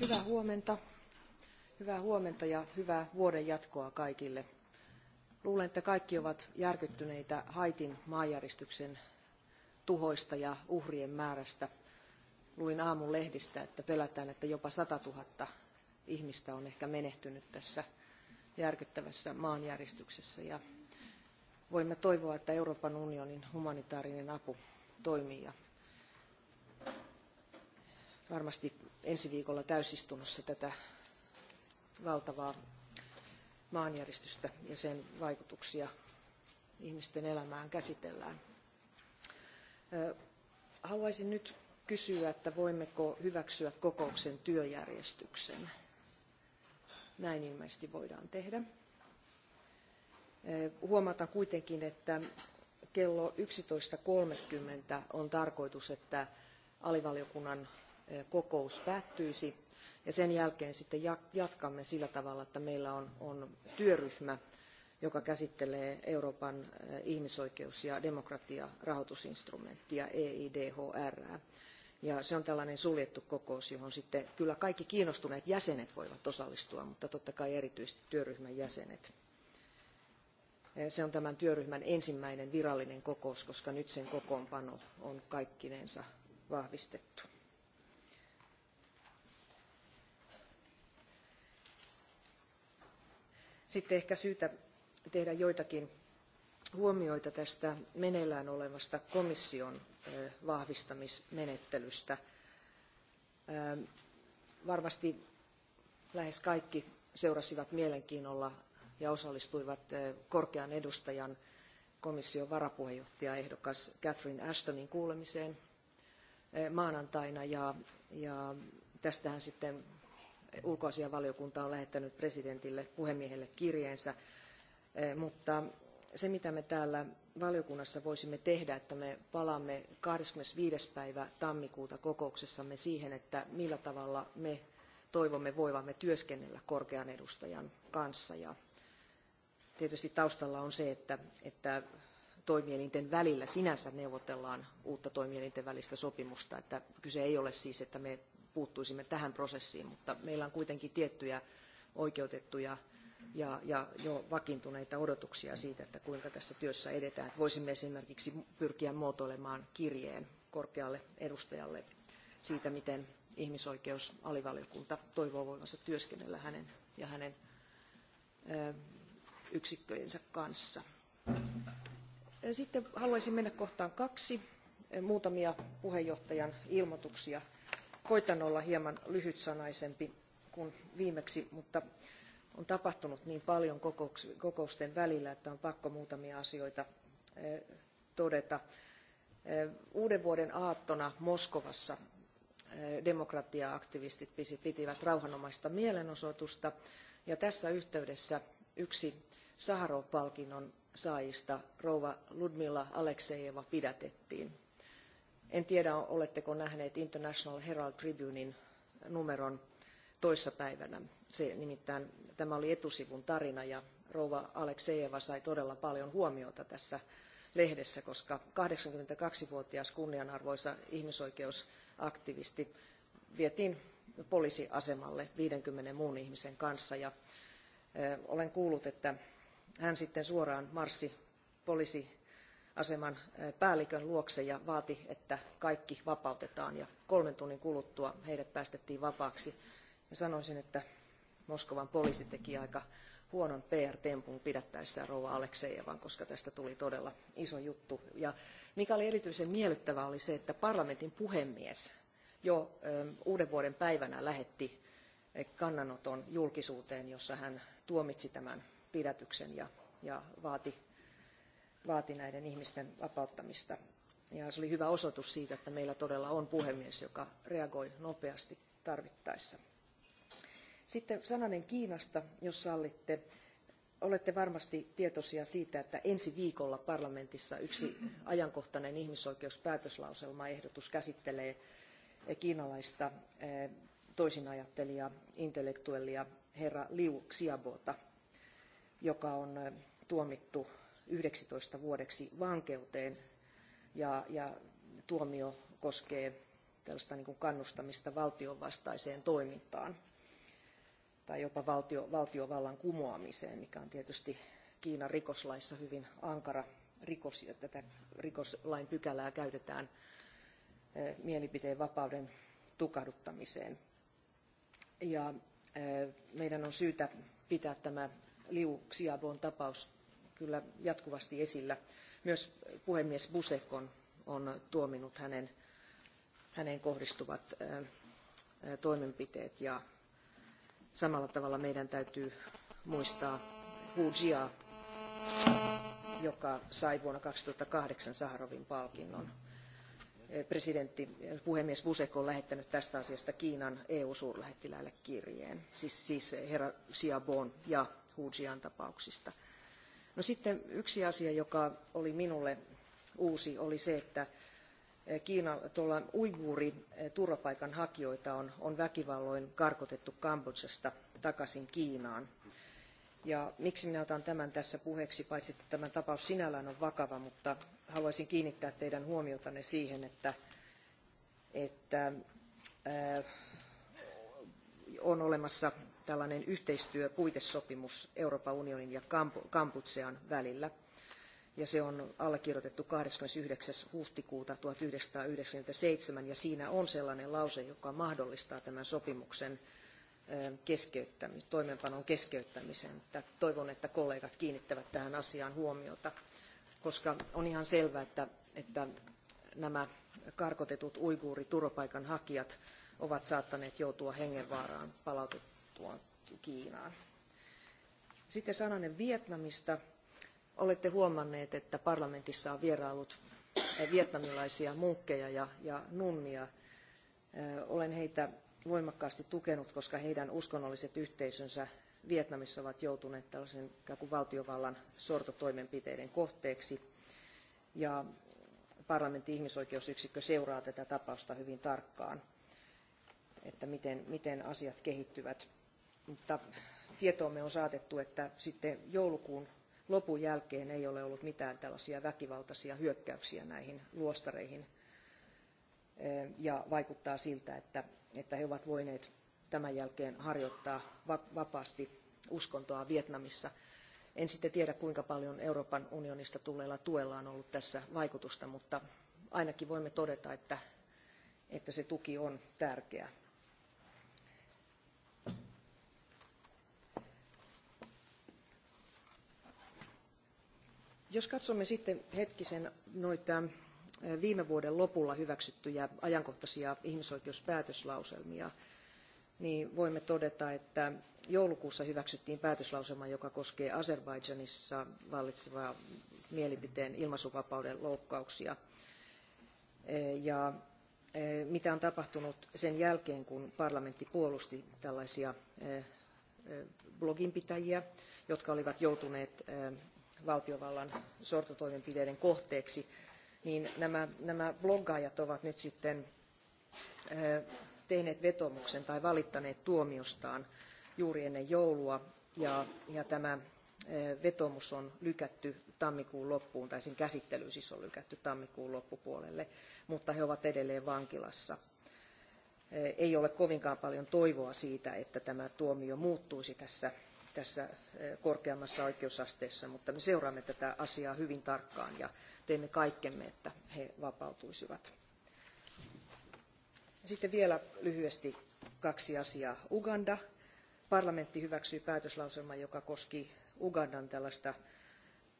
Hyvää huomenta. Hyvää huomenta ja hyvää vuoden jatkoa kaikille. Luulen, että kaikki ovat järkyttyneitä Haitin maanjäristyksen tuhoista ja uhrien määrästä. Luin aamun lehdistä, että pelätään, että jopa 100 000 ihmistä on ehkä menehtynyt tässä järkyttävässä maanjäristyksessä. Ja voimme toivoa, että Euroopan unionin humanitaarinen apu toimii ja varmasti ensi viikolla täysistunnossa tätä valtavaa maanjäristystä ja sen vaikutuksia ihmisten elämään käsitellään. Haluaisin nyt kysyä, että voimmeko hyväksyä kokouksen työjärjestyksen. Näin ilmeisesti voidaan tehdä. Huomataan kuitenkin, että kello 11.30 on tarkoitus, että alivaliokunnan kokous päättyisi ja sen jälkeen sitten jatkamme sillä tavalla, että meillä on, on työryhmä, joka käsittelee Euroopan ihmisoikeus- ja demokratiarahoitusinstrumenttia EIDHR. Ja se on tällainen suljettu kokous, johon sitten kyllä kaikki kiinnostuneet jäsenet voivat osallistua, mutta totta kai erityisesti työryhmän jäsenet. Se on tämän työryhmän ensimmäinen virallinen kokous, koska nyt sen kokoonpano on kaikkinensa vahvistettu. Sitten ehkä syytä tehdä joitakin huomioita tästä meneillään olevasta komission vahvistamismenettelystä. Varmasti lähes kaikki seurasivat mielenkiinnolla ja osallistuivat korkean edustajan komission varapuheenjohtajaehdokas Catherine Ashtonin kuulemiseen maanantaina ja, ja tästähän sitten ulkoasianvaliokunta on lähettänyt presidentille puhemiehelle kirjeensä, eh, mutta se mitä me täällä valiokunnassa voisimme tehdä, että me palaamme 25. päivä tammikuuta kokouksessamme siihen, että millä tavalla me toivomme voivamme työskennellä korkean edustajan kanssa. Ja tietysti taustalla on se, että, että toimielinten välillä sinänsä neuvotellaan uutta toimielinten välistä sopimusta. Että kyse ei ole siis, että me puuttuisimme tähän prosessiin, mutta meillä on kuitenkin tiettyjä oikeutettuja ja, ja jo vakiintuneita odotuksia siitä, että kuinka tässä työssä edetään. Että voisimme esimerkiksi pyrkiä muotoilemaan kirjeen korkealle edustajalle siitä, miten ihmisoikeusalivaliokunta toivoo voivansa työskennellä hänen ja hänen ö, yksikköjensä kanssa. Sitten haluaisin mennä kohtaan kaksi. Muutamia puheenjohtajan ilmoituksia. Koitan olla hieman lyhytsanaisempi kuin viimeksi, mutta on tapahtunut niin paljon kokousten välillä, että on pakko muutamia asioita eh, todeta. Eh, uuden vuoden aattona Moskovassa eh, demokratiaaktivistit pitivät rauhanomaista mielenosoitusta ja tässä yhteydessä yksi Saharov-palkinnon saajista, rouva Ludmila Aleksejeva, pidätettiin. En tiedä, oletteko nähneet International Herald Tribunein numeron toissapäivänä. Se, nimittäin tämä oli etusivun tarina ja rouva Aleksejeva sai todella paljon huomiota tässä lehdessä, koska 82-vuotias kunnianarvoisa ihmisoikeusaktivisti vietiin poliisiasemalle 50 muun ihmisen kanssa. Ja, ö, olen kuullut, että hän sitten suoraan marssi poliisi aseman päällikön luokse ja vaati, että kaikki vapautetaan ja kolmen tunnin kuluttua heidät päästettiin vapaaksi. Ja sanoisin, että Moskovan poliisi teki aika huonon PR-tempun pidättäessään rouva Aleksejevan, koska tästä tuli todella iso juttu. Ja mikä oli erityisen miellyttävää oli se, että parlamentin puhemies jo uuden vuoden päivänä lähetti kannanoton julkisuuteen, jossa hän tuomitsi tämän pidätyksen ja, ja vaati vaati näiden ihmisten vapauttamista. Ja se oli hyvä osoitus siitä, että meillä todella on puhemies, joka reagoi nopeasti tarvittaessa. Sitten sananen Kiinasta, jos sallitte. Olette varmasti tietoisia siitä, että ensi viikolla parlamentissa yksi ajankohtainen ihmisoikeuspäätöslauselmaehdotus käsittelee kiinalaista eh, toisinajattelija, intellektuellia herra Liu Xiaobota, joka on eh, tuomittu yhdeksäntoista vuodeksi vankeuteen ja, ja tuomio koskee tällaista niin kannustamista valtionvastaiseen toimintaan tai jopa valtio, valtiovallan kumoamiseen, mikä on tietysti Kiinan rikoslaissa hyvin ankara rikos ja tätä rikoslain pykälää käytetään eh, mielipiteen vapauden tukahduttamiseen. Ja eh, meidän on syytä pitää tämä Liu Xiaobon tapaus kyllä jatkuvasti esillä. Myös puhemies Busek on, on tuominut hänen, häneen kohdistuvat toimenpiteet ja samalla tavalla meidän täytyy muistaa Hu Jia, joka sai vuonna 2008 Saharovin palkinnon presidentti, puhemies Busek on lähettänyt tästä asiasta Kiinan EU-suurlähettiläälle kirjeen, siis, siis herra Xiaobon ja Hu Jian tapauksista. No sitten yksi asia, joka oli minulle uusi, oli se, että eh, Kiina, tuolla uiguuri eh, turvapaikanhakijoita on, on väkivalloin karkotettu Kambodsasta takaisin Kiinaan. Ja miksi minä otan tämän tässä puheeksi, paitsi että tämä tapaus sinällään on vakava, mutta haluaisin kiinnittää teidän huomiotanne siihen, että, että eh, on olemassa tällainen yhteistyöpuitesopimus Euroopan unionin ja Kamputsean välillä. Ja se on allekirjoitettu 29. huhtikuuta 1997 ja siinä on sellainen lause, joka mahdollistaa tämän sopimuksen ähm, keskeyttämis, toimeenpanon keskeyttämisen. Toivon, että kollegat kiinnittävät tähän asiaan huomiota, koska on ihan selvää, että, että nämä karkotetut uiguuri turvapaikanhakijat ovat saattaneet joutua hengenvaaraan palautettua tuon Kiinaan. Sitten sananen Vietnamista. Olette huomanneet, että parlamentissa on vierailut eh, vietnamilaisia munkkeja ja, ja nunnia. Eh, olen heitä voimakkaasti tukenut, koska heidän uskonnolliset yhteisönsä Vietnamissa ovat joutuneet tällaisen kuin valtiovallan sortotoimenpiteiden kohteeksi. Ja parlamentin ihmisoikeusyksikkö seuraa tätä tapausta hyvin tarkkaan, että miten, miten asiat kehittyvät mutta tietoomme on saatettu, että sitten joulukuun lopun jälkeen ei ole ollut mitään tällaisia väkivaltaisia hyökkäyksiä näihin luostareihin. Ja vaikuttaa siltä, että, että he ovat voineet tämän jälkeen harjoittaa vapaasti uskontoa Vietnamissa. En sitten tiedä, kuinka paljon Euroopan unionista tulleella tuella on ollut tässä vaikutusta, mutta ainakin voimme todeta, että, että se tuki on tärkeä. Jos katsomme sitten hetkisen noita viime vuoden lopulla hyväksyttyjä ajankohtaisia ihmisoikeuspäätöslauselmia, niin voimme todeta, että joulukuussa hyväksyttiin päätöslauselma, joka koskee Azerbaidžanissa vallitsevaa mielipiteen ilmaisuvapauden loukkauksia. Ja mitä on tapahtunut sen jälkeen, kun parlamentti puolusti tällaisia bloginpitäjiä, jotka olivat joutuneet valtiovallan sortotoimenpiteiden kohteeksi, niin nämä, nämä bloggaajat ovat nyt sitten tehneet vetomuksen tai valittaneet tuomiostaan juuri ennen joulua. Ja, ja tämä vetomus on lykätty tammikuun loppuun, tai sen käsittely siis on lykätty tammikuun loppupuolelle, mutta he ovat edelleen vankilassa. Ei ole kovinkaan paljon toivoa siitä, että tämä tuomio muuttuisi tässä tässä eh, korkeammassa oikeusasteessa, mutta me seuraamme tätä asiaa hyvin tarkkaan ja teemme kaikkemme, että he vapautuisivat. Sitten vielä lyhyesti kaksi asiaa. Uganda. Parlamentti hyväksyi päätöslauselman, joka koski Ugandan tällaista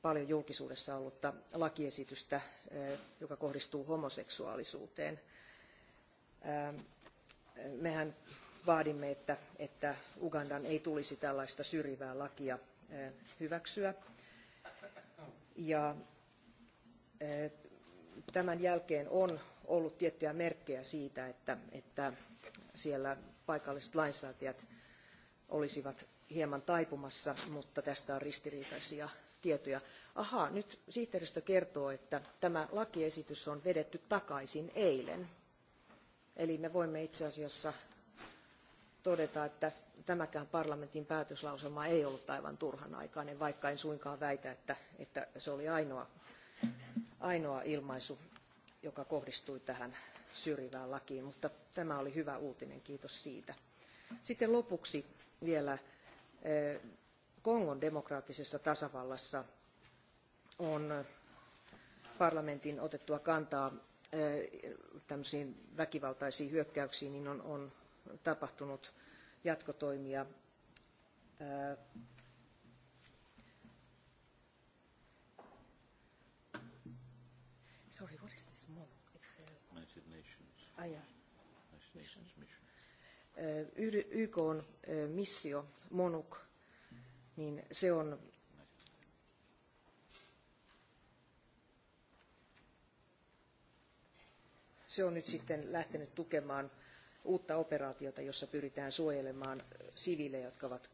paljon julkisuudessa ollutta lakiesitystä, eh, joka kohdistuu homoseksuaalisuuteen. Mehän vaadimme, että, että Ugandan ei tulisi tällaista syrjivää lakia hyväksyä. Ja tämän jälkeen on ollut tiettyjä merkkejä siitä, että, että siellä paikalliset lainsäätäjät olisivat hieman taipumassa, mutta tästä on ristiriitaisia tietoja. Ahaa, nyt sihteeristö kertoo, että tämä lakiesitys on vedetty takaisin eilen. Eli me voimme itse asiassa todeta, että tämäkään parlamentin päätöslauselma ei ollut aivan turhanaikainen, vaikka en suinkaan väitä, että, että se oli ainoa, ainoa ilmaisu, joka kohdistui tähän syrjivään lakiin, mutta tämä oli hyvä uutinen, kiitos siitä. Sitten lopuksi vielä eh, Kongon demokraattisessa tasavallassa on parlamentin otettua kantaa eh, tämmöisiin väkivaltaisiin hyökkäyksiin, niin on, on tapahtunut jatkotoimia. Äh, sorry, what is this Excel? United Nations. Ah, yeah. United Nations Mission. Äh, YK on äh, missio MONUC, niin se on se on nyt sitten lähtenyt tukemaan uutta operaatiota, jossa pyritään suojelemaan siviilejä, jotka ovat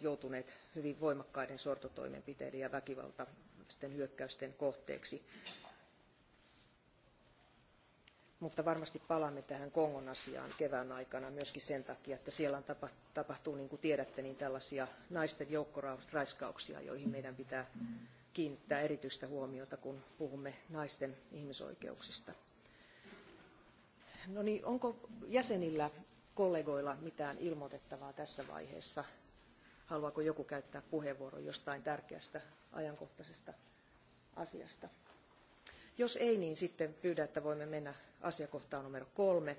joutuneet hyvin voimakkaiden sortotoimenpiteiden ja väkivaltaisten hyökkäysten kohteeksi. Mutta varmasti palaamme tähän Kongon asiaan kevään aikana myöskin sen takia, että siellä on tapahtuu, niin kuin tiedätte, niin tällaisia naisten joukkoraiskauksia, joihin meidän pitää kiinnittää erityistä huomiota, kun puhumme naisten ihmisoikeuksista. No niin, onko jäsenillä, kollegoilla mitään ilmoitettavaa tässä vaiheessa? Haluaako joku käyttää puheenvuoron jostain tärkeästä ajankohtaisesta asiasta? Jos ei, niin sitten pyydän, että voimme mennä asiakohtaan numero kolme.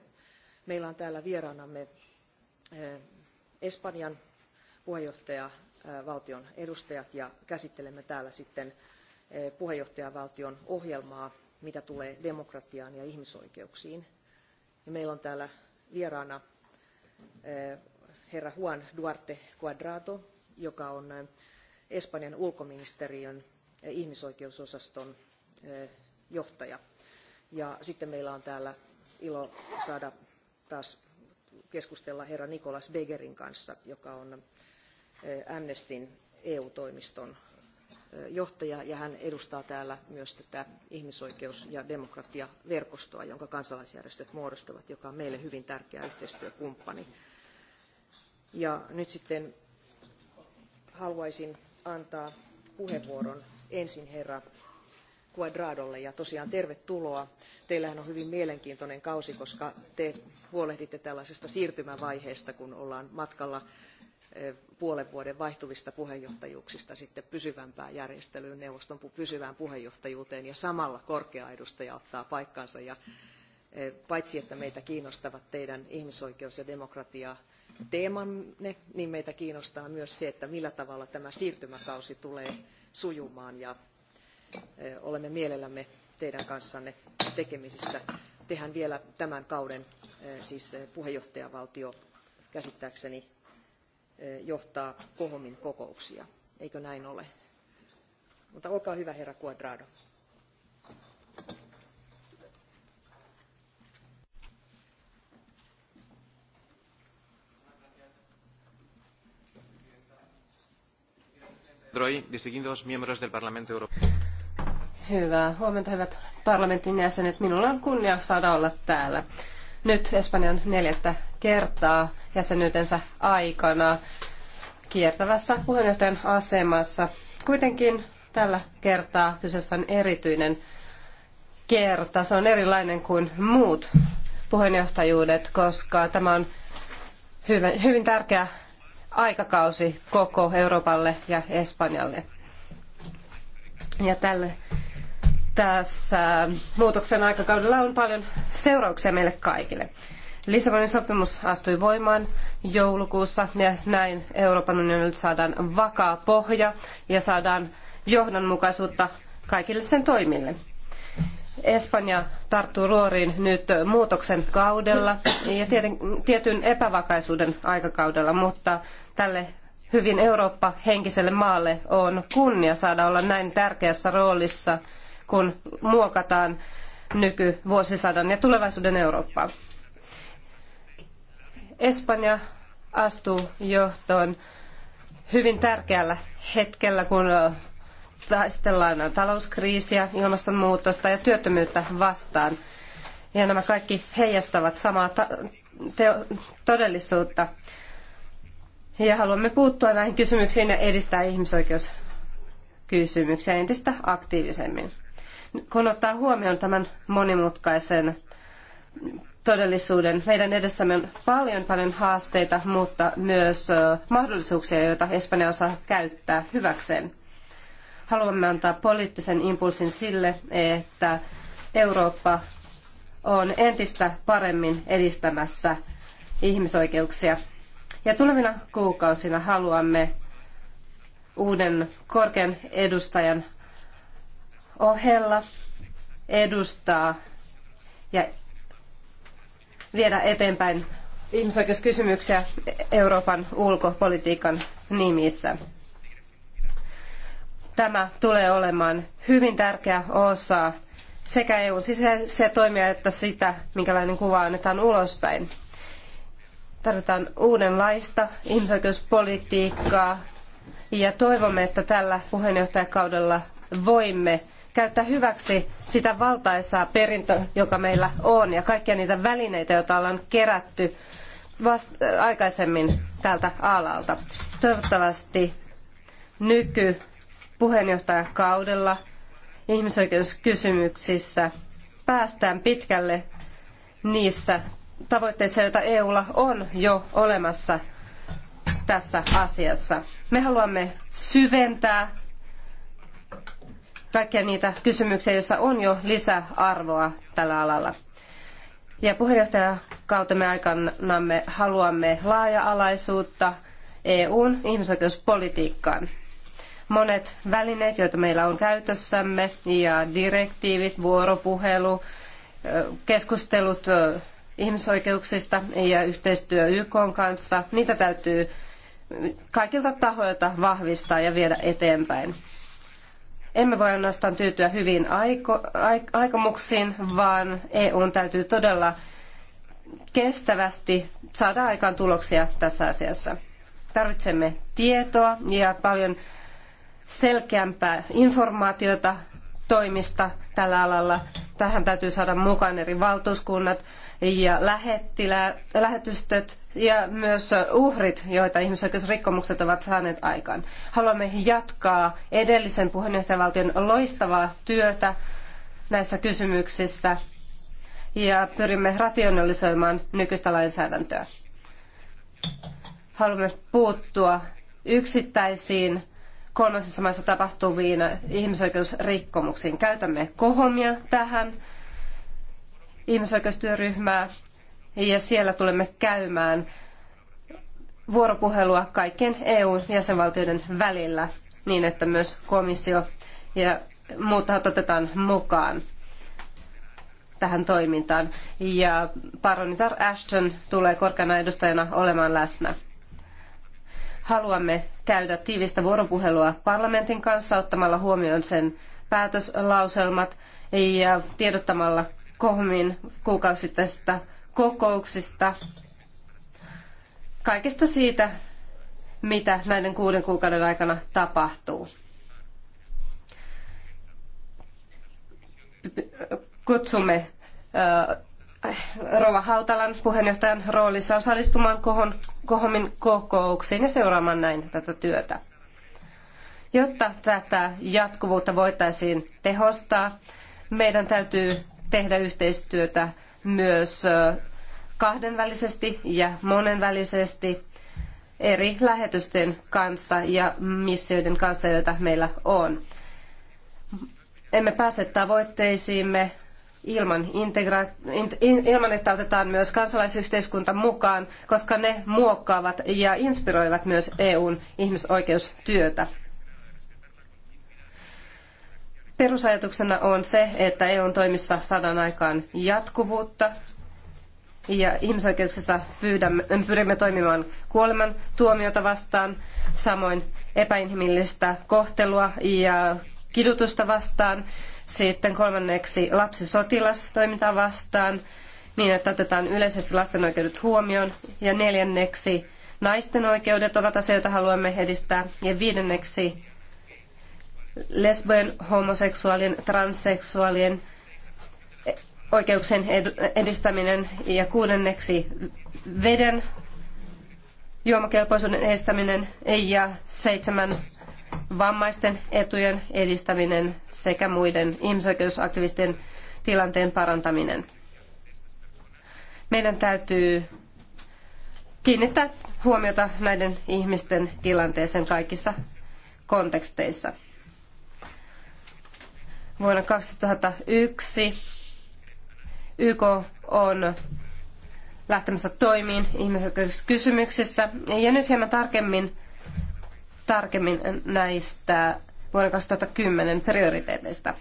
Meillä on täällä vieraanamme eh, Espanjan puheenjohtaja eh, valtion edustajat ja käsittelemme täällä sitten eh, puheenjohtajavaltion ohjelmaa, mitä tulee demokratiaan ja ihmisoikeuksiin. Ja meillä on täällä vieraana eh, herra Juan Duarte Cuadrado, joka on eh, Espanjan ulkoministeriön eh, ihmisoikeusosaston johtaja. Ja sitten meillä on täällä ilo saada taas keskustella herra Nicolas Begerin kanssa, joka on Amnestin EU-toimiston johtaja ja hän edustaa täällä myös tätä ihmisoikeus- ja demokratiaverkostoa, jonka kansalaisjärjestöt muodostavat, joka on meille hyvin tärkeä yhteistyökumppani. Ja nyt sitten haluaisin antaa puheenvuoron ensin herra Quadradolle ja tosiaan tervetuloa. Teillähän on hyvin mielenkiintoinen kausi, koska te huolehditte tällaisesta siirtymävaiheesta, kun ollaan matkalla puolen vuoden vaihtuvista puheenjohtajuuksista sitten pysyvämpään järjestelyyn, neuvoston pysyvään puheenjohtajuuteen ja samalla korkea edustaja ottaa paikkansa. Ja e, paitsi että meitä kiinnostavat teidän ihmisoikeus- ja demokratia teemanne, niin meitä kiinnostaa myös se, että millä tavalla tämä siirtymäkausi tulee sujumaan ja e, olemme mielellämme teidän kanssanne tekemisissä. Tehän vielä tämän kauden, e, siis puheenjohtajavaltio käsittääkseni Eh, johtaa Kohomin kokouksia. Eikö näin ole? Mutta olkaa hyvä, herra Cuadrado. Hyvää huomenta, hyvät parlamentin jäsenet. Minulla on kunnia saada olla täällä. Nyt Espanjan neljättä kertaa jäsenyytensä aikana kiertävässä puheenjohtajan asemassa. Kuitenkin tällä kertaa kyseessä on erityinen kerta. Se on erilainen kuin muut puheenjohtajuudet, koska tämä on hyvin tärkeä aikakausi koko Euroopalle ja Espanjalle. Ja tälle, tässä muutoksen aikakaudella on paljon seurauksia meille kaikille. Lissabonin sopimus astui voimaan joulukuussa ja näin Euroopan unionille saadaan vakaa pohja ja saadaan johdonmukaisuutta kaikille sen toimille. Espanja tarttuu ruoriin nyt muutoksen kaudella ja tieten, tietyn epävakaisuuden aikakaudella, mutta tälle hyvin Eurooppa-henkiselle maalle on kunnia saada olla näin tärkeässä roolissa, kun muokataan nykyvuosisadan ja tulevaisuuden Eurooppaa. Espanja astuu johtoon hyvin tärkeällä hetkellä, kun taistellaan talouskriisiä, ilmastonmuutosta ja työttömyyttä vastaan. Ja nämä kaikki heijastavat samaa todellisuutta. Ja haluamme puuttua näihin kysymyksiin ja edistää ihmisoikeuskysymyksiä entistä aktiivisemmin. Kun ottaa huomioon tämän monimutkaisen todellisuuden. Meidän edessämme on paljon paljon haasteita, mutta myös mahdollisuuksia, joita Espanja osaa käyttää hyväkseen. Haluamme antaa poliittisen impulsin sille, että Eurooppa on entistä paremmin edistämässä ihmisoikeuksia. Ja tulevina kuukausina haluamme uuden korkean edustajan ohella edustaa ja viedä eteenpäin ihmisoikeuskysymyksiä Euroopan ulkopolitiikan nimissä. Tämä tulee olemaan hyvin tärkeä osa sekä EUn sisäisiä toimia että sitä, minkälainen kuva annetaan ulospäin. Tarvitaan uudenlaista ihmisoikeuspolitiikkaa ja toivomme, että tällä puheenjohtajakaudella voimme käyttää hyväksi sitä valtaisaa perintöä, joka meillä on, ja kaikkia niitä välineitä, joita ollaan kerätty vast- äh, aikaisemmin tältä alalta. Toivottavasti nyky puheenjohtajakaudella ihmisoikeuskysymyksissä päästään pitkälle niissä tavoitteissa, joita EUlla on jo olemassa tässä asiassa. Me haluamme syventää kaikkia niitä kysymyksiä, joissa on jo lisäarvoa tällä alalla. Ja puheenjohtajakautemme aikana me haluamme laaja-alaisuutta EUn ihmisoikeuspolitiikkaan. Monet välineet, joita meillä on käytössämme, ja direktiivit, vuoropuhelu, keskustelut ihmisoikeuksista ja yhteistyö YK kanssa, niitä täytyy kaikilta tahoilta vahvistaa ja viedä eteenpäin. Emme voi ainoastaan tyytyä hyviin aiko, aikomuksiin, vaan EUn täytyy todella kestävästi saada aikaan tuloksia tässä asiassa. Tarvitsemme tietoa ja paljon selkeämpää informaatiota toimista – tällä alalla. Tähän täytyy saada mukaan eri valtuuskunnat ja lähetystöt ja myös uhrit, joita ihmisoikeusrikkomukset ovat saaneet aikaan. Haluamme jatkaa edellisen puheenjohtajavaltion loistavaa työtä näissä kysymyksissä ja pyrimme rationalisoimaan nykyistä lainsäädäntöä. Haluamme puuttua yksittäisiin kolmansissa maissa tapahtuviin ihmisoikeusrikkomuksiin. Käytämme kohomia tähän ihmisoikeustyöryhmää ja siellä tulemme käymään vuoropuhelua kaikkien EU-jäsenvaltioiden välillä niin, että myös komissio ja muut tahot otetaan mukaan tähän toimintaan. Ja paronitar Ashton tulee korkeana edustajana olemaan läsnä. Haluamme käydä tiivistä vuoropuhelua parlamentin kanssa ottamalla huomioon sen päätöslauselmat ja tiedottamalla kohmin kuukausittaisista kokouksista, kaikesta siitä, mitä näiden kuuden kuukauden aikana tapahtuu. Kutsumme Äh, Rova Hautalan puheenjohtajan roolissa osallistumaan kohon, kohomin kokouksiin ja seuraamaan näin tätä työtä. Jotta tätä jatkuvuutta voitaisiin tehostaa, meidän täytyy tehdä yhteistyötä myös kahdenvälisesti ja monenvälisesti eri lähetysten kanssa ja missioiden kanssa, joita meillä on. Emme pääse tavoitteisiimme ilman, integra- in, ilman, että otetaan myös kansalaisyhteiskunta mukaan, koska ne muokkaavat ja inspiroivat myös EUn ihmisoikeustyötä. Perusajatuksena on se, että EUn toimissa saadaan aikaan jatkuvuutta ja ihmisoikeuksissa pyydämme, pyrimme toimimaan kuoleman tuomiota vastaan, samoin epäinhimillistä kohtelua ja kidutusta vastaan sitten kolmanneksi lapsisotilastoimintaa vastaan, niin että otetaan yleisesti lasten oikeudet huomioon. Ja neljänneksi naisten oikeudet ovat asioita, haluamme edistää. Ja viidenneksi lesbojen, homoseksuaalien, transseksuaalien oikeuksien edistäminen. Ja kuudenneksi veden juomakelpoisuuden edistäminen. Ja seitsemän vammaisten etujen edistäminen sekä muiden ihmisoikeusaktivistien tilanteen parantaminen. Meidän täytyy kiinnittää huomiota näiden ihmisten tilanteeseen kaikissa konteksteissa. Vuonna 2001 YK on lähtemässä toimiin ihmisoikeuskysymyksissä. Ja nyt hieman tarkemmin tarkemmin näistä vuoden 2010 prioriteeteista.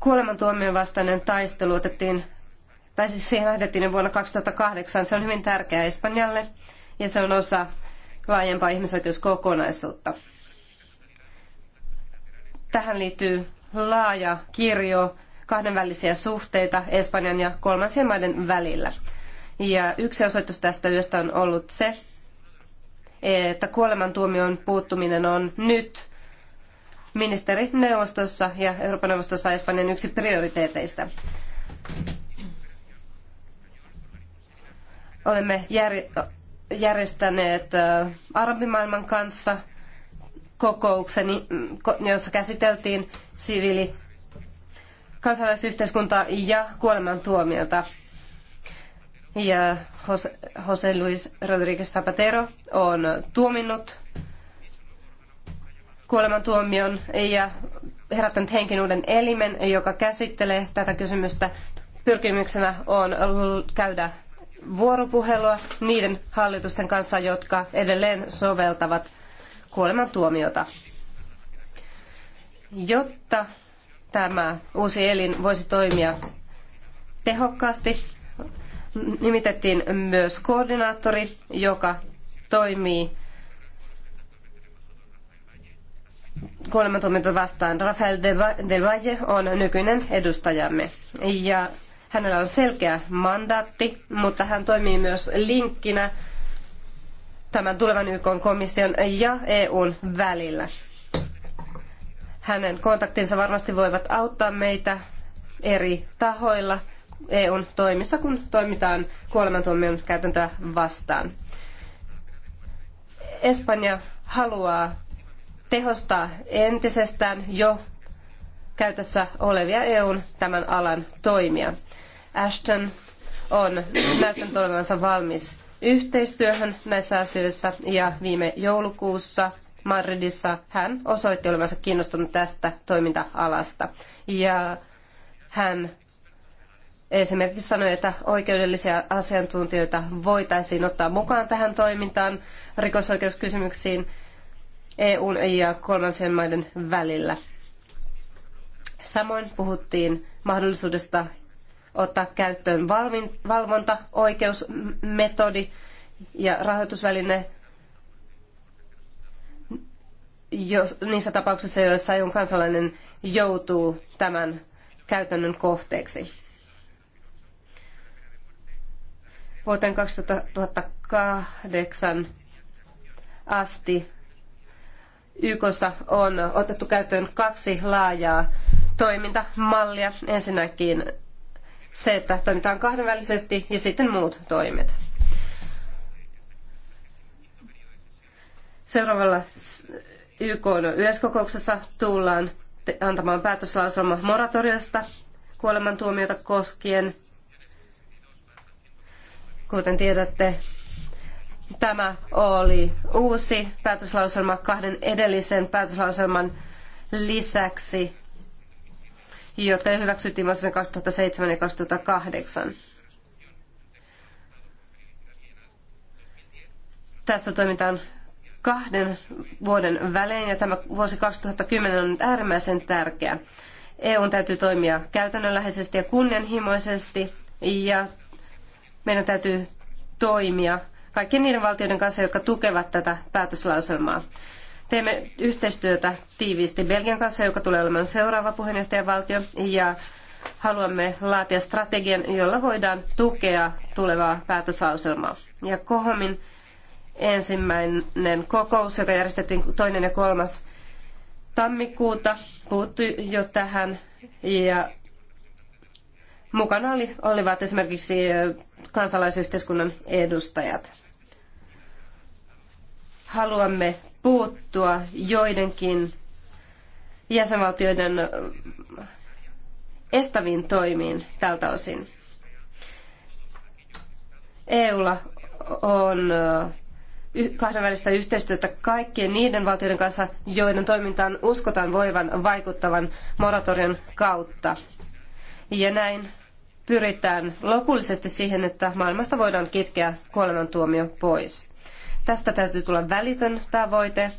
Kuolemantuomion vastainen taistelu otettiin, tai siis siihen lähdettiin jo vuonna 2008. Se on hyvin tärkeää Espanjalle ja se on osa laajempaa ihmisoikeuskokonaisuutta. Tähän liittyy laaja kirjo kahdenvälisiä suhteita Espanjan ja kolmansien maiden välillä. Ja yksi osoitus tästä yöstä on ollut se, että kuolemantuomion puuttuminen on nyt ministerineuvostossa ja Euroopan neuvostossa Espanjan yksi prioriteeteista. Olemme järjestäneet arabimaailman kanssa kokouksen, jossa käsiteltiin siviili kansalaisyhteiskunta ja kuolemantuomiota ja Jose Luis Rodríguez Zapatero on tuominnut kuolemantuomion ja herättänyt henkin uuden elimen, joka käsittelee tätä kysymystä. Pyrkimyksenä on käydä vuoropuhelua niiden hallitusten kanssa, jotka edelleen soveltavat kuolemantuomiota. Jotta tämä uusi elin voisi toimia tehokkaasti, nimitettiin myös koordinaattori, joka toimii kuolemantuomioita vastaan. Rafael del Valle on nykyinen edustajamme ja hänellä on selkeä mandaatti, mutta hän toimii myös linkkinä tämän tulevan YK komission ja EUn välillä. Hänen kontaktinsa varmasti voivat auttaa meitä eri tahoilla – EUn toimissa, kun toimitaan kuolemantuomion käytäntöä vastaan. Espanja haluaa tehostaa entisestään jo käytössä olevia EUn tämän alan toimia. Ashton on näyttänyt olevansa valmis yhteistyöhön näissä asioissa ja viime joulukuussa Madridissa hän osoitti olevansa kiinnostunut tästä toiminta-alasta. Ja hän esimerkiksi sanoi, että oikeudellisia asiantuntijoita voitaisiin ottaa mukaan tähän toimintaan rikosoikeuskysymyksiin EUn ja kolmansien maiden välillä. Samoin puhuttiin mahdollisuudesta ottaa käyttöön valvin, valvonta, oikeusmetodi ja rahoitusväline jos, niissä tapauksissa, joissa EUn kansalainen joutuu tämän käytännön kohteeksi. vuoteen 2008 asti YKssa on otettu käyttöön kaksi laajaa toimintamallia. Ensinnäkin se, että toimitaan kahdenvälisesti ja sitten muut toimet. Seuraavalla YK yleiskokouksessa tullaan antamaan päätöslauselma moratoriosta kuolemantuomiota koskien – Kuten tiedätte, tämä oli uusi päätöslauselma kahden edellisen päätöslauselman lisäksi, jotka jo hyväksyttiin vuosina 2007 ja 2008. Tässä toimitaan kahden vuoden välein ja tämä vuosi 2010 on nyt äärimmäisen tärkeä. EUn täytyy toimia käytännönläheisesti ja kunnianhimoisesti ja meidän täytyy toimia kaikkien niiden valtioiden kanssa, jotka tukevat tätä päätöslauselmaa. Teemme yhteistyötä tiiviisti Belgian kanssa, joka tulee olemaan seuraava puheenjohtajavaltio, ja haluamme laatia strategian, jolla voidaan tukea tulevaa päätöslauselmaa. Ja Kohomin ensimmäinen kokous, joka järjestettiin toinen ja kolmas tammikuuta, puuttui jo tähän, ja mukana oli, olivat esimerkiksi kansalaisyhteiskunnan edustajat. Haluamme puuttua joidenkin jäsenvaltioiden äh, estäviin toimiin tältä osin. EUlla on äh, kahdenvälistä yhteistyötä kaikkien niiden valtioiden kanssa, joiden toimintaan uskotaan voivan vaikuttavan moratorion kautta. Ja näin pyritään lopullisesti siihen, että maailmasta voidaan kitkeä kuolemantuomio pois. Tästä täytyy tulla välitön tavoite,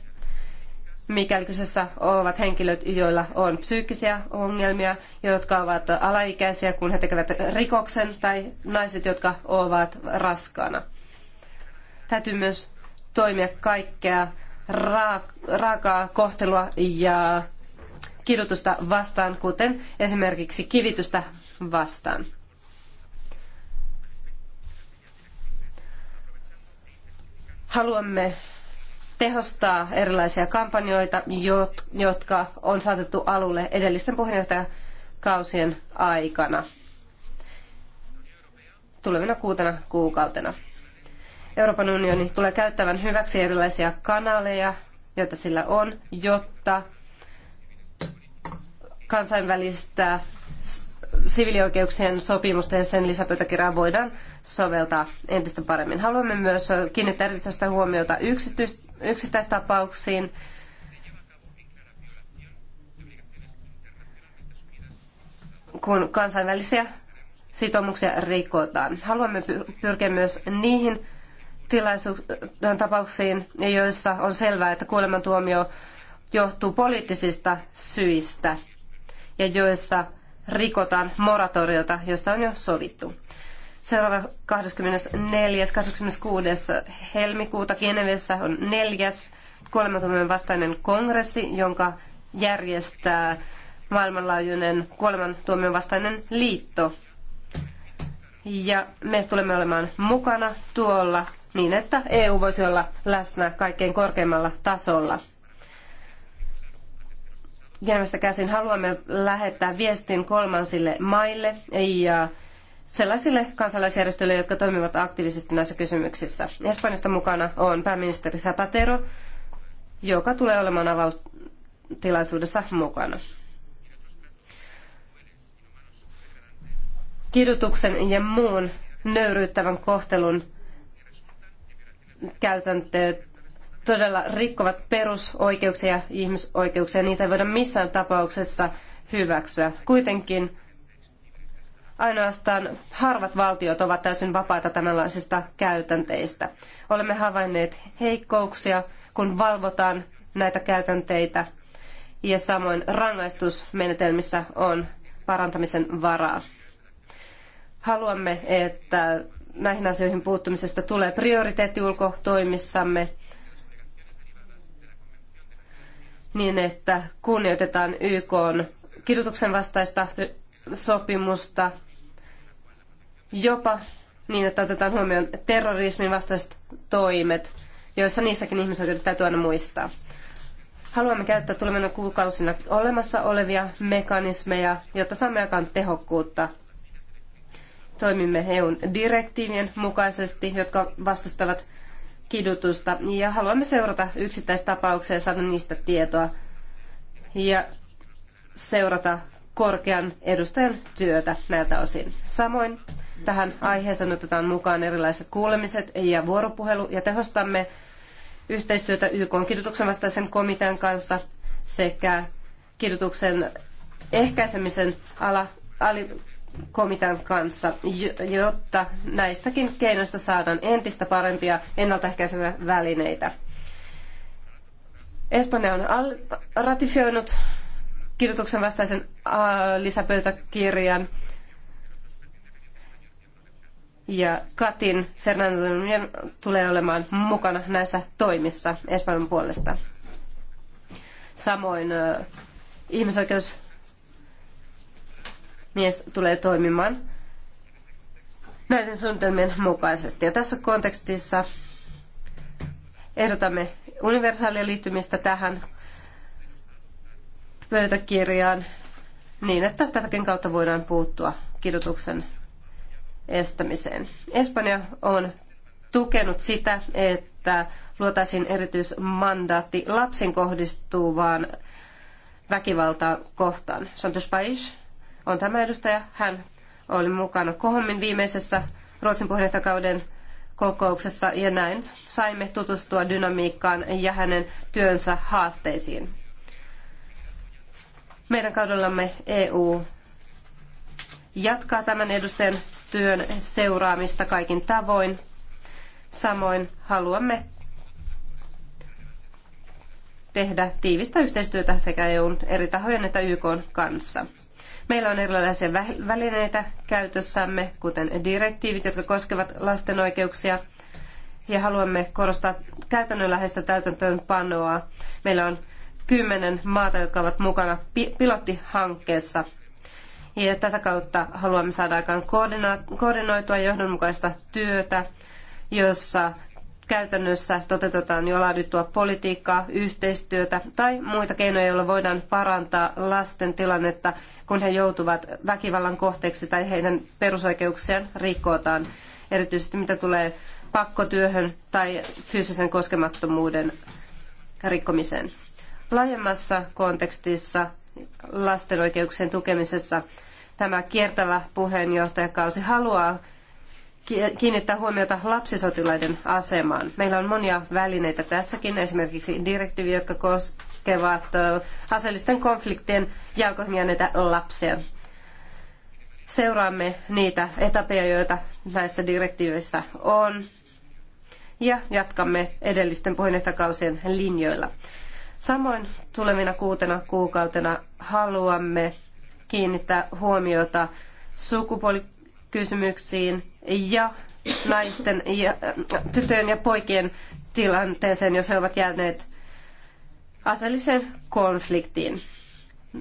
mikäli kyseessä ovat henkilöt, joilla on psyykkisiä ongelmia, jotka ovat alaikäisiä, kun he tekevät rikoksen, tai naiset, jotka ovat raskaana. Täytyy myös toimia kaikkea raakaa kohtelua ja kidutusta vastaan, kuten esimerkiksi kivitystä vastaan. Haluamme tehostaa erilaisia kampanjoita, jotka on saatettu alulle edellisten puheenjohtajakausien aikana tulevina kuutena kuukautena. Euroopan unioni tulee käyttävän hyväksi erilaisia kanaleja, joita sillä on, jotta kansainvälistä siviilioikeuksien sopimusta ja sen lisäpöytäkirjaa voidaan soveltaa entistä paremmin. Haluamme myös kiinnittää erityistä huomiota yksityis- yksittäistapauksiin, kun kansainvälisiä sitoumuksia rikotaan. Haluamme pyrkiä myös niihin tilaisuuden tapauksiin, joissa on selvää, että kuolemantuomio johtuu poliittisista syistä ja joissa rikotaan moratoriota, josta on jo sovittu. Seuraava 24. 26. helmikuuta Genevessä on neljäs kuolemantuomion vastainen kongressi, jonka järjestää maailmanlaajuinen kuolemantuomion vastainen liitto. Ja me tulemme olemaan mukana tuolla niin, että EU voisi olla läsnä kaikkein korkeimmalla tasolla. Genevestä käsin haluamme lähettää viestin kolmansille maille ja sellaisille kansalaisjärjestöille, jotka toimivat aktiivisesti näissä kysymyksissä. Espanjasta mukana on pääministeri Zapatero, joka tulee olemaan avaustilaisuudessa mukana. Kidutuksen ja muun nöyryyttävän kohtelun käytänteet todella rikkovat perusoikeuksia ja ihmisoikeuksia. Niitä ei voida missään tapauksessa hyväksyä. Kuitenkin ainoastaan harvat valtiot ovat täysin vapaita tämänlaisista käytänteistä. Olemme havainneet heikkouksia, kun valvotaan näitä käytänteitä ja samoin rangaistusmenetelmissä on parantamisen varaa. Haluamme, että näihin asioihin puuttumisesta tulee prioriteetti ulkotoimissamme niin, että kunnioitetaan YK kidutuksen vastaista sopimusta jopa niin, että otetaan huomioon terrorismin vastaiset toimet, joissa niissäkin ihmisoikeudet täytyy aina muistaa. Haluamme käyttää tulevina kuukausina olemassa olevia mekanismeja, jotta saamme aikaan tehokkuutta. Toimimme EUn direktiivien mukaisesti, jotka vastustavat kidutusta ja haluamme seurata yksittäistapauksia ja saada niistä tietoa ja seurata korkean edustajan työtä näiltä osin. Samoin tähän aiheeseen otetaan mukaan erilaiset kuulemiset ja vuoropuhelu ja tehostamme yhteistyötä YK kidutuksen vastaisen komitean kanssa sekä kidutuksen ehkäisemisen ala, ali, komitean kanssa, jotta näistäkin keinoista saadaan entistä parempia ennaltaehkäiseviä välineitä. Espanja on ratifioinut kidutuksen vastaisen lisäpöytäkirjan ja Katin Fernandon tulee olemaan mukana näissä toimissa Espanjan puolesta. Samoin ihmisoikeus mies tulee toimimaan näiden suunnitelmien mukaisesti. Ja tässä kontekstissa ehdotamme universaalia liittymistä tähän pöytäkirjaan niin, että tätäkin kautta voidaan puuttua kidutuksen estämiseen. Espanja on tukenut sitä, että luotaisiin erityismandaatti lapsiin kohdistuvaan väkivaltaan kohtaan. Santos Pais on tämä edustaja. Hän oli mukana Kohommin viimeisessä Ruotsin puheenjohtajakauden kokouksessa ja näin saimme tutustua dynamiikkaan ja hänen työnsä haasteisiin. Meidän kaudellamme EU jatkaa tämän edustajan työn seuraamista kaikin tavoin. Samoin haluamme tehdä tiivistä yhteistyötä sekä EUn eri tahojen että YKn kanssa. Meillä on erilaisia välineitä käytössämme, kuten direktiivit, jotka koskevat lasten oikeuksia, ja haluamme korostaa käytännönläheistä täytäntöönpanoa. Meillä on kymmenen maata, jotka ovat mukana pilottihankkeessa. Ja tätä kautta haluamme saada aikaan koordinoitua johdonmukaista työtä, jossa käytännössä toteutetaan jo laadittua politiikkaa, yhteistyötä tai muita keinoja, joilla voidaan parantaa lasten tilannetta, kun he joutuvat väkivallan kohteeksi tai heidän perusoikeuksiaan rikotaan, erityisesti mitä tulee pakkotyöhön tai fyysisen koskemattomuuden rikkomiseen. Laajemmassa kontekstissa lasten oikeuksien tukemisessa tämä kiertävä puheenjohtajakausi haluaa kiinnittää huomiota lapsisotilaiden asemaan. Meillä on monia välineitä tässäkin, esimerkiksi direktiivi, jotka koskevat aseellisten konfliktien jalkoihin jääneitä lapsia. Seuraamme niitä etapia, joita näissä direktiiveissä on, ja jatkamme edellisten puheenjohtajakausien linjoilla. Samoin tulevina kuutena kuukautena haluamme kiinnittää huomiota sukupuolikysymyksiin ja naisten ja äh, tyttöjen ja poikien tilanteeseen, jos he ovat jääneet aseelliseen konfliktiin.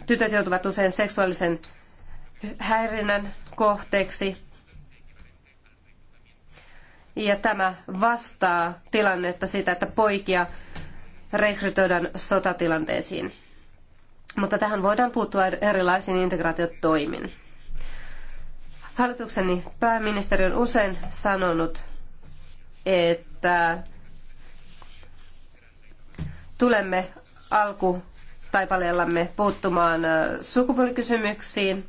Tytöt joutuvat usein seksuaalisen häirinnän kohteeksi. Ja tämä vastaa tilannetta siitä, että poikia rekrytoidaan sotatilanteisiin. Mutta tähän voidaan puuttua erilaisin integraatiotoimin. Hallitukseni pääministeri on usein sanonut, että tulemme alkutaipaleellamme puuttumaan sukupuolikysymyksiin.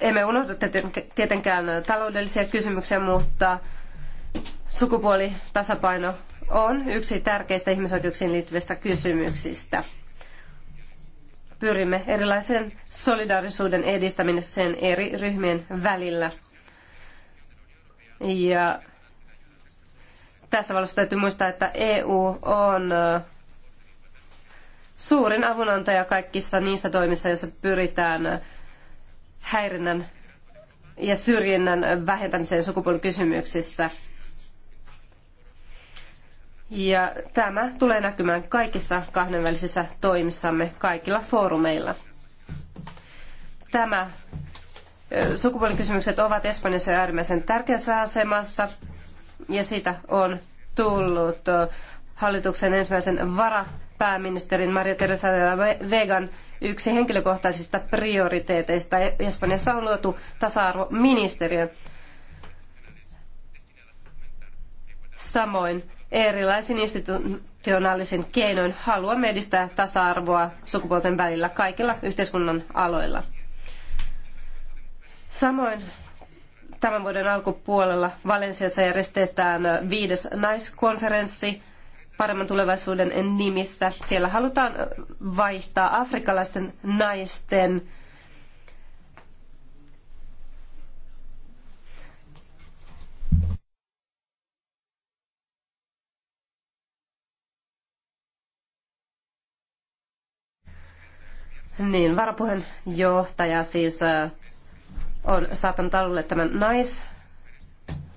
Emme unohda tietenkään taloudellisia kysymyksiä, mutta sukupuolitasapaino on yksi tärkeistä ihmisoikeuksiin liittyvistä kysymyksistä pyrimme erilaisen solidaarisuuden edistämiseen eri ryhmien välillä. Ja tässä valossa täytyy muistaa, että EU on suurin avunantaja kaikissa niissä toimissa, joissa pyritään häirinnän ja syrjinnän vähentämiseen sukupuolikysymyksissä. Ja tämä tulee näkymään kaikissa kahdenvälisissä toimissamme, kaikilla foorumeilla. Tämä sukupuolikysymykset ovat Espanjassa äärimmäisen tärkeässä asemassa ja siitä on tullut hallituksen ensimmäisen varapääministerin Maria Teresa de Vegan yksi henkilökohtaisista prioriteeteista. E- Espanjassa on luotu tasa-arvoministeriö. Samoin erilaisin institutionaalisin keinoin haluamme edistää tasa-arvoa sukupuolten välillä kaikilla yhteiskunnan aloilla. Samoin tämän vuoden alkupuolella Valensiassa järjestetään viides naiskonferenssi paremman tulevaisuuden nimissä. Siellä halutaan vaihtaa afrikkalaisten naisten Niin, varapuheenjohtaja siis äh, on saattanut alulle tämän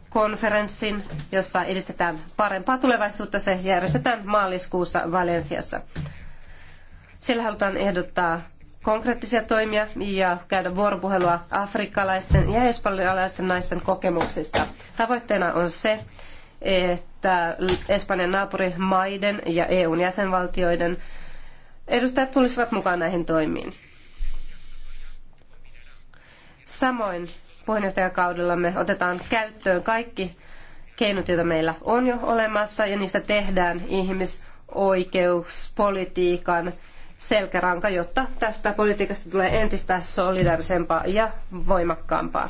naiskonferenssin, jossa edistetään parempaa tulevaisuutta. Se järjestetään maaliskuussa Valenciassa. Siellä halutaan ehdottaa konkreettisia toimia ja käydä vuoropuhelua afrikkalaisten ja espanjalaisten naisten kokemuksista. Tavoitteena on se, että Espanjan naapurimaiden ja EUn jäsenvaltioiden edustajat tulisivat mukaan näihin toimiin. Samoin puheenjohtajakaudellamme otetaan käyttöön kaikki keinot, joita meillä on jo olemassa, ja niistä tehdään ihmisoikeuspolitiikan selkäranka, jotta tästä politiikasta tulee entistä solidaarisempaa ja voimakkaampaa.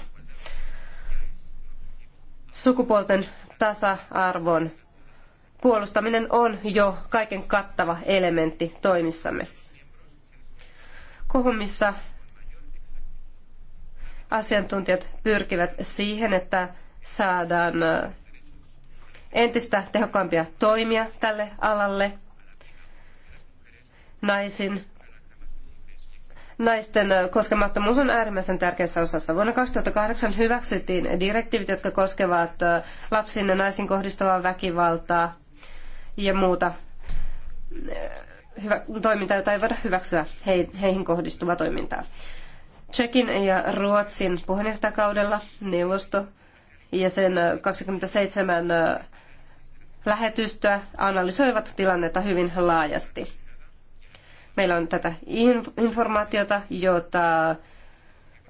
Sukupuolten tasa-arvon puolustaminen on jo kaiken kattava elementti toimissamme. Kohumissa asiantuntijat pyrkivät siihen, että saadaan äh, entistä tehokkaampia toimia tälle alalle. Naisin, naisten äh, koskemattomuus on äärimmäisen tärkeässä osassa. Vuonna 2008 hyväksyttiin direktiivit, jotka koskevat äh, lapsiin ja naisiin kohdistuvaa väkivaltaa, ja muuta eh, hyvä, toimintaa, jota ei voida hyväksyä heihin kohdistuvaa toimintaa. Tsekin ja Ruotsin puheenjohtajakaudella neuvosto ja sen 27 eh, eh, lähetystöä analysoivat tilannetta hyvin laajasti. Meillä on tätä informaatiota, jota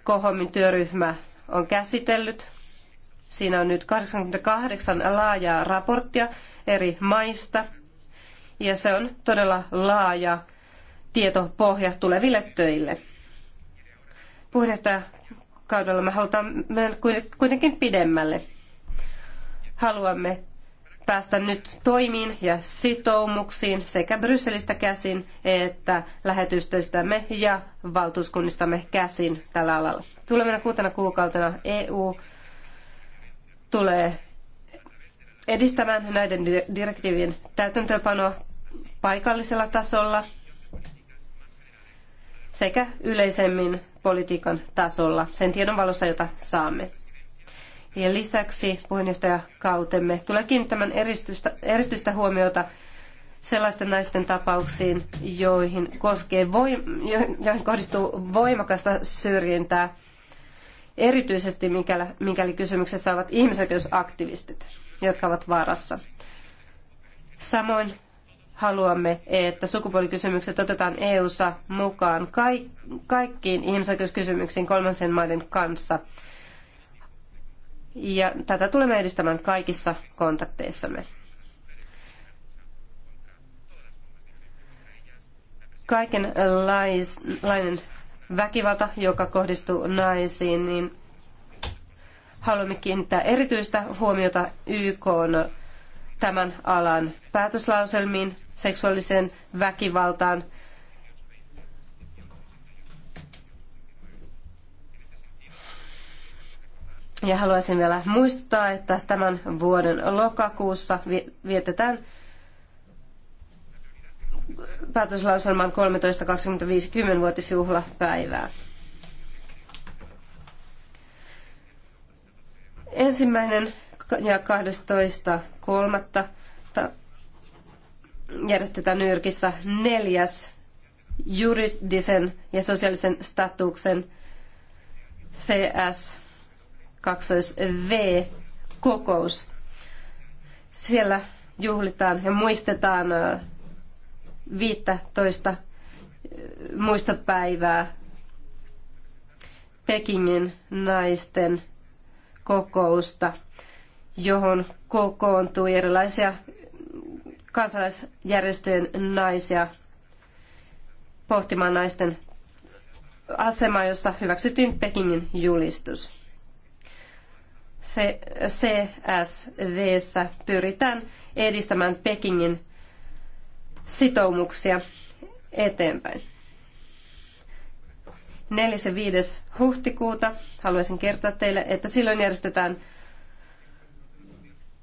Kohomin työryhmä on käsitellyt Siinä on nyt 88 laajaa raporttia eri maista ja se on todella laaja tietopohja tuleville töille. Puheenjohtajakaudella me halutaan mennä kuitenkin pidemmälle. Haluamme päästä nyt toimiin ja sitoumuksiin sekä Brysselistä käsin että lähetystöistämme ja valtuuskunnistamme käsin tällä alalla. Tulevana kuutena kuukautena EU tulee edistämään näiden direktiivien täytäntöönpanoa paikallisella tasolla sekä yleisemmin politiikan tasolla sen tiedon valossa, jota saamme. Ja lisäksi puheenjohtajakautemme tulee kiinnittämään erityistä huomiota sellaisten naisten tapauksiin, joihin, koskee voim- joihin kohdistuu voimakasta syrjintää – erityisesti mikäli kysymyksessä ovat ihmisoikeusaktivistit, jotka ovat vaarassa. Samoin haluamme, että sukupuolikysymykset otetaan EU-ssa mukaan kaikkiin ihmisoikeuskysymyksiin kolmansien maiden kanssa. Ja tätä tulemme edistämään kaikissa kontakteissamme. Kaikenlainen väkivalta, joka kohdistuu naisiin, niin haluamme kiinnittää erityistä huomiota YK tämän alan päätöslauselmiin, seksuaaliseen väkivaltaan, Ja haluaisin vielä muistuttaa, että tämän vuoden lokakuussa vietetään päätöslauselman 13.25-10-vuotisjuhlapäivää. Ensimmäinen ja 12.3. järjestetään Nyrkissä neljäs juridisen ja sosiaalisen statuksen CS 2V kokous. Siellä juhlitaan ja muistetaan äh, 15 päivää Pekingin naisten kokousta, johon kokoontui erilaisia kansalaisjärjestöjen naisia pohtimaan naisten asemaa, jossa hyväksyttiin Pekingin julistus. CSVssä pyritään edistämään Pekingin sitoumuksia eteenpäin. 4. ja 5. huhtikuuta haluaisin kertoa teille, että silloin järjestetään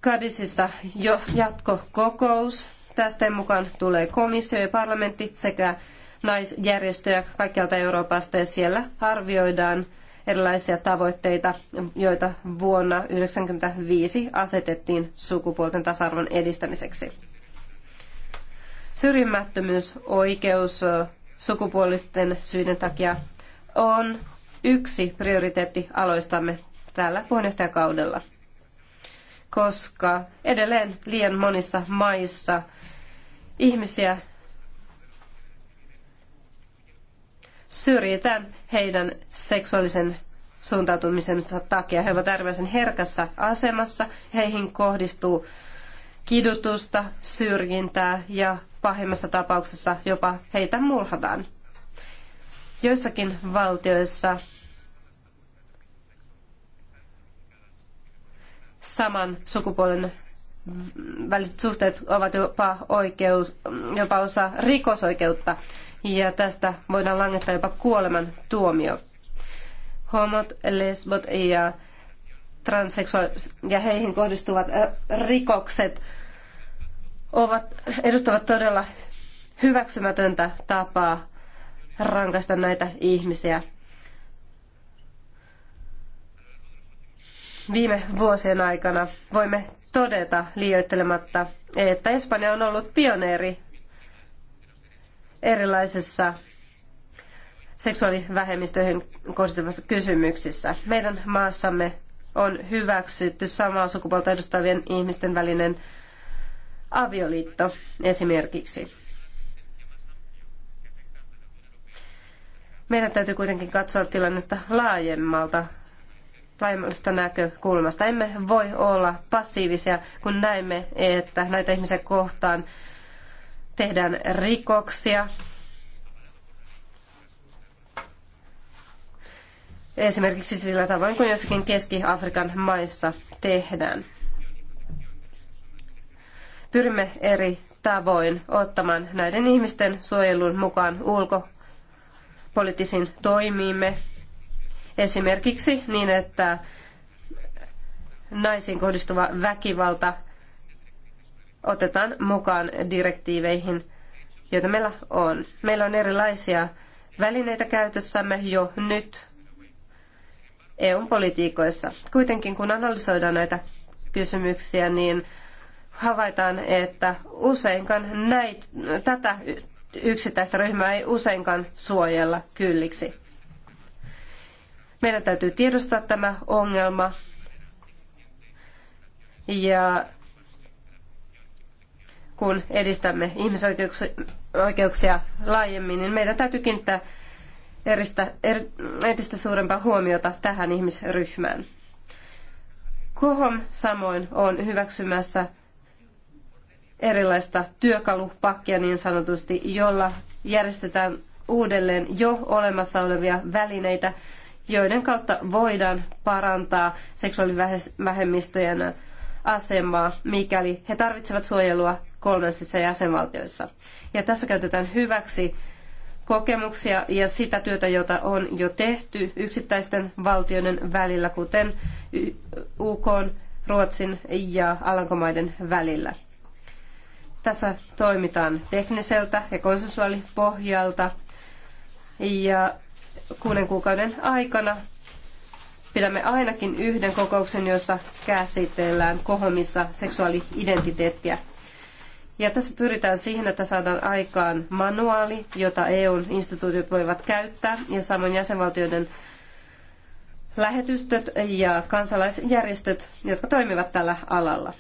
Kadisissa jo jatkokokous. Tästä mukaan tulee komissio ja parlamentti sekä naisjärjestöjä kaikkialta Euroopasta ja siellä arvioidaan erilaisia tavoitteita, joita vuonna 1995 asetettiin sukupuolten tasa-arvon edistämiseksi. Syrjimättömyysoikeus sukupuolisten syiden takia on yksi prioriteetti aloistamme tällä puheenjohtajakaudella, koska edelleen liian monissa maissa ihmisiä syrjitään heidän seksuaalisen suuntautumisensa takia. He ovat äärimmäisen herkässä asemassa, heihin kohdistuu kidutusta, syrjintää ja pahimmassa tapauksessa jopa heitä murhataan. Joissakin valtioissa saman sukupuolen väliset suhteet ovat jopa, oikeus, jopa osa rikosoikeutta ja tästä voidaan langettaa jopa kuoleman tuomio. Homot, lesbot ja Transseksuaalisia ja heihin kohdistuvat rikokset ovat, edustavat todella hyväksymätöntä tapaa rankaista näitä ihmisiä. Viime vuosien aikana voimme todeta liioittelematta, että Espanja on ollut pioneeri erilaisissa seksuaalivähemmistöihin kohdistuvissa kysymyksissä. Meidän maassamme on hyväksytty samaa sukupuolta edustavien ihmisten välinen avioliitto esimerkiksi. Meidän täytyy kuitenkin katsoa tilannetta laajemmalta laajemmasta näkökulmasta. Emme voi olla passiivisia, kun näemme, että näitä ihmisiä kohtaan tehdään rikoksia, esimerkiksi sillä tavoin kuin jossakin Keski-Afrikan maissa tehdään. Pyrimme eri tavoin ottamaan näiden ihmisten suojelun mukaan ulkopoliittisiin toimiimme, esimerkiksi niin, että naisiin kohdistuva väkivalta otetaan mukaan direktiiveihin, joita meillä on. Meillä on erilaisia välineitä käytössämme jo nyt EUn politiikoissa. Kuitenkin kun analysoidaan näitä kysymyksiä, niin havaitaan, että useinkaan näit, tätä yksittäistä ryhmää ei useinkaan suojella kylliksi. Meidän täytyy tiedostaa tämä ongelma ja kun edistämme ihmisoikeuksia laajemmin, niin meidän täytyy kiinnittää eristä, er, entistä suurempaa huomiota tähän ihmisryhmään. Kohom samoin on hyväksymässä erilaista työkalupakkia niin sanotusti, jolla järjestetään uudelleen jo olemassa olevia välineitä, joiden kautta voidaan parantaa seksuaalivähemmistöjen asemaa, mikäli he tarvitsevat suojelua kolmansissa jäsenvaltioissa. Ja tässä käytetään hyväksi kokemuksia ja sitä työtä, jota on jo tehty yksittäisten valtioiden välillä, kuten UK, Ruotsin ja Alankomaiden välillä. Tässä toimitaan tekniseltä ja konsensuaalipohjalta ja kuuden kuukauden aikana pidämme ainakin yhden kokouksen, jossa käsitellään kohomissa seksuaali-identiteettiä ja tässä pyritään siihen, että saadaan aikaan manuaali, jota EUn instituutiot voivat käyttää ja samoin jäsenvaltioiden lähetystöt ja kansalaisjärjestöt, jotka toimivat tällä alalla.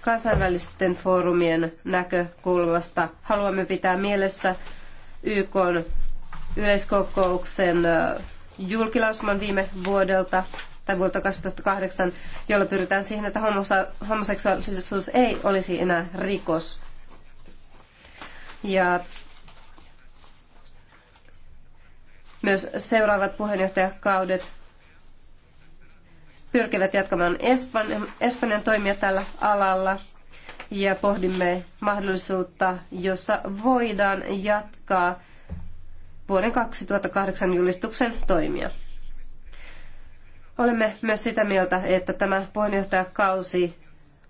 Kansainvälisten foorumien näkökulmasta haluamme pitää mielessä YK yleiskokouksen julkilausuman viime vuodelta tai vuotta 2008, jolla pyritään siihen, että homoseksuaalisuus ei olisi enää rikos. Ja myös seuraavat puheenjohtajakaudet pyrkivät jatkamaan Espanjan, Espanjan toimia tällä alalla ja pohdimme mahdollisuutta, jossa voidaan jatkaa vuoden 2008 julistuksen toimia. Olemme myös sitä mieltä, että tämä puheenjohtajakausi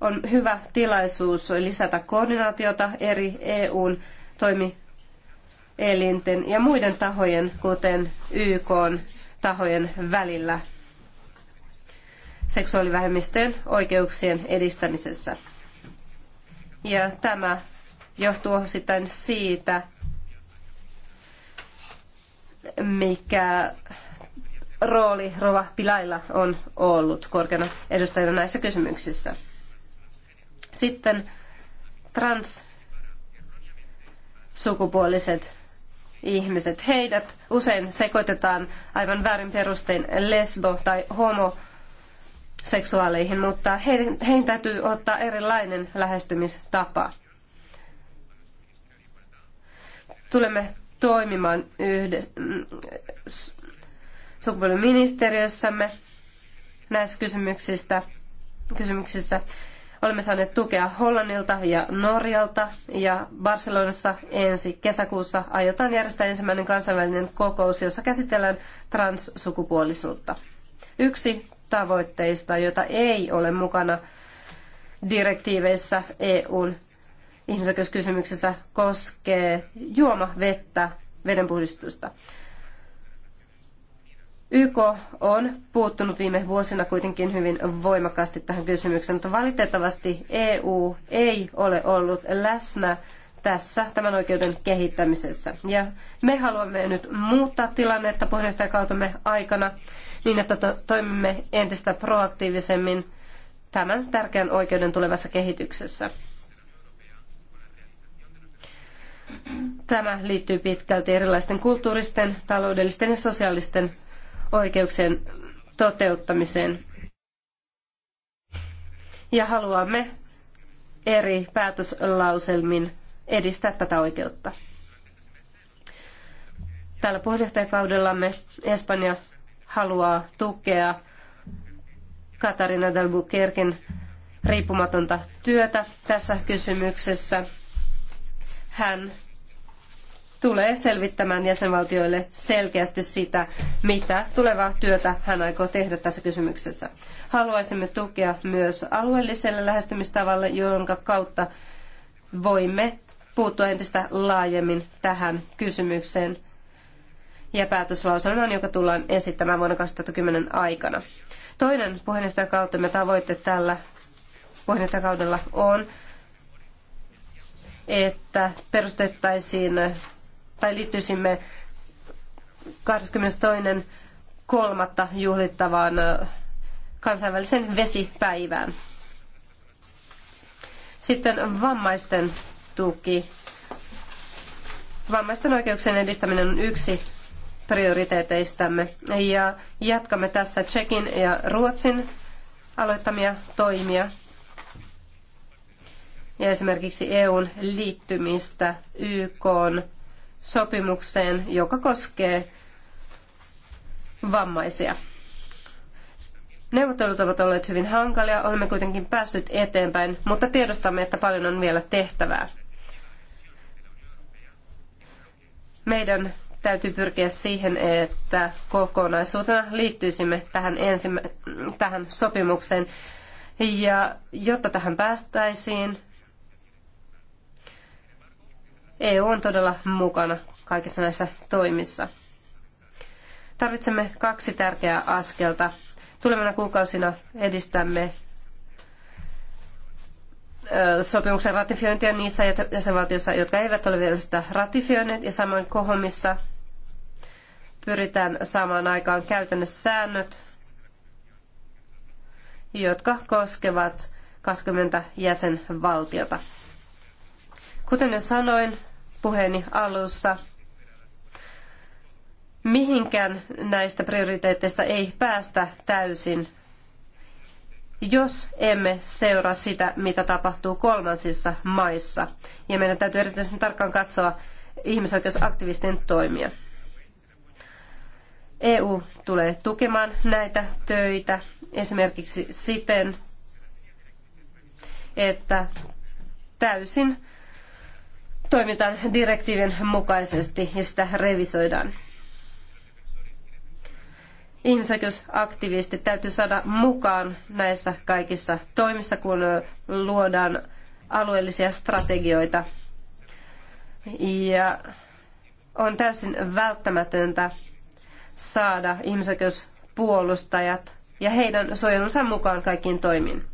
on hyvä tilaisuus lisätä koordinaatiota eri EUn toimielinten ja muiden tahojen, kuten YK tahojen välillä seksuaalivähemmistöjen oikeuksien edistämisessä. Ja tämä johtuu osittain siitä, mikä rooli Rova Pilailla on ollut korkeana edustajana näissä kysymyksissä. Sitten transsukupuoliset ihmiset. Heidät usein sekoitetaan aivan väärin perustein lesbo- tai homoseksuaaleihin, mutta heihin täytyy ottaa erilainen lähestymistapa. Tulemme toimimaan yhdessä sukupuoliministeriössämme näissä kysymyksissä. kysymyksissä. Olemme saaneet tukea Hollannilta ja Norjalta ja Barcelonassa ensi kesäkuussa aiotaan järjestää ensimmäinen kansainvälinen kokous, jossa käsitellään transsukupuolisuutta. Yksi tavoitteista, jota ei ole mukana direktiiveissä EUn ihmisoikeuskysymyksessä koskee juomavettä vedenpuhdistusta. YK on puuttunut viime vuosina kuitenkin hyvin voimakkaasti tähän kysymykseen, mutta valitettavasti EU ei ole ollut läsnä tässä tämän oikeuden kehittämisessä. Ja me haluamme nyt muuttaa tilannetta puheenjohtajakautemme aikana niin, että to- toimimme entistä proaktiivisemmin tämän tärkeän oikeuden tulevassa kehityksessä. Tämä liittyy pitkälti erilaisten kulttuuristen, taloudellisten ja sosiaalisten oikeuksien toteuttamiseen. Ja haluamme eri päätöslauselmin edistää tätä oikeutta. Tällä puheenjohtajakaudellamme Espanja haluaa tukea Katarina del riippumatonta työtä tässä kysymyksessä. Hän tulee selvittämään jäsenvaltioille selkeästi sitä, mitä tulevaa työtä hän aikoo tehdä tässä kysymyksessä. Haluaisimme tukea myös alueelliselle lähestymistavalle, jonka kautta voimme puuttua entistä laajemmin tähän kysymykseen ja päätöslauselmaan, joka tullaan esittämään vuonna 2010 aikana. Toinen puheenjohtajakautemme tavoite tällä puheenjohtajakaudella on, että perustettaisiin tai liittyisimme 22.3. juhlittavaan kansainväliseen vesipäivään. Sitten vammaisten tuki. Vammaisten oikeuksien edistäminen on yksi prioriteeteistamme. ja jatkamme tässä Tsekin ja Ruotsin aloittamia toimia ja esimerkiksi EUn liittymistä YKn sopimukseen, joka koskee vammaisia. Neuvottelut ovat olleet hyvin hankalia, olemme kuitenkin päässyt eteenpäin, mutta tiedostamme, että paljon on vielä tehtävää. Meidän täytyy pyrkiä siihen, että kokonaisuutena liittyisimme tähän, ensimmä, tähän sopimukseen. Ja jotta tähän päästäisiin, EU on todella mukana kaikissa näissä toimissa. Tarvitsemme kaksi tärkeää askelta. Tulevina kuukausina edistämme sopimuksen ratifiointia niissä jäsenvaltioissa, jotka eivät ole vielä sitä ratifioineet, ja samoin kohomissa pyritään saamaan aikaan käytännössä säännöt, jotka koskevat 20 jäsenvaltiota. Kuten jo sanoin puheeni alussa, mihinkään näistä prioriteetteista ei päästä täysin, jos emme seuraa sitä, mitä tapahtuu kolmansissa maissa. Ja meidän täytyy erityisen tarkkaan katsoa ihmisoikeusaktivistien toimia. EU tulee tukemaan näitä töitä esimerkiksi siten, että täysin toimitaan direktiivin mukaisesti ja sitä revisoidaan. Ihmisoikeusaktivistit täytyy saada mukaan näissä kaikissa toimissa, kun luodaan alueellisia strategioita. Ja on täysin välttämätöntä saada ihmisoikeuspuolustajat ja heidän suojelunsa mukaan kaikkiin toimiin.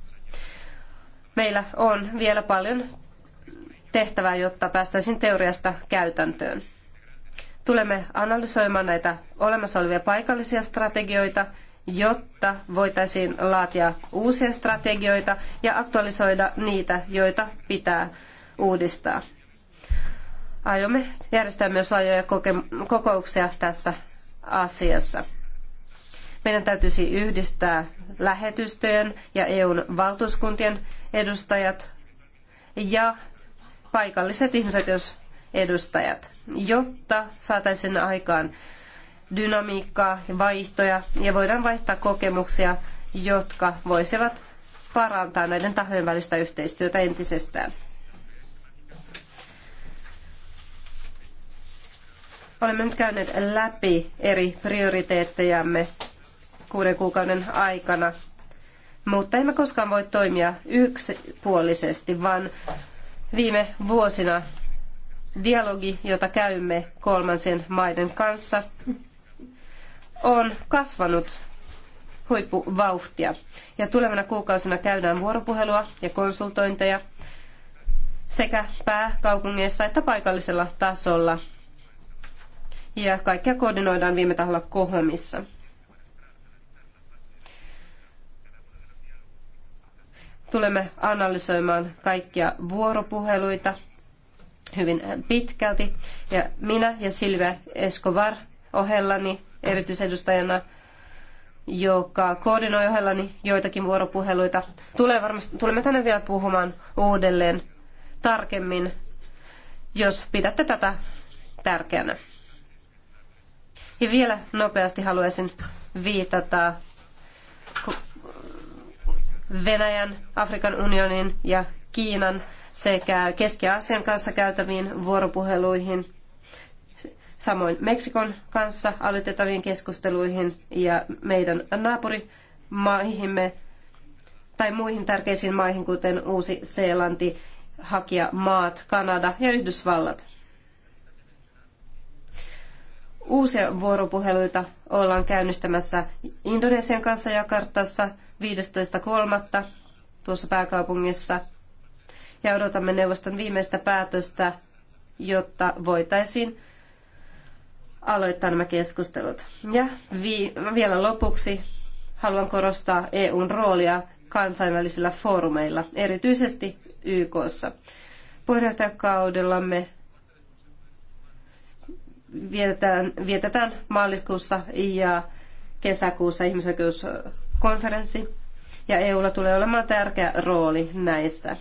Meillä on vielä paljon tehtävää, jotta päästäisiin teoriasta käytäntöön. Tulemme analysoimaan näitä olemassa olevia paikallisia strategioita, jotta voitaisiin laatia uusia strategioita ja aktualisoida niitä, joita pitää uudistaa. Aiomme järjestää myös laajoja kokouksia tässä asiassa. Meidän täytyisi yhdistää lähetystöjen ja EUn valtuuskuntien edustajat ja paikalliset ihmisoikeusedustajat, jotta saataisiin aikaan dynamiikkaa ja vaihtoja ja voidaan vaihtaa kokemuksia, jotka voisivat parantaa näiden tahojen välistä yhteistyötä entisestään. Olemme nyt käyneet läpi eri prioriteettejamme kuuden kuukauden aikana, mutta emme koskaan voi toimia yksipuolisesti, vaan viime vuosina dialogi, jota käymme kolmansien maiden kanssa, on kasvanut huippuvauhtia. Ja tulevina kuukausina käydään vuoropuhelua ja konsultointeja sekä pääkaupungeissa että paikallisella tasolla. Ja kaikkea koordinoidaan viime taholla Kohomissa. Tulemme analysoimaan kaikkia vuoropuheluita hyvin pitkälti. Ja minä ja Silvia Escobar ohellani erityisedustajana, joka koordinoi ohellani joitakin vuoropuheluita. Tulee varmasti, tulemme tänne vielä puhumaan uudelleen tarkemmin, jos pidätte tätä tärkeänä. Ja vielä nopeasti haluaisin viitata Venäjän, Afrikan unionin ja Kiinan sekä Keski-Aasian kanssa käytäviin vuoropuheluihin, samoin Meksikon kanssa aloitettaviin keskusteluihin ja meidän naapurimaihimme tai muihin tärkeisiin maihin, kuten Uusi-Seelanti, hakijamaat, Kanada ja Yhdysvallat. Uusia vuoropuheluita ollaan käynnistämässä Indonesian kanssa Jakartassa – 15.3. tuossa pääkaupungissa ja odotamme neuvoston viimeistä päätöstä, jotta voitaisiin aloittaa nämä keskustelut. Ja vi- vielä lopuksi haluan korostaa EUn roolia kansainvälisillä foorumeilla, erityisesti YKssa. Puheenjohtajakaudellamme vietetään, vietetään maaliskuussa ja kesäkuussa ihmisoikeus konferenssi ja EUlla tulee olemaan tärkeä rooli näissä.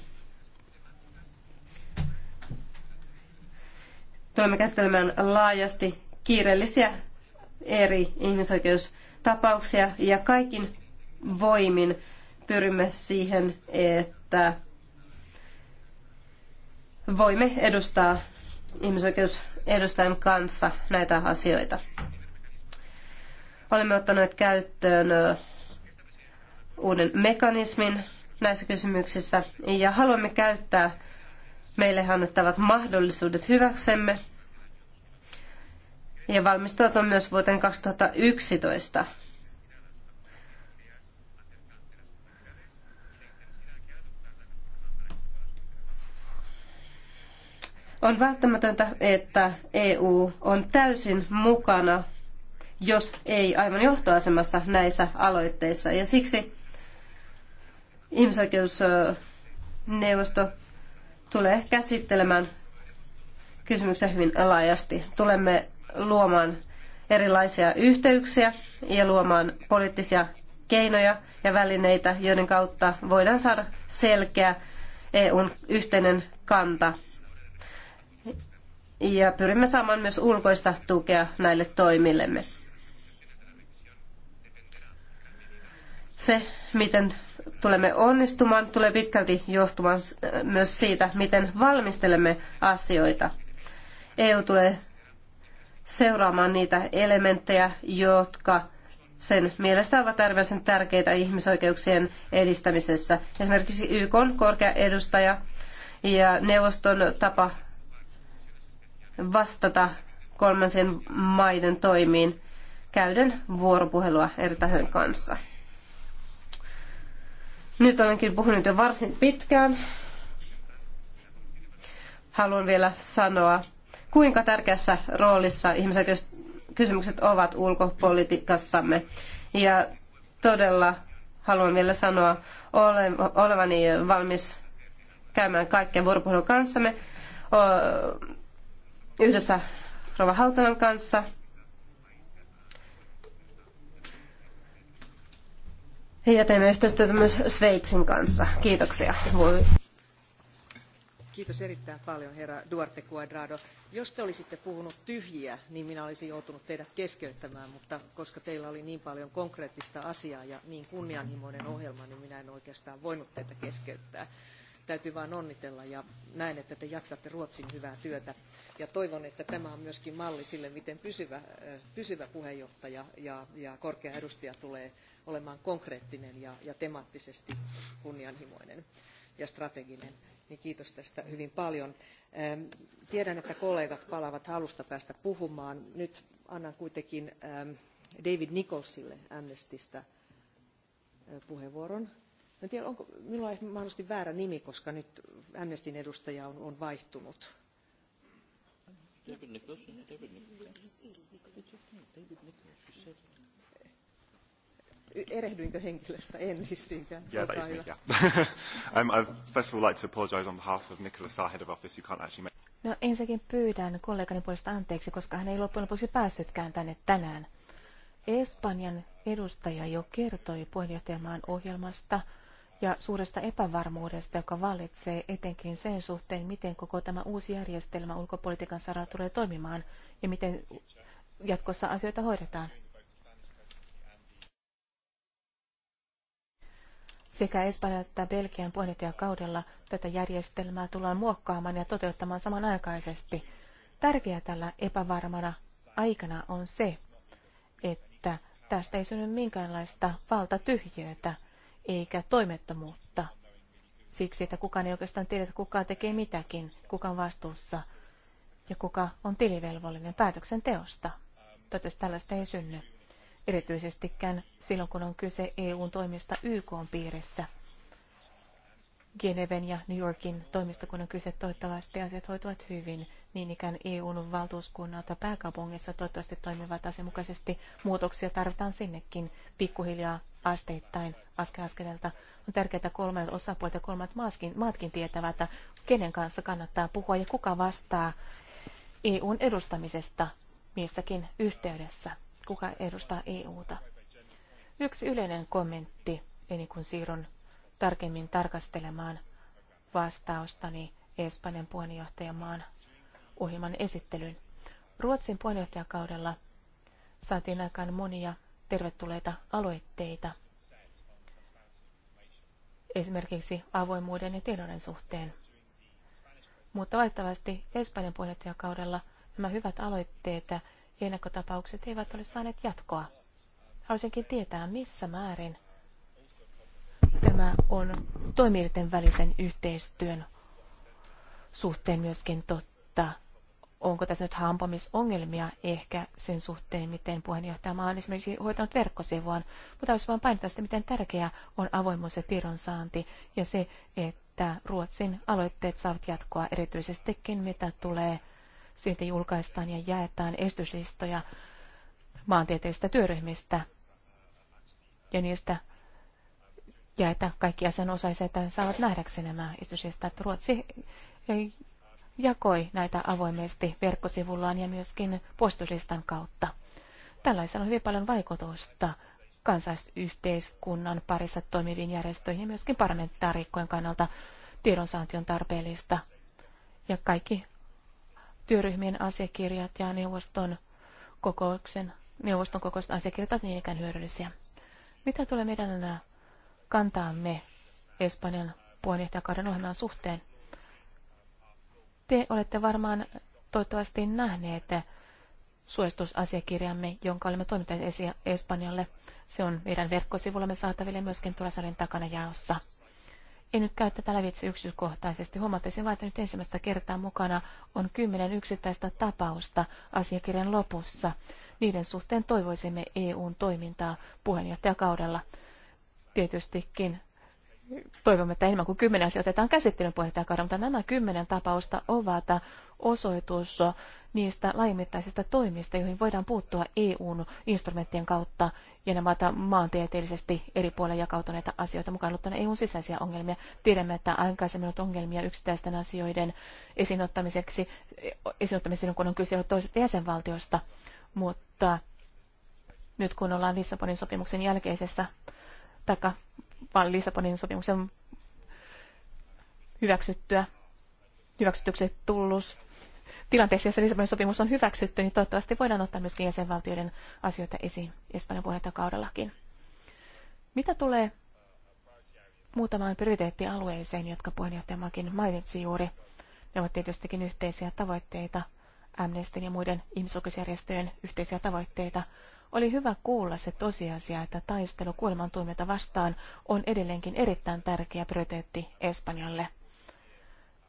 Tulemme käsittelemään laajasti kiireellisiä eri ihmisoikeustapauksia ja kaikin voimin pyrimme siihen, että voimme edustaa ihmisoikeusedustajan kanssa näitä asioita. Olemme ottaneet käyttöön uuden mekanismin näissä kysymyksissä ja haluamme käyttää meille annettavat mahdollisuudet hyväksemme ja valmistautua myös vuoteen 2011. On välttämätöntä, että EU on täysin mukana, jos ei aivan johtoasemassa näissä aloitteissa. Ja siksi ihmisoikeusneuvosto tulee käsittelemään kysymyksiä hyvin laajasti. Tulemme luomaan erilaisia yhteyksiä ja luomaan poliittisia keinoja ja välineitä, joiden kautta voidaan saada selkeä EUn yhteinen kanta. Ja pyrimme saamaan myös ulkoista tukea näille toimillemme. Se, miten tulemme onnistumaan, tulee pitkälti johtumaan myös siitä, miten valmistelemme asioita. EU tulee seuraamaan niitä elementtejä, jotka sen mielestä ovat äärimmäisen tärkeitä ihmisoikeuksien edistämisessä. Esimerkiksi YK on korkea edustaja ja neuvoston tapa vastata kolmansien maiden toimiin käyden vuoropuhelua eri tahojen kanssa. Nyt olenkin puhunut jo varsin pitkään. Haluan vielä sanoa, kuinka tärkeässä roolissa ihmisoikeuskysymykset ovat ulkopolitiikassamme. Ja todella haluan vielä sanoa olevani valmis käymään kaikkien vuoropuhelun kanssamme yhdessä Rova Hautalan kanssa – Ja teemme yhteistyötä myös Sveitsin kanssa. Kiitoksia. Kiitos erittäin paljon, herra Duarte Cuadrado. Jos te olisitte puhunut tyhjiä, niin minä olisin joutunut teidät keskeyttämään, mutta koska teillä oli niin paljon konkreettista asiaa ja niin kunnianhimoinen ohjelma, niin minä en oikeastaan voinut teitä keskeyttää täytyy vain onnitella ja näen, että te jatkatte Ruotsin hyvää työtä. Ja toivon, että tämä on myöskin malli sille, miten pysyvä, pysyvä puheenjohtaja ja, ja korkea edustaja tulee olemaan konkreettinen ja, ja temaattisesti kunnianhimoinen ja strateginen niin kiitos tästä hyvin paljon. Tiedän, että kollegat palaavat halusta päästä puhumaan. Nyt annan kuitenkin David Nicholsille Amnestystä puheenvuoron en tiedä, onko minulla on mahdollisesti väärä nimi, koska nyt Amnestin edustaja on, vaihtunut. David Erehdyinkö henkilöstä? En vissiinkään. Yeah, that is me, yeah. um, I'd first of all like to apologize on behalf of Nicholas, our head of office, You can't actually make... No ensinnäkin pyydän kollegani puolesta anteeksi, koska hän ei loppujen lopuksi päässytkään tänne tänään. Espanjan edustaja jo kertoi puheenjohtajamaan ohjelmasta – ja suuresta epävarmuudesta, joka vallitsee etenkin sen suhteen, miten koko tämä uusi järjestelmä ulkopolitiikan saralla tulee toimimaan ja miten jatkossa asioita hoidetaan. Sekä Espanjan että Belgian puheenjohtajakaudella tätä järjestelmää tullaan muokkaamaan ja toteuttamaan samanaikaisesti. Tärkeää tällä epävarmana aikana on se, että tästä ei synny minkäänlaista valtatyhjiötä – eikä toimettomuutta. Siksi, että kukaan ei oikeastaan tiedä, että kuka tekee mitäkin, kuka on vastuussa ja kuka on tilivelvollinen päätöksenteosta. Toivottavasti tällaista ei synny, erityisestikään silloin, kun on kyse EUn toimista YK piirissä – Geneven ja New Yorkin toimistokunnan kyse. Toivottavasti asiat hoituvat hyvin. Niin ikään EUn valtuuskunnalta pääkaupungissa toivottavasti toimivat asianmukaisesti. Muutoksia tarvitaan sinnekin pikkuhiljaa asteittain askel askeleelta. On tärkeää, että kolmat osapuolet ja kolmat maatkin, maatkin tietävät, että kenen kanssa kannattaa puhua ja kuka vastaa EUn edustamisesta missäkin yhteydessä. Kuka edustaa EUta? Yksi yleinen kommentti, ennen kuin siirron tarkemmin tarkastelemaan vastaustani Espanjan puheenjohtajamaan ohjelman esittelyn. Ruotsin puheenjohtajakaudella saatiin aikaan monia tervetulleita aloitteita, esimerkiksi avoimuuden ja tiedon suhteen. Mutta valitettavasti Espanjan puheenjohtajakaudella nämä hyvät aloitteet ja ennakkotapaukset eivät ole saaneet jatkoa. Haluaisinkin tietää, missä määrin Tämä on toimijoiden välisen yhteistyön suhteen myöskin totta. Onko tässä nyt hampomisongelmia ehkä sen suhteen, miten puheenjohtaja Maa on esimerkiksi hoitanut verkkosivuaan, mutta olisi vain painottaa sitä, miten tärkeää on avoimuus ja tiedonsaanti ja se, että Ruotsin aloitteet saavat jatkoa erityisestikin, mitä tulee siitä julkaistaan ja jaetaan estyslistoja maantieteellisistä työryhmistä ja niistä ja että kaikki asianosaiset saavat nähdäksi nämä että Ruotsi eh, jakoi näitä avoimesti verkkosivullaan ja myöskin postulistan kautta. Tällaisella on hyvin paljon vaikutusta kansaisyhteiskunnan parissa toimiviin järjestöihin ja myöskin parlamentaarikkojen kannalta tiedonsaanti on tarpeellista. Ja kaikki työryhmien asiakirjat ja neuvoston kokouksen, neuvoston kokouksen asiakirjat ovat niin ikään hyödyllisiä. Mitä tulee meidän kantaamme Espanjan puheenjohtajakauden ohjelman suhteen. Te olette varmaan toivottavasti nähneet suositusasiakirjamme, jonka olemme toimittaneet Espanjalle. Se on meidän verkkosivullamme saataville myöskin tuolla salin takana jaossa. En nyt käy tätä lävitse yksityiskohtaisesti. Huomattaisin vain, että nyt ensimmäistä kertaa mukana on kymmenen yksittäistä tapausta asiakirjan lopussa. Niiden suhteen toivoisimme EUn toimintaa puheenjohtajakaudella tietystikin toivomme, että enemmän kuin kymmenen asiaa otetaan käsittelyn puheenjohtajakauden, mutta nämä kymmenen tapausta ovat osoitus niistä laimittaisista toimista, joihin voidaan puuttua EUn instrumenttien kautta, ja nämä ovat maantieteellisesti eri puolilla jakautuneita asioita, mukaan luettuna EUn sisäisiä ongelmia. Tiedämme, että aikaisemmin on ongelmia yksittäisten asioiden esiinottamiseksi, esiinottamiseksi kun on kyse toisesta jäsenvaltiosta, mutta nyt kun ollaan Lissabonin sopimuksen jälkeisessä taikka vain Lissabonin sopimuksen hyväksyttyä, hyväksytyksi tullus. Tilanteessa, jossa Lissabonin sopimus on hyväksytty, niin toivottavasti voidaan ottaa myöskin jäsenvaltioiden asioita esiin Espanjan puheenjohtajakaudellakin. Mitä tulee muutamaan prioriteettialueeseen, jotka puheenjohtajamakin mainitsi juuri, ne ovat tietystikin yhteisiä tavoitteita, Amnestin ja muiden ihmisoikeusjärjestöjen yhteisiä tavoitteita, oli hyvä kuulla se tosiasia, että taistelu kuolemantuomiota vastaan on edelleenkin erittäin tärkeä prioriteetti Espanjalle.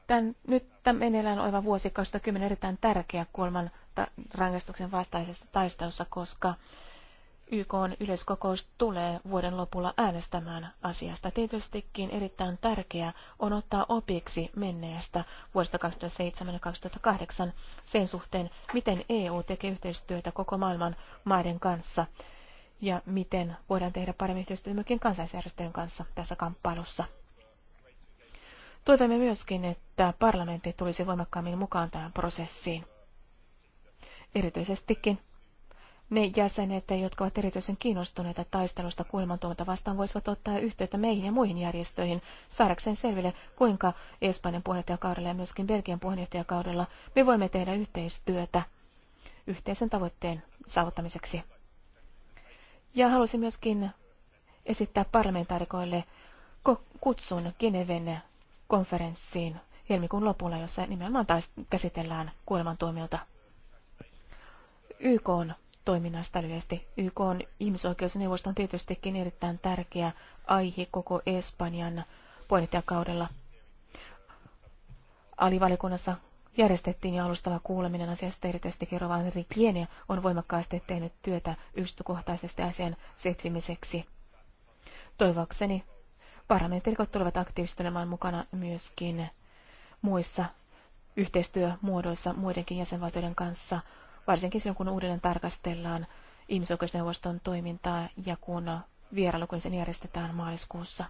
Tämän, nyt tämän meneillään oleva vuosi 2010 erittäin tärkeä kuoleman rangaistuksen vastaisessa taistelussa, koska YK yleiskokous tulee vuoden lopulla äänestämään asiasta. Tietystikin erittäin tärkeää on ottaa opiksi menneestä vuodesta 2007 ja 2008 sen suhteen, miten EU tekee yhteistyötä koko maailman maiden kanssa ja miten voidaan tehdä paremmin yhteistyötä myöskin kansalaisjärjestöjen kanssa tässä kamppailussa. Tuotamme myöskin, että parlamentti tulisi voimakkaammin mukaan tähän prosessiin. Erityisestikin ne jäsenet, jotka ovat erityisen kiinnostuneita taistelusta kuolemantuomata vastaan, voisivat ottaa yhteyttä meihin ja muihin järjestöihin saadakseen selville, kuinka Espanjan puheenjohtajakaudella ja myöskin Belgian puheenjohtajakaudella me voimme tehdä yhteistyötä yhteisen tavoitteen saavuttamiseksi. Ja halusin myöskin esittää parlamentaarikoille kutsun Geneven konferenssiin helmikuun lopulla, jossa nimenomaan taas käsitellään kuolemantuomiota. YK on toiminnasta lyhyesti. YK on ihmisoikeusneuvosto on tietystikin erittäin tärkeä aihe koko Espanjan puheenjohtajakaudella. Alivalikunnassa järjestettiin jo alustava kuuleminen asiasta erityisesti Kerovan Rikienia on voimakkaasti tehnyt työtä yksityiskohtaisesti asian setvimiseksi. Toivokseni parlamentarikot tulevat aktiivistunemaan mukana myöskin muissa yhteistyömuodoissa muidenkin jäsenvaltioiden kanssa – varsinkin silloin kun uudelleen tarkastellaan ihmisoikeusneuvoston toimintaa ja kun vierailu, kun sen järjestetään maaliskuussa.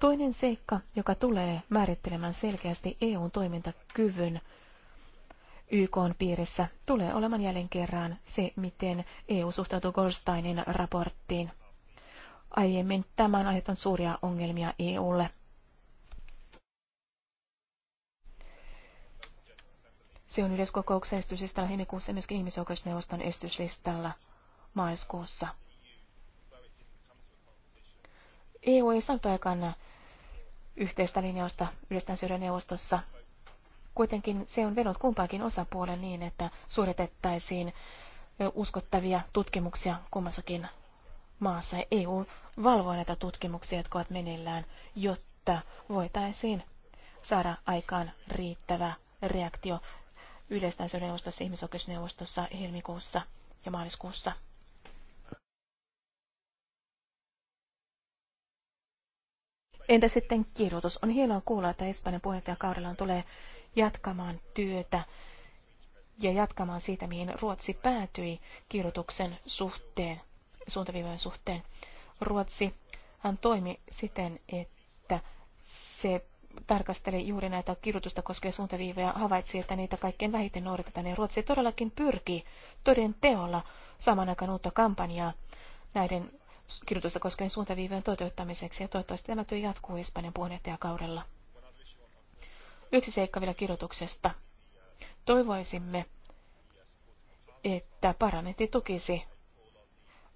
Toinen seikka, joka tulee määrittelemään selkeästi EUn toimintakyvyn YK piirissä, tulee olemaan jälleen kerran se, miten EU suhtautuu Goldsteinin raporttiin. Aiemmin tämän aiheuttanut suuria ongelmia EUlle. Se on yleiskokouksen estyslistalla heinäkuussa ja myöskin ihmisoikeusneuvoston esityslistalla maaliskuussa. EU ei saanut aikaan yhteistä linjausta yleistään neuvostossa. Kuitenkin se on vedonnut kumpaakin osapuolen niin, että suoritettaisiin uskottavia tutkimuksia kummassakin maassa. EU valvoi näitä tutkimuksia, jotka ovat meneillään, jotta voitaisiin saada aikaan riittävä reaktio yleistäisöneuvostossa, ihmisoikeusneuvostossa helmikuussa ja maaliskuussa. Entä sitten kirjoitus? On hienoa kuulla, että Espanjan puheenjohtajakaudellaan tulee jatkamaan työtä ja jatkamaan siitä, mihin Ruotsi päätyi kirjoituksen suhteen, suuntaviivojen suhteen. Ruotsi hän toimi siten, että se tarkasteli juuri näitä kirjoitusta koskevia suuntaviivoja, havaitsi, että niitä kaikkein vähiten noudatetaan, ja Ruotsi todellakin pyrkii toden teolla saman aikaan uutta kampanjaa näiden kirjoitusta koskevien suuntaviivojen toteuttamiseksi, ja toivottavasti tämä työ jatkuu Espanjan puheenjohtajakaudella. Yksi seikka vielä kirjoituksesta. Toivoisimme, että parlamentti tukisi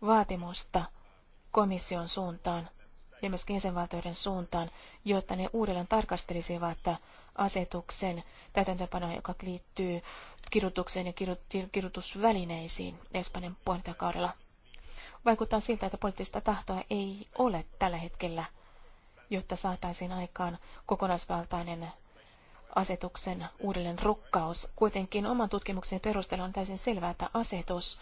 vaatimusta komission suuntaan ja myöskin jäsenvaltioiden suuntaan, jotta ne uudelleen tarkastelisivat asetuksen täytäntöpanoa, joka liittyy kirjoitukseen ja kirjoitusvälineisiin Espanjan puolintakaudella. Vaikuttaa siltä, että poliittista tahtoa ei ole tällä hetkellä, jotta saataisiin aikaan kokonaisvaltainen asetuksen uudelleen rukkaus. Kuitenkin oman tutkimuksen perusteella on täysin selvää, että asetus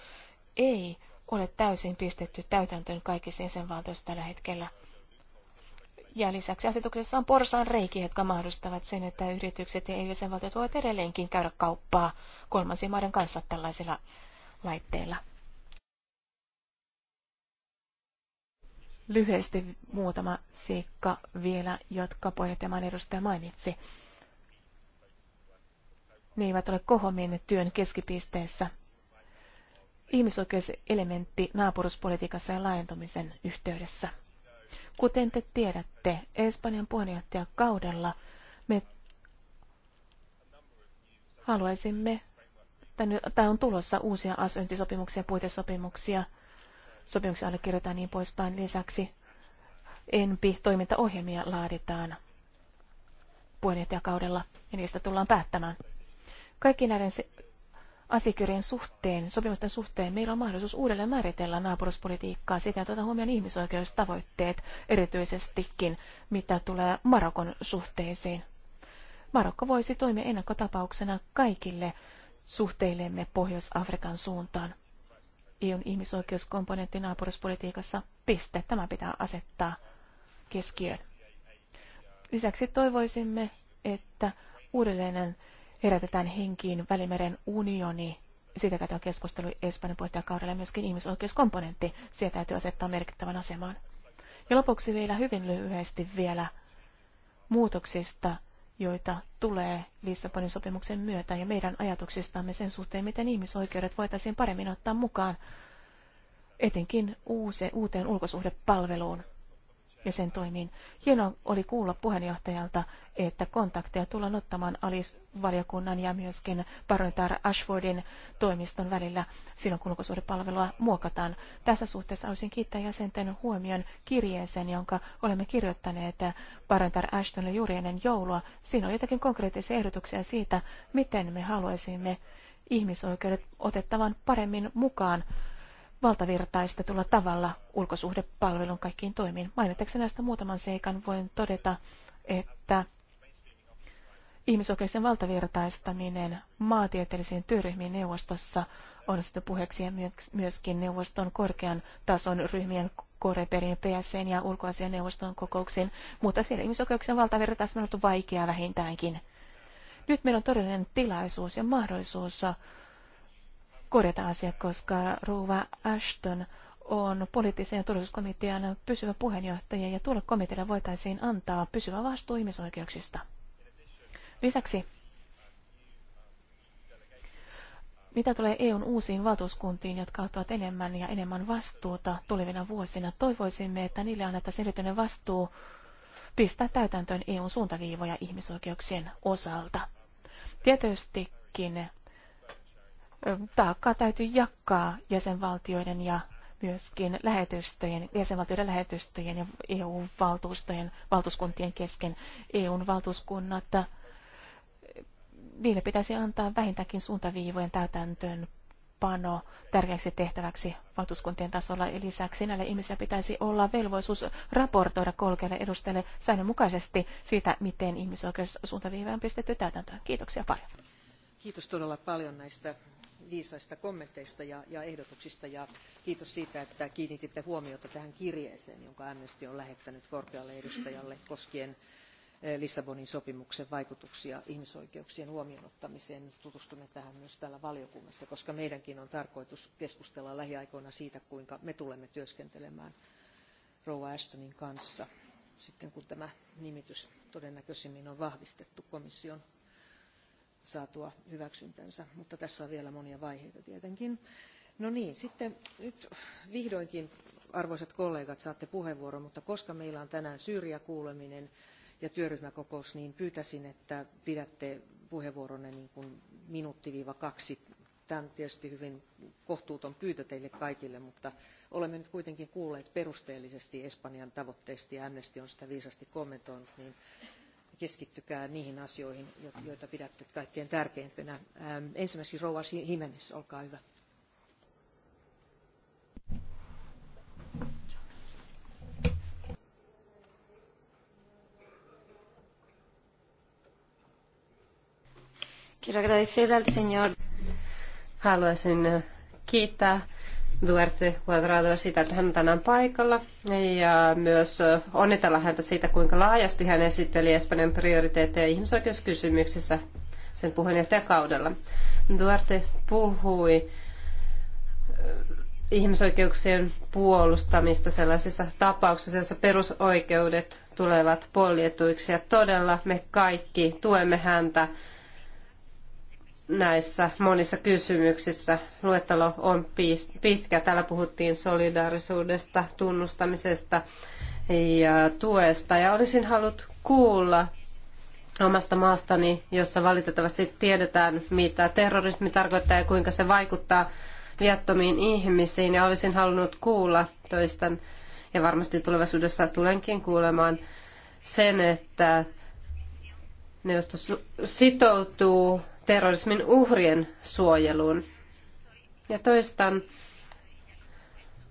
ei ole täysin pistetty täytäntöön kaikissa jäsenvaltioissa tällä hetkellä. Ja lisäksi asetuksessa on porsaan reikiä, jotka mahdollistavat sen, että yritykset ja jäsenvaltiot voivat edelleenkin käydä kauppaa kolmansien maiden kanssa tällaisilla laitteilla. Lyhyesti muutama seikka vielä, jotka puheenjohtajan edustaja mainitsi. Ne eivät ole kohomien työn keskipisteessä. Ihmisoikeuselementti naapuruspolitiikassa ja laajentumisen yhteydessä. Kuten te tiedätte, Espanjan puheenjohtajakaudella me haluaisimme, tai on tulossa uusia asiointisopimuksia, puitesopimuksia, sopimuksia allekirjoitetaan niin poispäin. Lisäksi ENPI-toimintaohjelmia laaditaan puheenjohtajakaudella ja niistä tullaan päättämään. Kaikki näiden asiakirjojen suhteen, sopimusten suhteen, meillä on mahdollisuus uudelleen määritellä naapuruspolitiikkaa sekä tuota huomioon ihmisoikeustavoitteet erityisestikin, mitä tulee Marokon suhteisiin. Marokko voisi toimia ennakkotapauksena kaikille suhteillemme Pohjois-Afrikan suuntaan. EUn ihmisoikeuskomponentti naapuruspolitiikassa piste. Tämä pitää asettaa keskiöön. Lisäksi toivoisimme, että uudelleen herätetään henkiin Välimeren unioni. Siitä käytyy keskustelu Espanjan puheenjohtajakaudella ja myöskin ihmisoikeuskomponentti. Sieltä täytyy asettaa merkittävän asemaan. Ja lopuksi vielä hyvin lyhyesti vielä muutoksista, joita tulee Lissabonin sopimuksen myötä ja meidän ajatuksistamme sen suhteen, miten ihmisoikeudet voitaisiin paremmin ottaa mukaan, etenkin uuse, uuteen ulkosuhdepalveluun ja sen toimiin. Hienoa oli kuulla puheenjohtajalta, että kontakteja tullaan ottamaan alisvaliokunnan ja myöskin parlamentaar Ashfordin toimiston välillä silloin, kun ulkosuhdepalvelua muokataan. Tässä suhteessa haluaisin kiittää jäsenten huomion kirjeeseen, jonka olemme kirjoittaneet parlamentaar Ashtonille juuri ennen joulua. Siinä on jotakin konkreettisia ehdotuksia siitä, miten me haluaisimme ihmisoikeudet otettavan paremmin mukaan tulla tavalla ulkosuhdepalvelun kaikkiin toimiin. Mainitakseni näistä muutaman seikan voin todeta, että ihmisoikeuksien valtavirtaistaminen maatieteellisiin työryhmiin neuvostossa on sitten puheeksi myöskin neuvoston korkean tason ryhmien Koreperin, PSN ja ulkoasian neuvoston kokouksiin, mutta siellä ihmisoikeuksien valtavirtaistaminen on ollut vaikeaa vähintäänkin. Nyt meillä on todellinen tilaisuus ja mahdollisuus korjata asia, koska Ruva Ashton on poliittisen ja turvallisuuskomitean pysyvä puheenjohtaja ja tuolle komitealle voitaisiin antaa pysyvä vastuu ihmisoikeuksista. Lisäksi, mitä tulee EUn uusiin valtuuskuntiin, jotka ottavat enemmän ja enemmän vastuuta tulevina vuosina, toivoisimme, että niille annettaisiin erityinen vastuu pistää täytäntöön EUn suuntaviivoja ihmisoikeuksien osalta. Tietystikin taakkaa täytyy jakaa jäsenvaltioiden ja myöskin lähetystöjen, jäsenvaltioiden lähetystöjen ja EU-valtuustojen valtuuskuntien kesken. EUn valtuuskunnat, niille pitäisi antaa vähintäänkin suuntaviivojen täytäntöön pano tärkeäksi tehtäväksi valtuuskuntien tasolla. Ja lisäksi näille ihmisillä pitäisi olla velvollisuus raportoida kolkeille edustajille säännönmukaisesti siitä, miten ihmisoikeussuuntaviivoja on pistetty täytäntöön. Kiitoksia paljon. Kiitos todella paljon näistä viisaista kommenteista ja, ja ehdotuksista ja kiitos siitä, että kiinnititte huomiota tähän kirjeeseen, jonka Amnesty on lähettänyt korkealle edustajalle koskien eh, Lissabonin sopimuksen vaikutuksia ihmisoikeuksien huomioonottamiseen. Tutustumme tähän myös täällä valiokunnassa, koska meidänkin on tarkoitus keskustella lähiaikoina siitä, kuinka me tulemme työskentelemään Rouva Ashtonin kanssa, sitten kun tämä nimitys todennäköisimmin on vahvistettu komission saatua hyväksyntänsä, mutta tässä on vielä monia vaiheita tietenkin. No niin, sitten nyt vihdoinkin arvoisat kollegat saatte puheenvuoron, mutta koska meillä on tänään kuuleminen ja työryhmäkokous, niin pyytäisin, että pidätte puheenvuoronne niin kuin minuutti-kaksi. Tämä on tietysti hyvin kohtuuton pyytö teille kaikille, mutta olemme nyt kuitenkin kuulleet perusteellisesti Espanjan tavoitteista ja Amnesty on sitä viisasti kommentoinut, niin keskittykää niihin asioihin, joita pidätte kaikkein tärkeimpänä. Ähm, ensimmäiseksi Rouva Jimenez, olkaa hyvä. Haluaisin äh, kiittää Duarte Cuadradoa siitä, että hän on tänään paikalla ja myös onnitella häntä siitä, kuinka laajasti hän esitteli Espanjan prioriteetteja ihmisoikeuskysymyksissä sen puheenjohtajakaudella. Duarte puhui ihmisoikeuksien puolustamista sellaisissa tapauksissa, joissa perusoikeudet tulevat poljetuiksi. Ja todella me kaikki tuemme häntä näissä monissa kysymyksissä. Luettelo on pitkä. Täällä puhuttiin solidaarisuudesta, tunnustamisesta ja tuesta. Ja olisin halunnut kuulla omasta maastani, jossa valitettavasti tiedetään, mitä terrorismi tarkoittaa ja kuinka se vaikuttaa viattomiin ihmisiin. Ja olisin halunnut kuulla toistan, ja varmasti tulevaisuudessa tulenkin kuulemaan sen, että neuvosto sitoutuu terrorismin uhrien suojeluun. Ja toistan,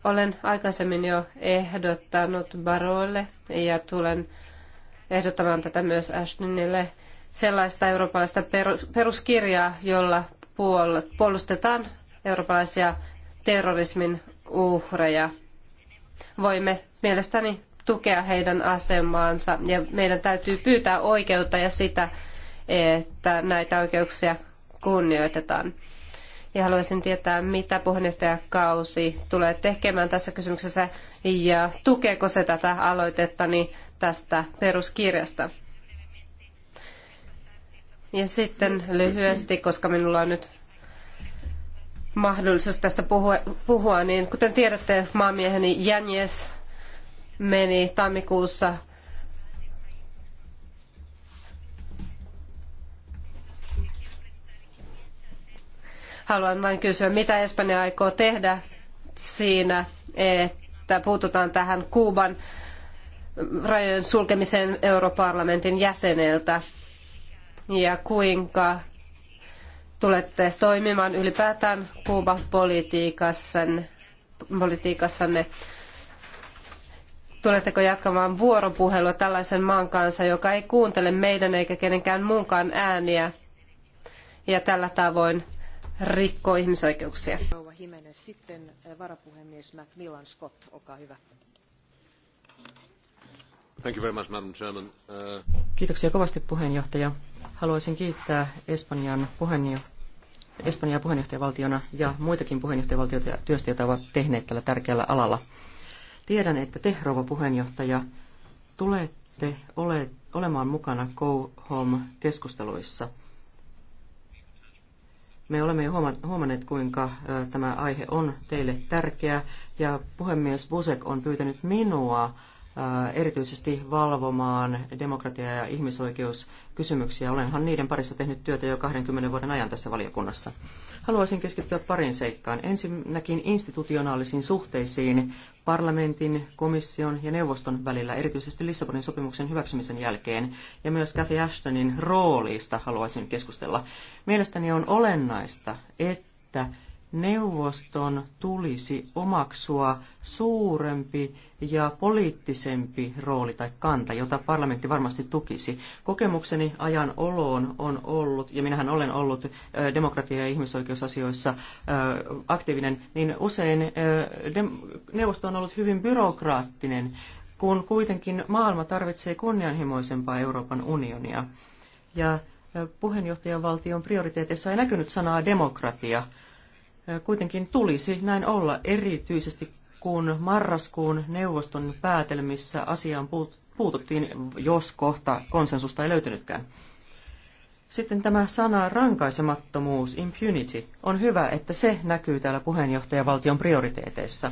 olen aikaisemmin jo ehdottanut Barolle ja tulen ehdottamaan tätä myös Ashtonille sellaista eurooppalaista peruskirjaa, jolla puolustetaan eurooppalaisia terrorismin uhreja. Voimme mielestäni tukea heidän asemaansa ja meidän täytyy pyytää oikeutta ja sitä, että näitä oikeuksia kunnioitetaan. Ja haluaisin tietää, mitä puheenjohtajakausi tulee tekemään tässä kysymyksessä ja tukeeko se tätä aloitettani tästä peruskirjasta. Ja sitten lyhyesti, koska minulla on nyt mahdollisuus tästä puhua, puhua niin kuten tiedätte, maamieheni Jänjes meni tammikuussa Haluan vain kysyä, mitä Espanja aikoo tehdä siinä, että puututaan tähän Kuuban rajojen sulkemiseen europarlamentin jäseneltä ja kuinka tulette toimimaan ylipäätään Kuuban politiikassanne, politiikassanne. Tuletteko jatkamaan vuoropuhelua tällaisen maan kanssa, joka ei kuuntele meidän eikä kenenkään muunkaan ääniä ja tällä tavoin rikkoo ihmisoikeuksia. Rouva Jimenez, sitten eh, varapuhemies Macmillan Scott, olkaa hyvä. Thank you very much, Madam Chairman. Uh... Kiitoksia kovasti puheenjohtaja. Haluaisin kiittää Espanjan puheenjohtajaa Espanjaa puheenjohtajavaltiona ja muitakin puheenjohtajavaltioita työstä, joita ovat tehneet tällä tärkeällä alalla. Tiedän, että te, rouva puheenjohtaja, tulette ole, olemaan mukana Go Home-keskusteluissa. Me olemme jo huomanneet, kuinka tämä aihe on teille tärkeä, ja puhemies Busek on pyytänyt minua erityisesti valvomaan demokratia- ja ihmisoikeuskysymyksiä. Olenhan niiden parissa tehnyt työtä jo 20 vuoden ajan tässä valiokunnassa. Haluaisin keskittyä parin seikkaan. Ensinnäkin institutionaalisiin suhteisiin parlamentin, komission ja neuvoston välillä, erityisesti Lissabonin sopimuksen hyväksymisen jälkeen, ja myös Cathy Ashtonin roolista haluaisin keskustella. Mielestäni on olennaista, että neuvoston tulisi omaksua suurempi ja poliittisempi rooli tai kanta, jota parlamentti varmasti tukisi. Kokemukseni ajan oloon on ollut, ja minähän olen ollut demokratia- ja ihmisoikeusasioissa aktiivinen, niin usein neuvosto on ollut hyvin byrokraattinen, kun kuitenkin maailma tarvitsee kunnianhimoisempaa Euroopan unionia. Ja puheenjohtajavaltion prioriteeteissa ei näkynyt sanaa demokratia – kuitenkin tulisi näin olla, erityisesti kun marraskuun neuvoston päätelmissä asiaan puututtiin, jos kohta konsensusta ei löytynytkään. Sitten tämä sana rankaisemattomuus, impunity, on hyvä, että se näkyy täällä puheenjohtajavaltion prioriteeteissa.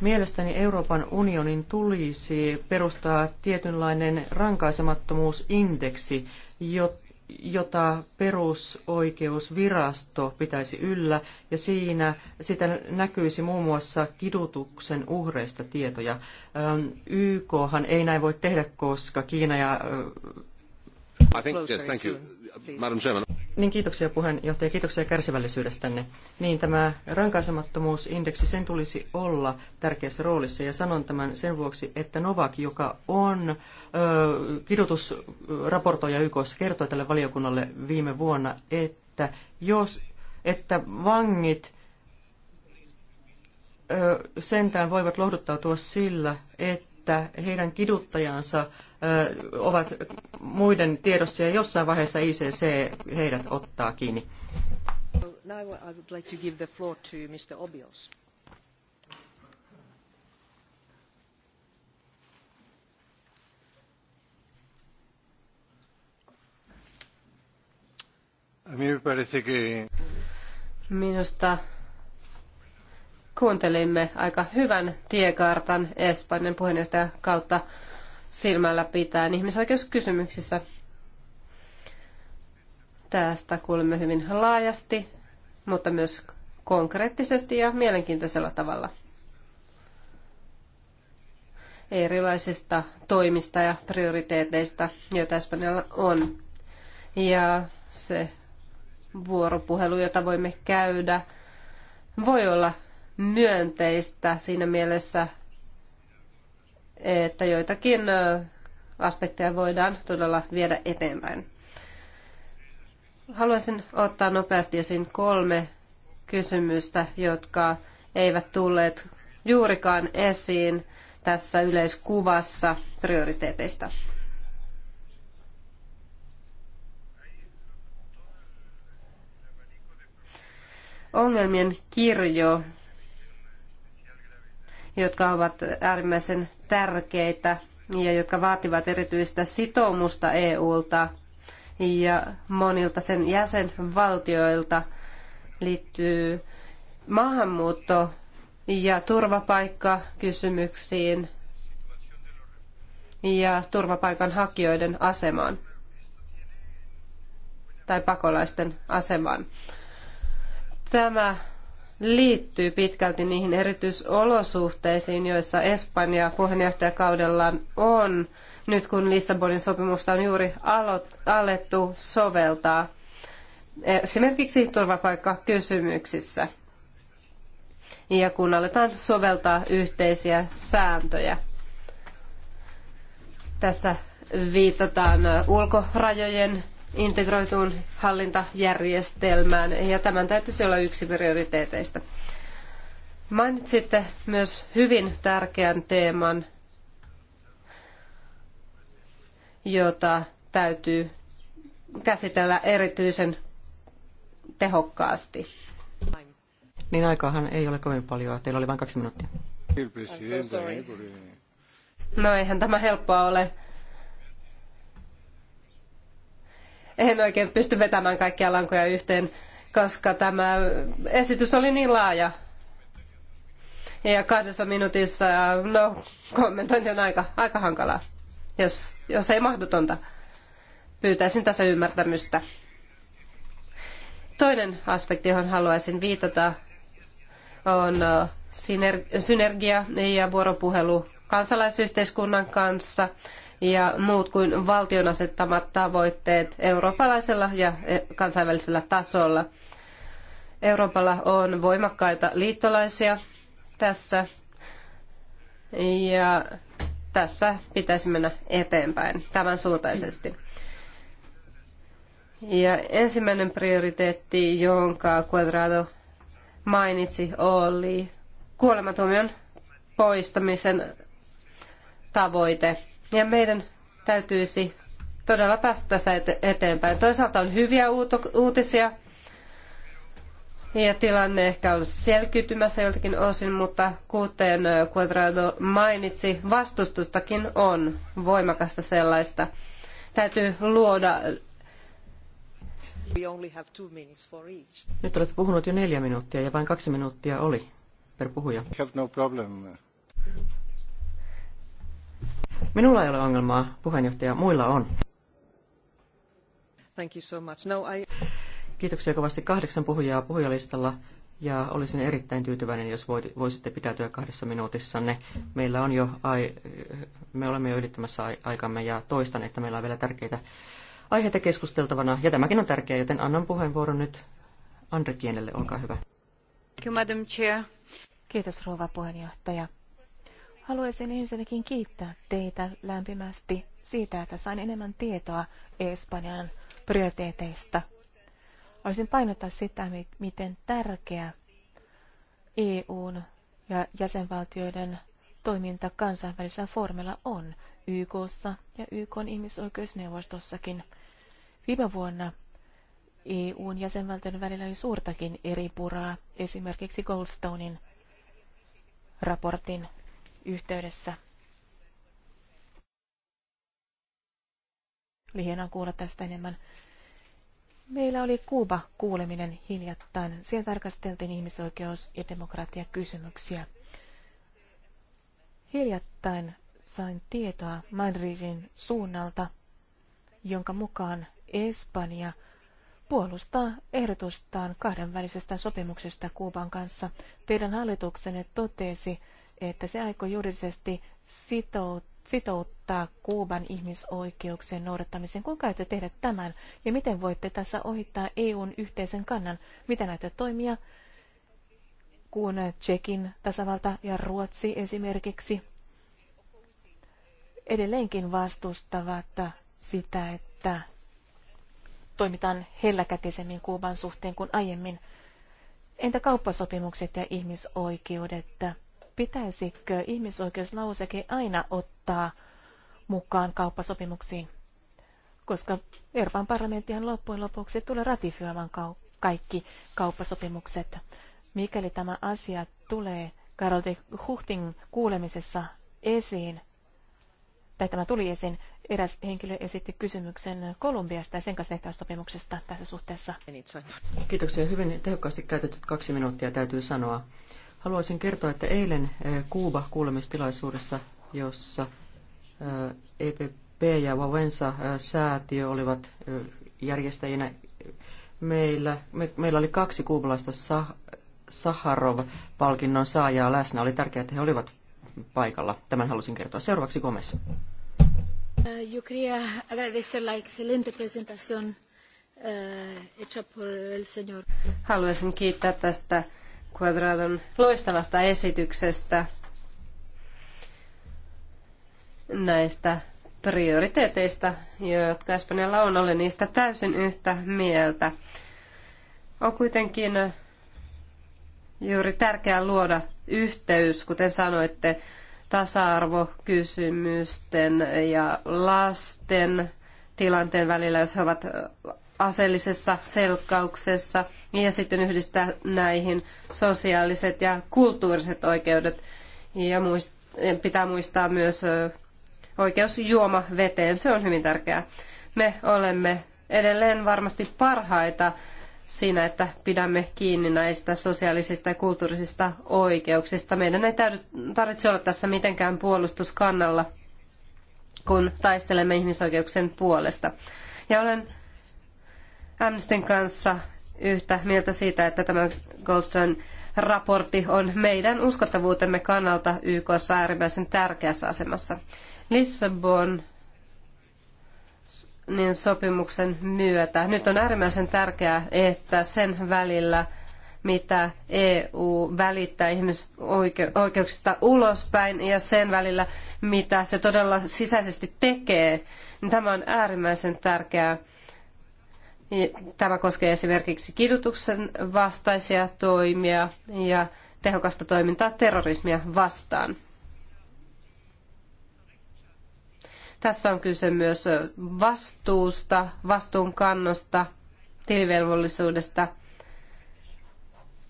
Mielestäni Euroopan unionin tulisi perustaa tietynlainen rankaisemattomuusindeksi, jotta jota perusoikeusvirasto pitäisi yllä, ja siinä sitä näkyisi muun muassa kidutuksen uhreista tietoja. Ähm, YKhan ei näin voi tehdä, koska Kiina ja... Äh, I think, yes, thank you. Madam Chairman. Niin kiitoksia puheenjohtaja, kiitoksia kärsivällisyydestänne. Niin tämä rankaisemattomuusindeksi, sen tulisi olla tärkeässä roolissa ja sanon tämän sen vuoksi, että Novak, joka on ö, kidutusraportoija kertoi tälle valiokunnalle viime vuonna, että, jos, että vangit ö, sentään voivat lohduttautua sillä, että heidän kiduttajansa ovat muiden tiedossa ja jossain vaiheessa ICC heidät ottaa kiinni. Minusta kuuntelimme aika hyvän tiekartan Espanjan puheenjohtajan kautta silmällä pitäen ihmisoikeuskysymyksissä. Tästä kuulemme hyvin laajasti, mutta myös konkreettisesti ja mielenkiintoisella tavalla erilaisista toimista ja prioriteeteista, joita Espanjalla on. Ja se vuoropuhelu, jota voimme käydä, voi olla myönteistä siinä mielessä, että joitakin aspekteja voidaan todella viedä eteenpäin. Haluaisin ottaa nopeasti esiin kolme kysymystä, jotka eivät tulleet juurikaan esiin tässä yleiskuvassa prioriteeteista. Ongelmien kirjo jotka ovat äärimmäisen tärkeitä ja jotka vaativat erityistä sitoumusta EUlta ja monilta sen jäsenvaltioilta liittyy maahanmuutto ja turvapaikkakysymyksiin ja turvapaikanhakijoiden asemaan tai pakolaisten asemaan. Tämä liittyy pitkälti niihin erityisolosuhteisiin, joissa Espanja puheenjohtajakaudellaan on, nyt kun Lissabonin sopimusta on juuri aloit, alettu soveltaa, esimerkiksi turvapaikkakysymyksissä. Ja kun aletaan soveltaa yhteisiä sääntöjä. Tässä viitataan ulkorajojen integroituun hallintajärjestelmään, ja tämän täytyisi olla yksi prioriteeteista. Mainitsitte myös hyvin tärkeän teeman, jota täytyy käsitellä erityisen tehokkaasti. Niin aikaahan ei ole kovin paljon. Teillä oli vain kaksi minuuttia. No eihän tämä helppoa ole. en oikein pysty vetämään kaikkia lankoja yhteen, koska tämä esitys oli niin laaja. Ja kahdessa minuutissa, no, kommentointi on aika, aika hankalaa, jos, jos ei mahdotonta. Pyytäisin tässä ymmärtämystä. Toinen aspekti, johon haluaisin viitata, on synergia ja vuoropuhelu kansalaisyhteiskunnan kanssa – ja muut kuin valtion asettamat tavoitteet eurooppalaisella ja kansainvälisellä tasolla. Euroopalla on voimakkaita liittolaisia tässä ja tässä pitäisi mennä eteenpäin tämän suuntaisesti. Ja ensimmäinen prioriteetti, jonka Quadrado mainitsi, oli kuolemantuomion poistamisen tavoite. Ja meidän täytyisi todella päästä tässä eteenpäin. Toisaalta on hyviä uutisia ja tilanne ehkä on selkiytymässä joltakin osin, mutta kuten Quadrado mainitsi, vastustustakin on voimakasta sellaista. Täytyy luoda nyt olet puhunut jo neljä minuuttia ja vain kaksi minuuttia oli per puhuja. Have no problem. Minulla ei ole ongelmaa, puheenjohtaja, muilla on. Thank you so much. No, I... Kiitoksia kovasti kahdeksan puhujaa puhujalistalla ja olisin erittäin tyytyväinen, jos voisitte pitäytyä kahdessa minuutissanne. Meillä on jo, ai, me olemme jo ylittämässä aikamme ja toistan, että meillä on vielä tärkeitä aiheita keskusteltavana ja tämäkin on tärkeä, joten annan puheenvuoron nyt Andre Kienelle, olkaa hyvä. Kiitos rouva puheenjohtaja. Haluaisin ensinnäkin kiittää teitä lämpimästi siitä, että sain enemmän tietoa Espanjan prioriteeteista. Olisin painottaa sitä, miten tärkeä EUn ja jäsenvaltioiden toiminta kansainvälisellä foorumilla on YKssa ja YKn ihmisoikeusneuvostossakin. Viime vuonna EUn jäsenvaltioiden välillä oli suurtakin eri puraa, esimerkiksi Goldstonein raportin yhteydessä. Oli hienoa kuulla tästä enemmän. Meillä oli Kuuba kuuleminen hiljattain. Siellä tarkasteltiin ihmisoikeus- ja demokratiakysymyksiä. Hiljattain sain tietoa Madridin suunnalta, jonka mukaan Espanja puolustaa ehdotustaan kahdenvälisestä sopimuksesta Kuuban kanssa. Teidän hallituksenne totesi, että se aikoo juridisesti sitouttaa Kuuban ihmisoikeuksien noudattamiseen. Kuinka aiotte tehdä tämän ja miten voitte tässä ohittaa EUn yhteisen kannan? Miten näitä toimia, kun Tsekin tasavalta ja Ruotsi esimerkiksi edelleenkin vastustavat sitä, että toimitaan helläkätisemmin Kuuban suhteen kuin aiemmin. Entä kauppasopimukset ja ihmisoikeudet? Pitäisikö ihmisoikeuslauseke aina ottaa mukaan kauppasopimuksiin? Koska Euroopan parlamenttihan loppujen lopuksi tulee ratifioimaan kaikki kauppasopimukset. Mikäli tämä asia tulee Karol de Huhtin kuulemisessa esiin, tai tämä tuli esiin, eräs henkilö esitti kysymyksen Kolumbiasta ja sen kanssa tehtävästä sopimuksesta tässä suhteessa. Kiitoksia. Hyvin tehokkaasti käytetyt kaksi minuuttia täytyy sanoa. Haluaisin kertoa, että eilen Kuuba kuulemistilaisuudessa, jossa EPP ja Wawensa säätiö olivat järjestäjinä, meillä, me, meillä oli kaksi kuubalaista Saharov-palkinnon saajaa läsnä. Oli tärkeää, että he olivat paikalla. Tämän halusin kertoa. Seuraavaksi Gomez. Uh, yo quería agradecer la excelente presentación uh, hecha por el señor. Haluaisin kiittää tästä Quadradon loistavasta esityksestä näistä prioriteeteista, jotka Espanjalla on. Olen niistä täysin yhtä mieltä. On kuitenkin juuri tärkeää luoda yhteys, kuten sanoitte, tasa-arvokysymysten ja lasten tilanteen välillä, jos he ovat aseellisessa selkkauksessa – ja sitten yhdistää näihin sosiaaliset ja kulttuuriset oikeudet. Ja muist- pitää muistaa myös oikeus juoma veteen, se on hyvin tärkeää. Me olemme edelleen varmasti parhaita siinä, että pidämme kiinni näistä sosiaalisista ja kulttuurisista oikeuksista. Meidän ei tarvitse olla tässä mitenkään puolustuskannalla, kun taistelemme ihmisoikeuksien puolesta. Ja olen Amnestin kanssa yhtä mieltä siitä, että tämä Goldstone raportti on meidän uskottavuutemme kannalta YKssa äärimmäisen tärkeässä asemassa. Lissabon niin sopimuksen myötä. Nyt on äärimmäisen tärkeää, että sen välillä, mitä EU välittää ihmisoikeuksista ulospäin ja sen välillä, mitä se todella sisäisesti tekee, niin tämä on äärimmäisen tärkeää Tämä koskee esimerkiksi kidutuksen vastaisia toimia ja tehokasta toimintaa terrorismia vastaan. Tässä on kyse myös vastuusta, vastuunkannosta, tilivelvollisuudesta.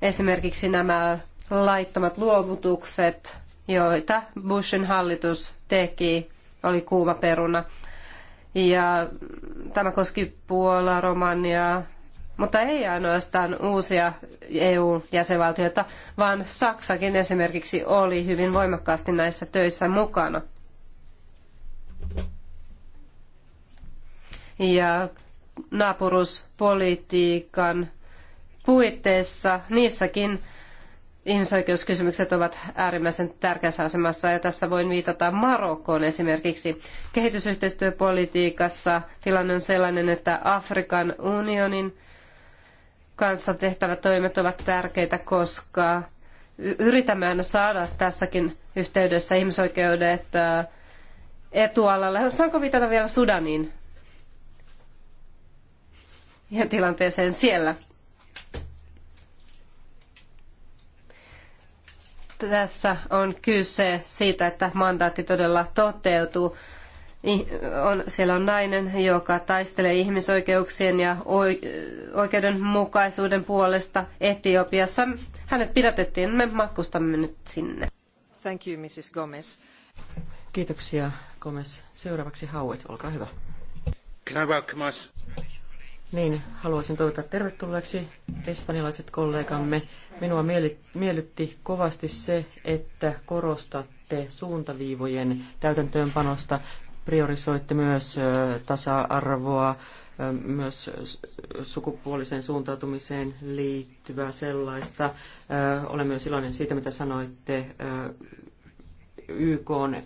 Esimerkiksi nämä laittomat luovutukset, joita Bushin hallitus teki, oli kuuma peruna. Ja tämä koski Puolaa, Romaniaa, mutta ei ainoastaan uusia EU-jäsenvaltioita, vaan Saksakin esimerkiksi oli hyvin voimakkaasti näissä töissä mukana. Ja naapuruspolitiikan puitteissa niissäkin ihmisoikeuskysymykset ovat äärimmäisen tärkeässä asemassa ja tässä voin viitata Marokkoon esimerkiksi. Kehitysyhteistyöpolitiikassa tilanne on sellainen, että Afrikan unionin kanssa tehtävät toimet ovat tärkeitä, koska yritämme aina saada tässäkin yhteydessä ihmisoikeudet etualalle. Saanko viitata vielä Sudaniin ja tilanteeseen siellä? tässä on kyse siitä, että mandaatti todella toteutuu. On, siellä on nainen, joka taistelee ihmisoikeuksien ja oikeudenmukaisuuden puolesta Etiopiassa. Hänet pidätettiin, me matkustamme nyt sinne. Thank you, Mrs. Gomez. Kiitoksia, Gomez. Seuraavaksi Hauet, olkaa hyvä. Can I welcome us? Niin, haluaisin toivottaa tervetulleeksi espanjalaiset kollegamme. Minua miellytti kovasti se, että korostatte suuntaviivojen täytäntöönpanosta, priorisoitte myös tasa-arvoa, myös sukupuoliseen suuntautumiseen liittyvää sellaista. Olen myös iloinen siitä, mitä sanoitte YK on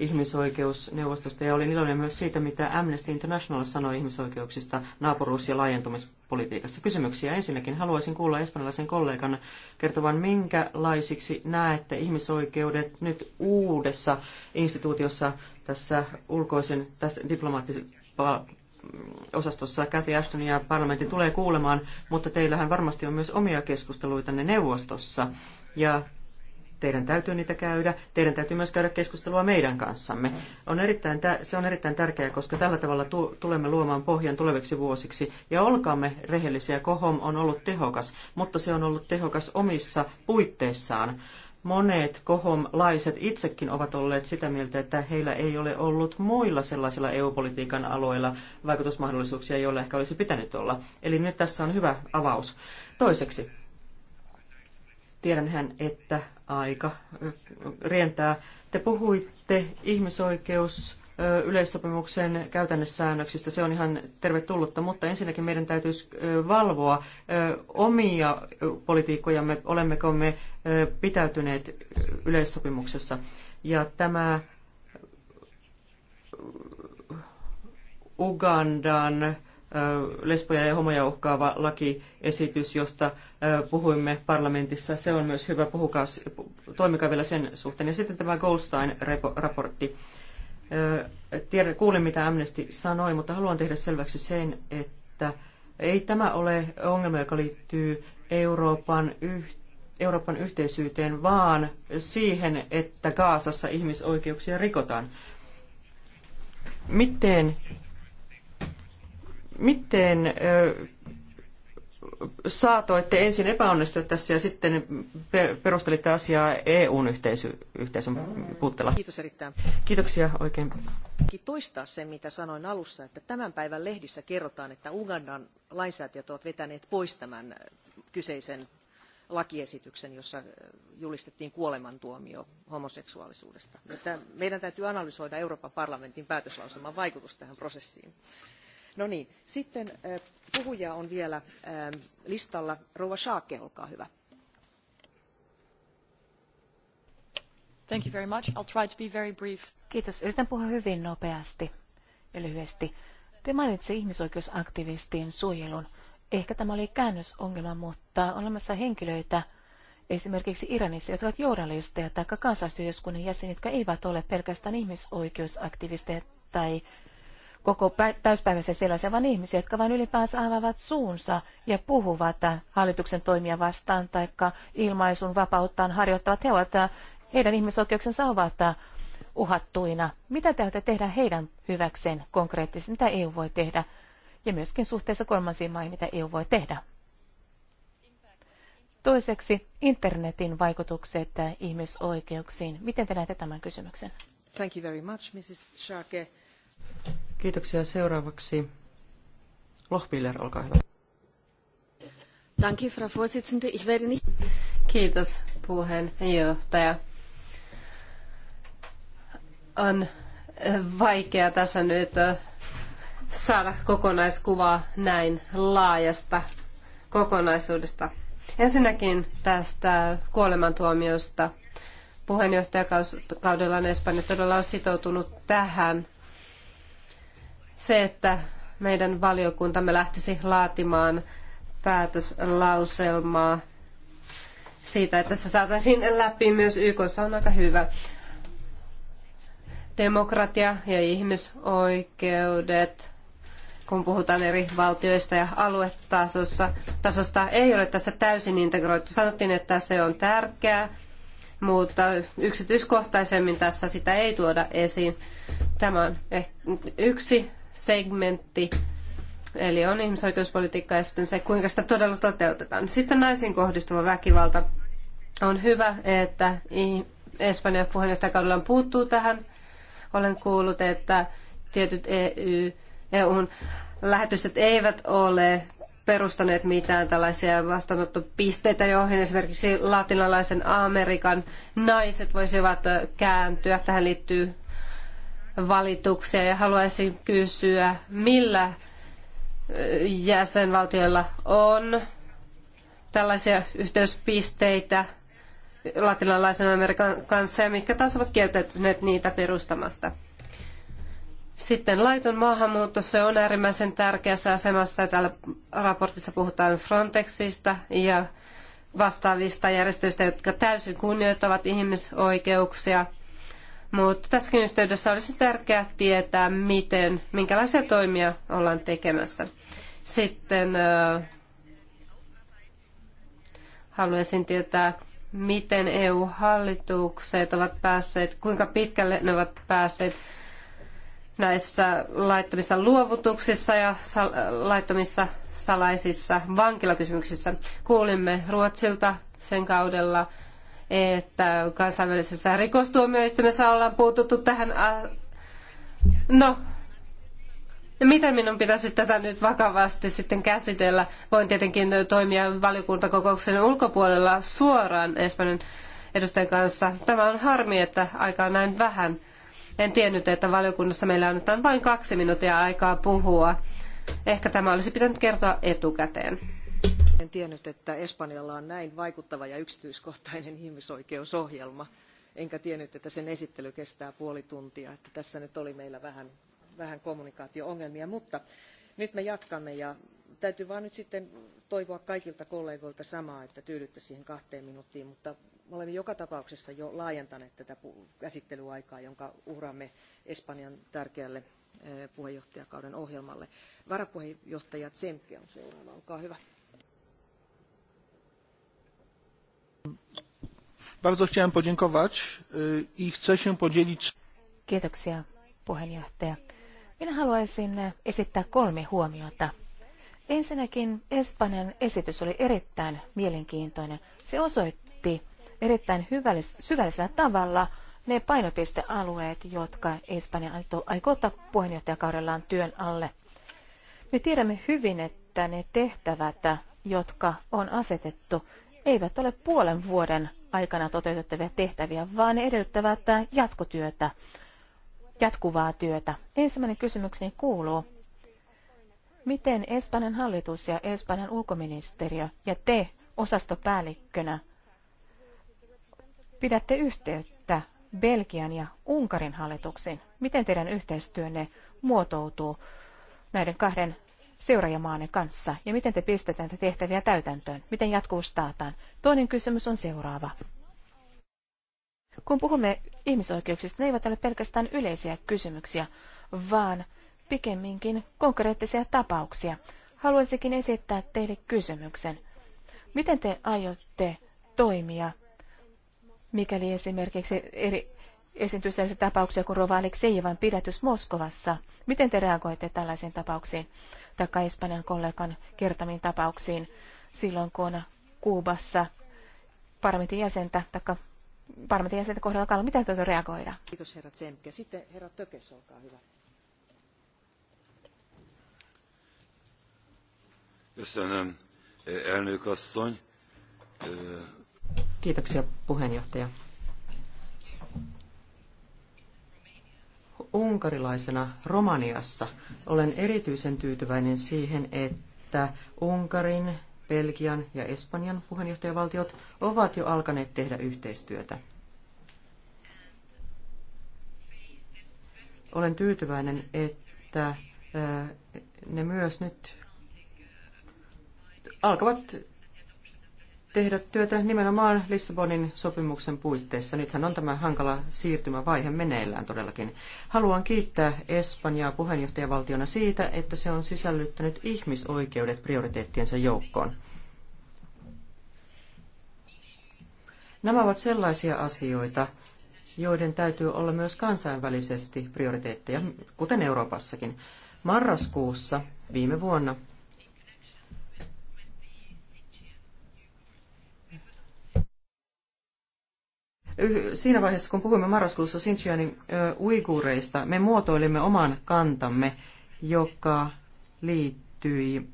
ihmisoikeusneuvostosta ja olin iloinen myös siitä, mitä Amnesty International sanoi ihmisoikeuksista naapuruus- ja laajentumispolitiikassa. Kysymyksiä ensinnäkin haluaisin kuulla espanjalaisen kollegan kertovan, minkälaisiksi näette ihmisoikeudet nyt uudessa instituutiossa tässä ulkoisen tässä diplomaattisessa osastossa Cathy Ashton ja parlamentti tulee kuulemaan, mutta teillähän varmasti on myös omia keskusteluitanne neuvostossa. Ja Teidän täytyy niitä käydä. Teidän täytyy myös käydä keskustelua meidän kanssamme. On erittäin, se on erittäin tärkeää, koska tällä tavalla tulemme luomaan pohjan tuleviksi vuosiksi. Ja olkaamme rehellisiä, KOHOM on ollut tehokas, mutta se on ollut tehokas omissa puitteissaan. Monet kohomlaiset itsekin ovat olleet sitä mieltä, että heillä ei ole ollut muilla sellaisilla EU-politiikan aloilla vaikutusmahdollisuuksia, joilla ehkä olisi pitänyt olla. Eli nyt tässä on hyvä avaus. Toiseksi, tiedänhän, että aika rientää. Te puhuitte ihmisoikeus yleissopimuksen käytännössäännöksistä. Se on ihan tervetullutta, mutta ensinnäkin meidän täytyisi valvoa omia politiikkojamme, olemmeko me pitäytyneet yleissopimuksessa. Ja tämä Ugandan lesboja ja homoja uhkaava lakiesitys, josta puhuimme parlamentissa. Se on myös hyvä, puhukaa, toimikaa vielä sen suhteen. Ja sitten tämä Goldstein-raportti. kuulin, mitä Amnesty sanoi, mutta haluan tehdä selväksi sen, että ei tämä ole ongelma, joka liittyy Euroopan Euroopan yhteisyyteen, vaan siihen, että Gaasassa ihmisoikeuksia rikotaan. Miten miten saatoitte ensin epäonnistua tässä ja sitten perustelitte asiaa EUn yhteisö yhteisön puutteella. Kiitos erittäin. Kiitoksia oikein. Toistaa se, mitä sanoin alussa, että tämän päivän lehdissä kerrotaan, että Ugandan lainsäätiöt ovat vetäneet pois tämän kyseisen lakiesityksen, jossa julistettiin kuolemantuomio homoseksuaalisuudesta. Että meidän täytyy analysoida Euroopan parlamentin päätöslauselman vaikutus tähän prosessiin. No niin, sitten puhuja on vielä listalla. Rouva olkaa hyvä. Thank you very much. I'll try to be very brief. Kiitos. Yritän puhua hyvin nopeasti ja lyhyesti. Te mainitsitte ihmisoikeusaktivistien suojelun. Ehkä tämä oli käännösongelma, mutta on olemassa henkilöitä, esimerkiksi Iranissa, jotka ovat journalisteja tai kansalaisyhteiskunnan jäseniä, jotka eivät ole pelkästään ihmisoikeusaktivisteja tai koko täyspäiväisen sellaisia, vaan ihmisiä, jotka vain ylipäänsä avaavat suunsa ja puhuvat hallituksen toimia vastaan tai ilmaisun vapauttaan harjoittavat. He ovat, heidän ihmisoikeuksensa ovat uhattuina. Mitä te olette tehdä heidän hyväkseen konkreettisesti? Mitä EU voi tehdä? Ja myöskin suhteessa kolmansiin maihin, mitä EU voi tehdä? Toiseksi internetin vaikutukset ihmisoikeuksiin. Miten te näette tämän kysymyksen? Thank you very much, Mrs. Kiitoksia. Seuraavaksi Lohmiller, olkaa hyvä. Danke, Frau Vorsitzende. Ich werde nicht... Kiitos, puheenjohtaja. On vaikea tässä nyt saada kokonaiskuvaa näin laajasta kokonaisuudesta. Ensinnäkin tästä kuolemantuomiosta. Puheenjohtajakaudella Espanja todella on sitoutunut tähän se, että meidän valiokuntamme lähtisi laatimaan päätöslauselmaa siitä, että se saataisiin läpi myös YK on aika hyvä. Demokratia ja ihmisoikeudet, kun puhutaan eri valtioista ja aluetasosta, tasosta, ei ole tässä täysin integroitu. Sanottiin, että se on tärkeää, mutta yksityiskohtaisemmin tässä sitä ei tuoda esiin. Tämä on yksi segmentti, eli on ihmisoikeuspolitiikka ja sitten se, kuinka sitä todella toteutetaan. Sitten naisiin kohdistuva väkivalta. On hyvä, että Espanjan puheenjohtajakaudella puuttuu tähän. Olen kuullut, että tietyt EU, EUn lähetystöt eivät ole perustaneet mitään tällaisia vastaanottopisteitä, joihin esimerkiksi latinalaisen Amerikan naiset voisivat kääntyä. Tähän liittyy valituksia ja haluaisin kysyä, millä jäsenvaltioilla on tällaisia yhteyspisteitä latinalaisen Amerikan kanssa ja mitkä taas ovat kieltäytyneet niitä perustamasta. Sitten laiton maahanmuutto, se on äärimmäisen tärkeässä asemassa. Täällä raportissa puhutaan Frontexista ja vastaavista järjestöistä, jotka täysin kunnioittavat ihmisoikeuksia – mutta tässäkin yhteydessä olisi tärkeää tietää, miten, minkälaisia toimia ollaan tekemässä. Sitten äh, haluaisin tietää, miten EU-hallitukset ovat päässeet, kuinka pitkälle ne ovat päässeet näissä laittomissa luovutuksissa ja laittomissa salaisissa vankilakysymyksissä. Kuulimme Ruotsilta sen kaudella että kansainvälisessä rikostuomioistuimessa ollaan puututtu tähän. No, miten minun pitäisi tätä nyt vakavasti sitten käsitellä? Voin tietenkin toimia valiokuntakokouksen ulkopuolella suoraan Espanjan edustajien kanssa. Tämä on harmi, että aikaa on näin vähän. En tiennyt, että valiokunnassa meillä annetaan vain kaksi minuuttia aikaa puhua. Ehkä tämä olisi pitänyt kertoa etukäteen. En tiennyt, että Espanjalla on näin vaikuttava ja yksityiskohtainen ihmisoikeusohjelma. Enkä tiennyt, että sen esittely kestää puoli tuntia. Että tässä nyt oli meillä vähän, vähän kommunikaatio-ongelmia, mutta nyt me jatkamme ja täytyy vaan nyt sitten toivoa kaikilta kollegoilta samaa, että tyydytte siihen kahteen minuuttiin, mutta me olemme joka tapauksessa jo laajentaneet tätä käsittelyaikaa, jonka uhraamme Espanjan tärkeälle eh, puheenjohtajakauden ohjelmalle. Varapuheenjohtaja Tsemke on seuraava, olkaa hyvä. Bardzo chciałem podziękować i chcę się podzielić. Kiitoksia puheenjohtaja. Minä haluaisin esittää kolme huomiota. Ensinnäkin Espanjan esitys oli erittäin mielenkiintoinen. Se osoitti erittäin hyvällis- syvällisellä tavalla ne painopistealueet, jotka Espanja aikoo ottaa puheenjohtajakaudellaan työn alle. Me tiedämme hyvin, että ne tehtävät, jotka on asetettu eivät ole puolen vuoden aikana toteutettavia tehtäviä, vaan ne edellyttävät jatkotyötä, jatkuvaa työtä. Ensimmäinen kysymykseni kuuluu, miten Espanjan hallitus ja Espanjan ulkoministeriö ja te osastopäällikkönä pidätte yhteyttä Belgian ja Unkarin hallituksiin? Miten teidän yhteistyönne muotoutuu näiden kahden seuraajamaanne kanssa ja miten te pistetään näitä tehtäviä täytäntöön? Miten jatkuvuus taataan? Toinen kysymys on seuraava. Kun puhumme ihmisoikeuksista, ne eivät ole pelkästään yleisiä kysymyksiä, vaan pikemminkin konkreettisia tapauksia. Haluaisinkin esittää teille kysymyksen. Miten te aiotte toimia, mikäli esimerkiksi eri esiintyisellisiä sellaisia tapauksia kuin Rova Aleksejevan pidätys Moskovassa? Miten te reagoitte tällaisiin tapauksiin? taikka Espanjan kollegan kertomiin tapauksiin silloin, kun Kuubassa parlamentin jäsentä taikka parlamentin jäsentä kohdalla kallo. Mitä täytyy reagoida? Kiitos herra Tsemke. Sitten herra Tökes, olkaa hyvä. Köszönöm, elnök asszony. Kiitoksia puheenjohtaja. unkarilaisena Romaniassa olen erityisen tyytyväinen siihen, että Unkarin, Belgian ja Espanjan puheenjohtajavaltiot ovat jo alkaneet tehdä yhteistyötä. Olen tyytyväinen, että ne myös nyt alkavat tehdä työtä nimenomaan Lissabonin sopimuksen puitteissa. Nythän on tämä hankala siirtymävaihe meneillään todellakin. Haluan kiittää Espanjaa puheenjohtajavaltiona siitä, että se on sisällyttänyt ihmisoikeudet prioriteettiensa joukkoon. Nämä ovat sellaisia asioita, joiden täytyy olla myös kansainvälisesti prioriteetteja, kuten Euroopassakin. Marraskuussa viime vuonna siinä vaiheessa, kun puhuimme marraskuussa Xinjiangin uiguureista, me muotoilimme oman kantamme, joka liittyi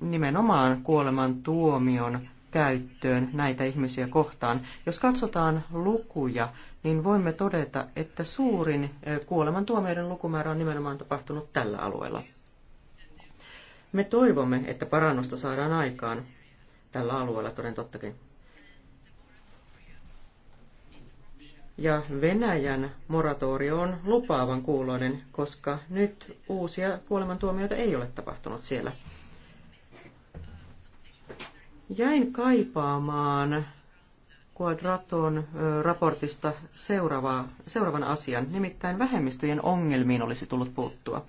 nimenomaan kuoleman tuomion käyttöön näitä ihmisiä kohtaan. Jos katsotaan lukuja, niin voimme todeta, että suurin kuoleman tuomioiden lukumäärä on nimenomaan tapahtunut tällä alueella. Me toivomme, että parannusta saadaan aikaan tällä alueella toden tottakin. Ja Venäjän moratorio on lupaavan kuuloinen, koska nyt uusia kuolemantuomioita ei ole tapahtunut siellä. Jäin kaipaamaan Quadraton raportista seuraava, seuraavan asian, nimittäin vähemmistöjen ongelmiin olisi tullut puuttua.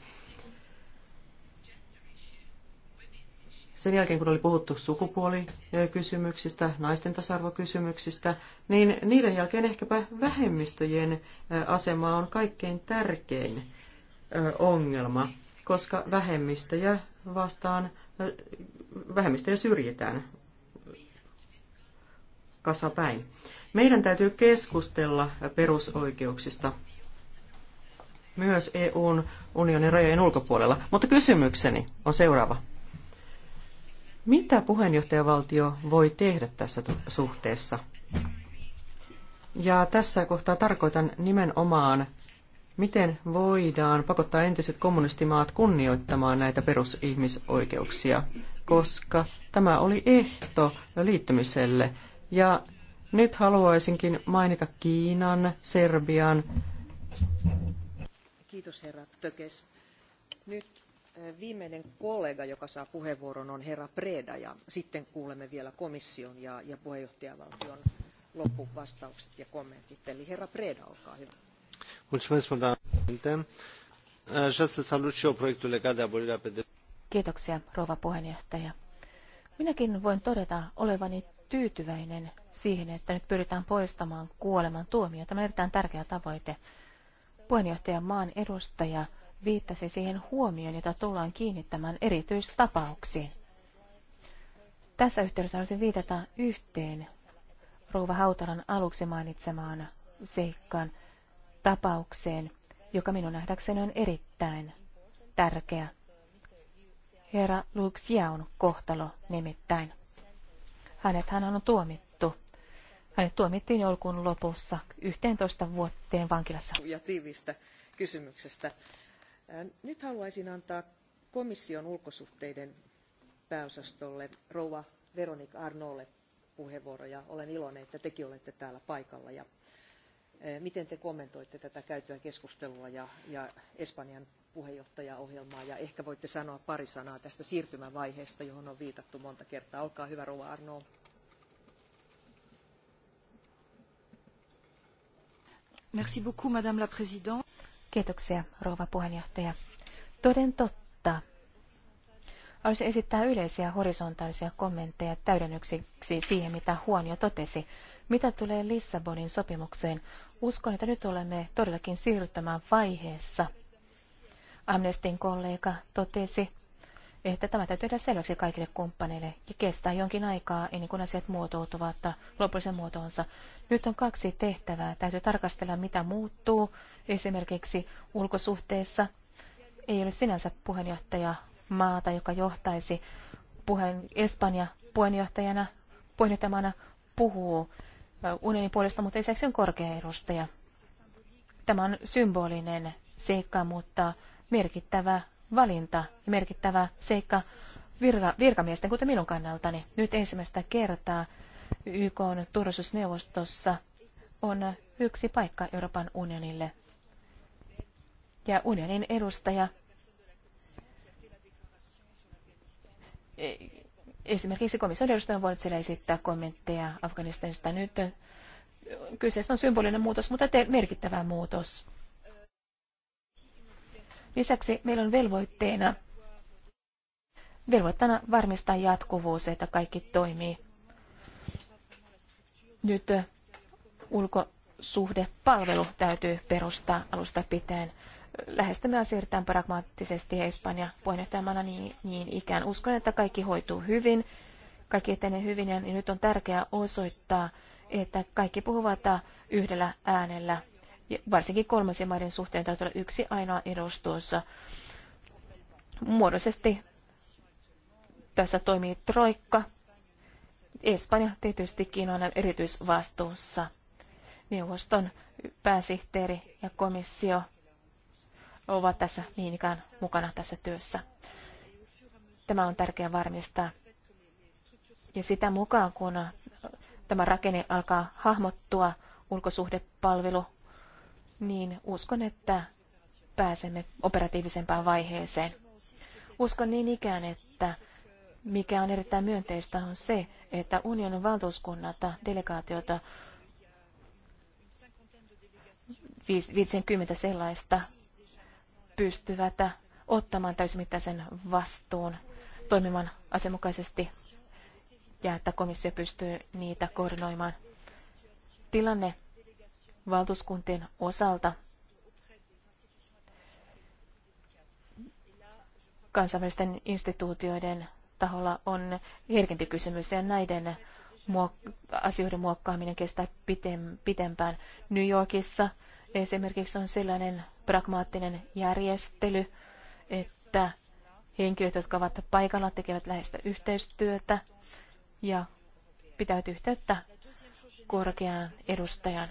sen jälkeen kun oli puhuttu sukupuolikysymyksistä, naisten tasa-arvokysymyksistä, niin niiden jälkeen ehkäpä vähemmistöjen asema on kaikkein tärkein ongelma, koska vähemmistöjä vastaan, vähemmistöjä syrjitään kasapäin. Meidän täytyy keskustella perusoikeuksista myös EUn unionin rajojen ulkopuolella. Mutta kysymykseni on seuraava. Mitä puheenjohtajavaltio voi tehdä tässä suhteessa? Ja tässä kohtaa tarkoitan nimenomaan, miten voidaan pakottaa entiset kommunistimaat kunnioittamaan näitä perusihmisoikeuksia, koska tämä oli ehto liittymiselle. Ja nyt haluaisinkin mainita Kiinan, Serbian. Kiitos herra Tökes. Nyt viimeinen kollega, joka saa puheenvuoron, on herra Preda, ja sitten kuulemme vielä komission ja, ja puheenjohtajavaltion loppuvastaukset ja kommentit. Eli herra Preda, olkaa hyvä. Kiitoksia, rouva puheenjohtaja. Minäkin voin todeta olevani tyytyväinen siihen, että nyt pyritään poistamaan kuoleman tuomio. Tämä on erittäin tärkeä tavoite. Puheenjohtajan maan edustaja viittasi siihen huomioon, jota tullaan kiinnittämään erityistapauksiin. Tässä yhteydessä haluaisin viitata yhteen rouva Hautalan aluksi mainitsemaan seikkaan tapaukseen, joka minun nähdäkseni on erittäin tärkeä. Herra on kohtalo nimittäin. Hänet hän on tuomittu. Hänet tuomittiin joulukuun lopussa 11 vuoteen vankilassa. Ja tiivistä kysymyksestä. Nyt haluaisin antaa komission ulkosuhteiden pääosastolle rouva Veronique Arnolle puheenvuoron ja olen iloinen, että tekin olette täällä paikalla. Ja miten te kommentoitte tätä käytyä keskustelua ja, Espanjan puheenjohtajaohjelmaa ja ehkä voitte sanoa pari sanaa tästä siirtymävaiheesta, johon on viitattu monta kertaa. Olkaa hyvä, rouva Arno. Merci beaucoup, Madame la Présidente. Kiitoksia, rouva puheenjohtaja. Toden totta. Haluaisin esittää yleisiä horisontaalisia kommentteja täydennyksiksi siihen, mitä jo totesi. Mitä tulee Lissabonin sopimukseen, uskon, että nyt olemme todellakin siirryttämään vaiheessa. Amnestin kollega totesi, että tämä täytyy tehdä selväksi kaikille kumppaneille ja kestää jonkin aikaa ennen kuin asiat muotoutuvat lopullisen muotoonsa. Nyt on kaksi tehtävää. Täytyy tarkastella, mitä muuttuu esimerkiksi ulkosuhteessa. Ei ole sinänsä puheenjohtaja maata, joka johtaisi puheen, Espanja puheenjohtajana, puheenjohtajana puhuu unionin puolesta, mutta lisäksi on korkea edustaja. Tämä on symbolinen seikka, mutta merkittävä valinta ja merkittävä seikka virka, virkamiesten, kuten minun kannaltani. Nyt ensimmäistä kertaa YK on turvallisuusneuvostossa on yksi paikka Euroopan unionille. Ja unionin edustaja e- esimerkiksi komission edustaja on voinut siellä esittää kommentteja Afganistanista nyt. Kyseessä on symbolinen muutos, mutta merkittävä muutos. Lisäksi meillä on velvoitteena velvoittana varmistaa jatkuvuus, että kaikki toimii. Nyt äh, ulkosuhdepalvelu täytyy perustaa alusta pitäen. Lähestymme siirrytään pragmaattisesti Espanja puheenjohtajamana niin, niin ikään. Uskon, että kaikki hoituu hyvin, kaikki etenee hyvin ja nyt on tärkeää osoittaa, että kaikki puhuvat äh, yhdellä äänellä varsinkin kolmansien maiden suhteen täytyy olla yksi ainoa edustus. Muodollisesti tässä toimii troikka. Espanja tietysti on erityisvastuussa. Neuvoston pääsihteeri ja komissio ovat tässä niin ikään mukana tässä työssä. Tämä on tärkeää varmistaa. Ja sitä mukaan, kun tämä rakenne alkaa hahmottua, ulkosuhdepalvelu niin uskon, että pääsemme operatiivisempaan vaiheeseen. Uskon niin ikään, että mikä on erittäin myönteistä on se, että unionin valtuuskunnat, delegaatiota, 50 sellaista pystyvät ottamaan täysimittaisen vastuun, toimimaan asianmukaisesti ja että komissio pystyy niitä koordinoimaan. Tilanne valtuuskuntien osalta kansainvälisten instituutioiden taholla on herkempi kysymys ja näiden muok- asioiden muokkaaminen kestää pitem- pitempään. New Yorkissa esimerkiksi on sellainen pragmaattinen järjestely, että henkilöt, jotka ovat paikalla, tekevät läheistä yhteistyötä ja pitävät yhteyttä korkeaan edustajan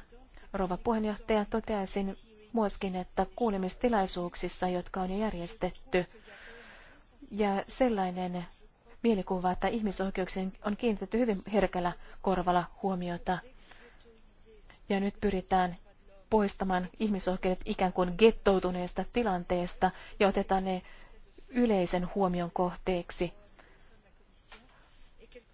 rouva puheenjohtaja, toteaisin myöskin, että kuulemistilaisuuksissa, jotka on jo järjestetty, ja sellainen mielikuva, että ihmisoikeuksiin on kiinnitetty hyvin herkällä korvalla huomiota. Ja nyt pyritään poistamaan ihmisoikeudet ikään kuin gettoutuneesta tilanteesta ja otetaan ne yleisen huomion kohteeksi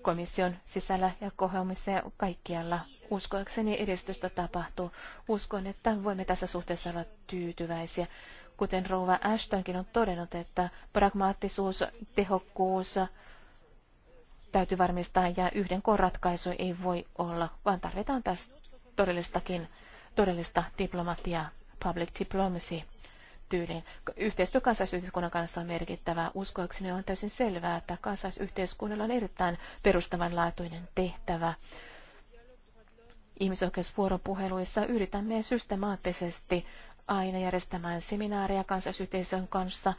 komission sisällä ja kohdemmissa kaikkialla uskoakseni edistystä tapahtuu. Uskon, että voimme tässä suhteessa olla tyytyväisiä. Kuten rouva Ashtonkin on todennut, että pragmaattisuus, tehokkuus täytyy varmistaa ja yhden korratkaisu ratkaisu ei voi olla, vaan tarvitaan tässä todellistakin todellista diplomatiaa, public diplomacy tyyliin. Yhteistyö kansalaisyhteiskunnan kanssa on merkittävää. Uskoakseni on täysin selvää, että kansalaisyhteiskunnalla on erittäin perustavanlaatuinen tehtävä ihmisoikeusvuoropuheluissa yritämme systemaattisesti aina järjestämään seminaareja kansallisyhteisön kanssa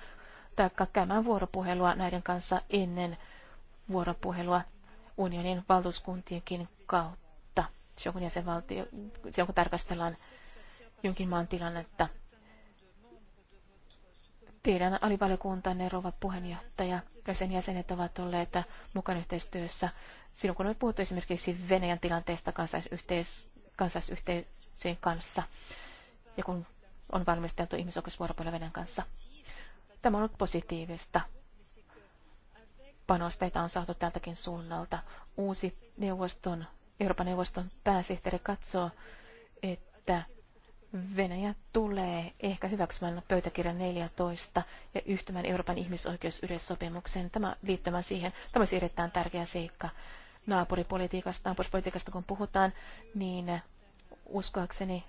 tai käymään vuoropuhelua näiden kanssa ennen vuoropuhelua unionin valtuuskuntienkin kautta, silloin kun, jäsenvaltio, silloin kun tarkastellaan jonkin maan tilannetta. Teidän alivaliokuntanne rouva puheenjohtaja ja sen jäsenet ovat olleet mukana yhteistyössä. Silloin kun on puhuttu esimerkiksi Venäjän tilanteesta kansaisyhteis- kansaisyhteisöjen kanssa ja kun on valmisteltu ihmisoikeusvuoropuolella Venäjän kanssa. Tämä on ollut positiivista. Panosteita on saatu tältäkin suunnalta. Uusi neuvoston, Euroopan neuvoston pääsihteeri katsoo, että Venäjä tulee ehkä hyväksymään pöytäkirjan 14 ja yhtymään Euroopan ihmisoikeusyleissopimukseen. Tämä liittymä siihen, tämä olisi erittäin tärkeä seikka naapuripolitiikasta, naapuripolitiikasta kun puhutaan, niin uskoakseni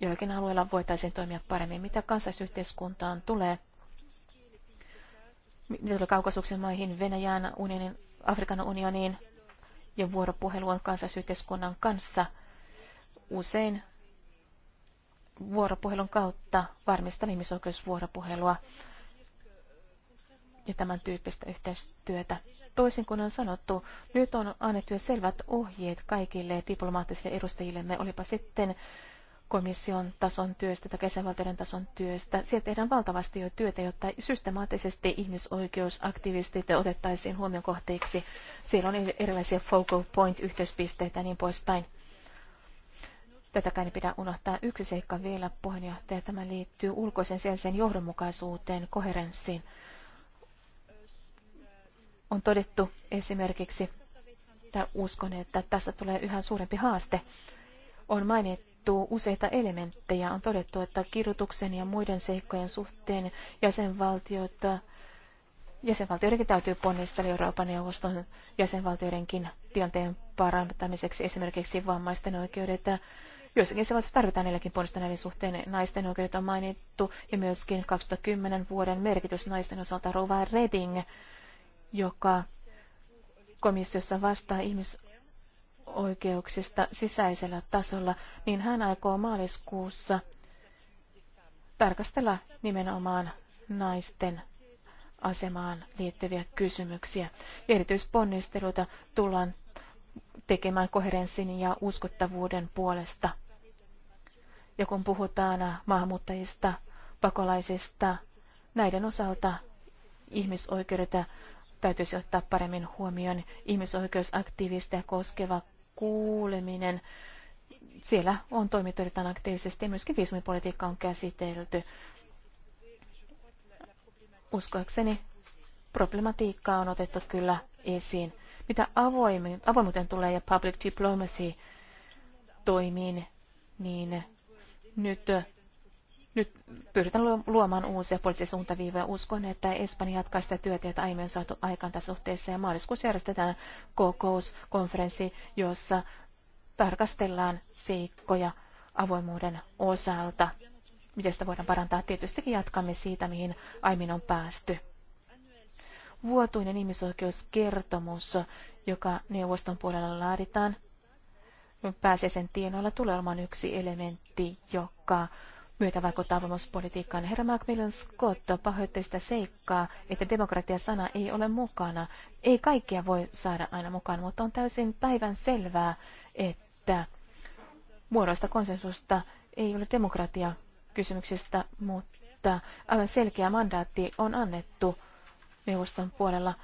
joillakin alueilla voitaisiin toimia paremmin. Mitä kansallisyhteiskuntaan tulee, mitä tulee kaukasuksen maihin, Venäjään, unionin, Afrikan unioniin ja vuoropuheluun kansallisyhteiskunnan kanssa, usein vuoropuhelun kautta varmistan ihmisoikeusvuoropuhelua ja tämän tyyppistä yhteistyötä. Toisin kuin on sanottu, nyt on annettu selvät ohjeet kaikille diplomaattisille edustajillemme, olipa sitten komission tason työstä tai kesävaltioiden tason työstä. Siellä tehdään valtavasti jo työtä, jotta systemaattisesti ihmisoikeusaktivistit otettaisiin huomion kohteeksi. Siellä on erilaisia focal point-yhteispisteitä ja niin poispäin. Tätäkään ei pidä unohtaa. Yksi seikka vielä, puheenjohtaja. Tämä liittyy ulkoisen sielisen johdonmukaisuuteen, koherenssiin. On todettu esimerkiksi, että uskon, että tässä tulee yhä suurempi haaste. On mainittu useita elementtejä. On todettu, että kirjoituksen ja muiden seikkojen suhteen jäsenvaltiot, jäsenvaltioidenkin täytyy ponnistella Euroopan neuvoston jäsenvaltioidenkin tilanteen parantamiseksi, esimerkiksi vammaisten oikeudet Joissakin sellaisissa tarvitaan neljäkin puolesta näiden suhteen. Naisten oikeudet on mainittu ja myöskin 2010 vuoden merkitys naisten osalta Rova Reding, joka komissiossa vastaa ihmisoikeuksista sisäisellä tasolla, niin hän aikoo maaliskuussa tarkastella nimenomaan naisten asemaan liittyviä kysymyksiä. Erityisponnisteluita tullaan tekemään koherenssin ja uskottavuuden puolesta. Ja kun puhutaan maahanmuuttajista, pakolaisista, näiden osalta ihmisoikeudet täytyisi ottaa paremmin huomioon. Ihmisoikeusaktiivista koskeva kuuleminen. Siellä on toimittu erittäin aktiivisesti ja myöskin viisumipolitiikka on käsitelty. Uskoakseni problematiikkaa on otettu kyllä esiin. Mitä avoimuuteen tulee ja public diplomacy toimiin, niin nyt, nyt pyritään luomaan uusia poliittisia suuntaviivoja. Uskon, että Espanja jatkaa sitä työtä, jota aiemmin on saatu aikaan tässä suhteessa. Ja maaliskuussa järjestetään kokouskonferenssi, jossa tarkastellaan seikkoja avoimuuden osalta. Miten sitä voidaan parantaa? Tietystikin jatkamme siitä, mihin aiemmin on päästy vuotuinen ihmisoikeuskertomus, joka neuvoston puolella laaditaan. Pääsiäisen tienoilla tulee olemaan yksi elementti, joka myötä vaikuttaa avoimuuspolitiikkaan. Herra Macmillan Scott pahoitti sitä seikkaa, että demokratia-sana ei ole mukana. Ei kaikkia voi saada aina mukaan, mutta on täysin päivän selvää, että muodoista konsensusta ei ole demokratia kysymyksestä, mutta aivan selkeä mandaatti on annettu neuvoston puolella,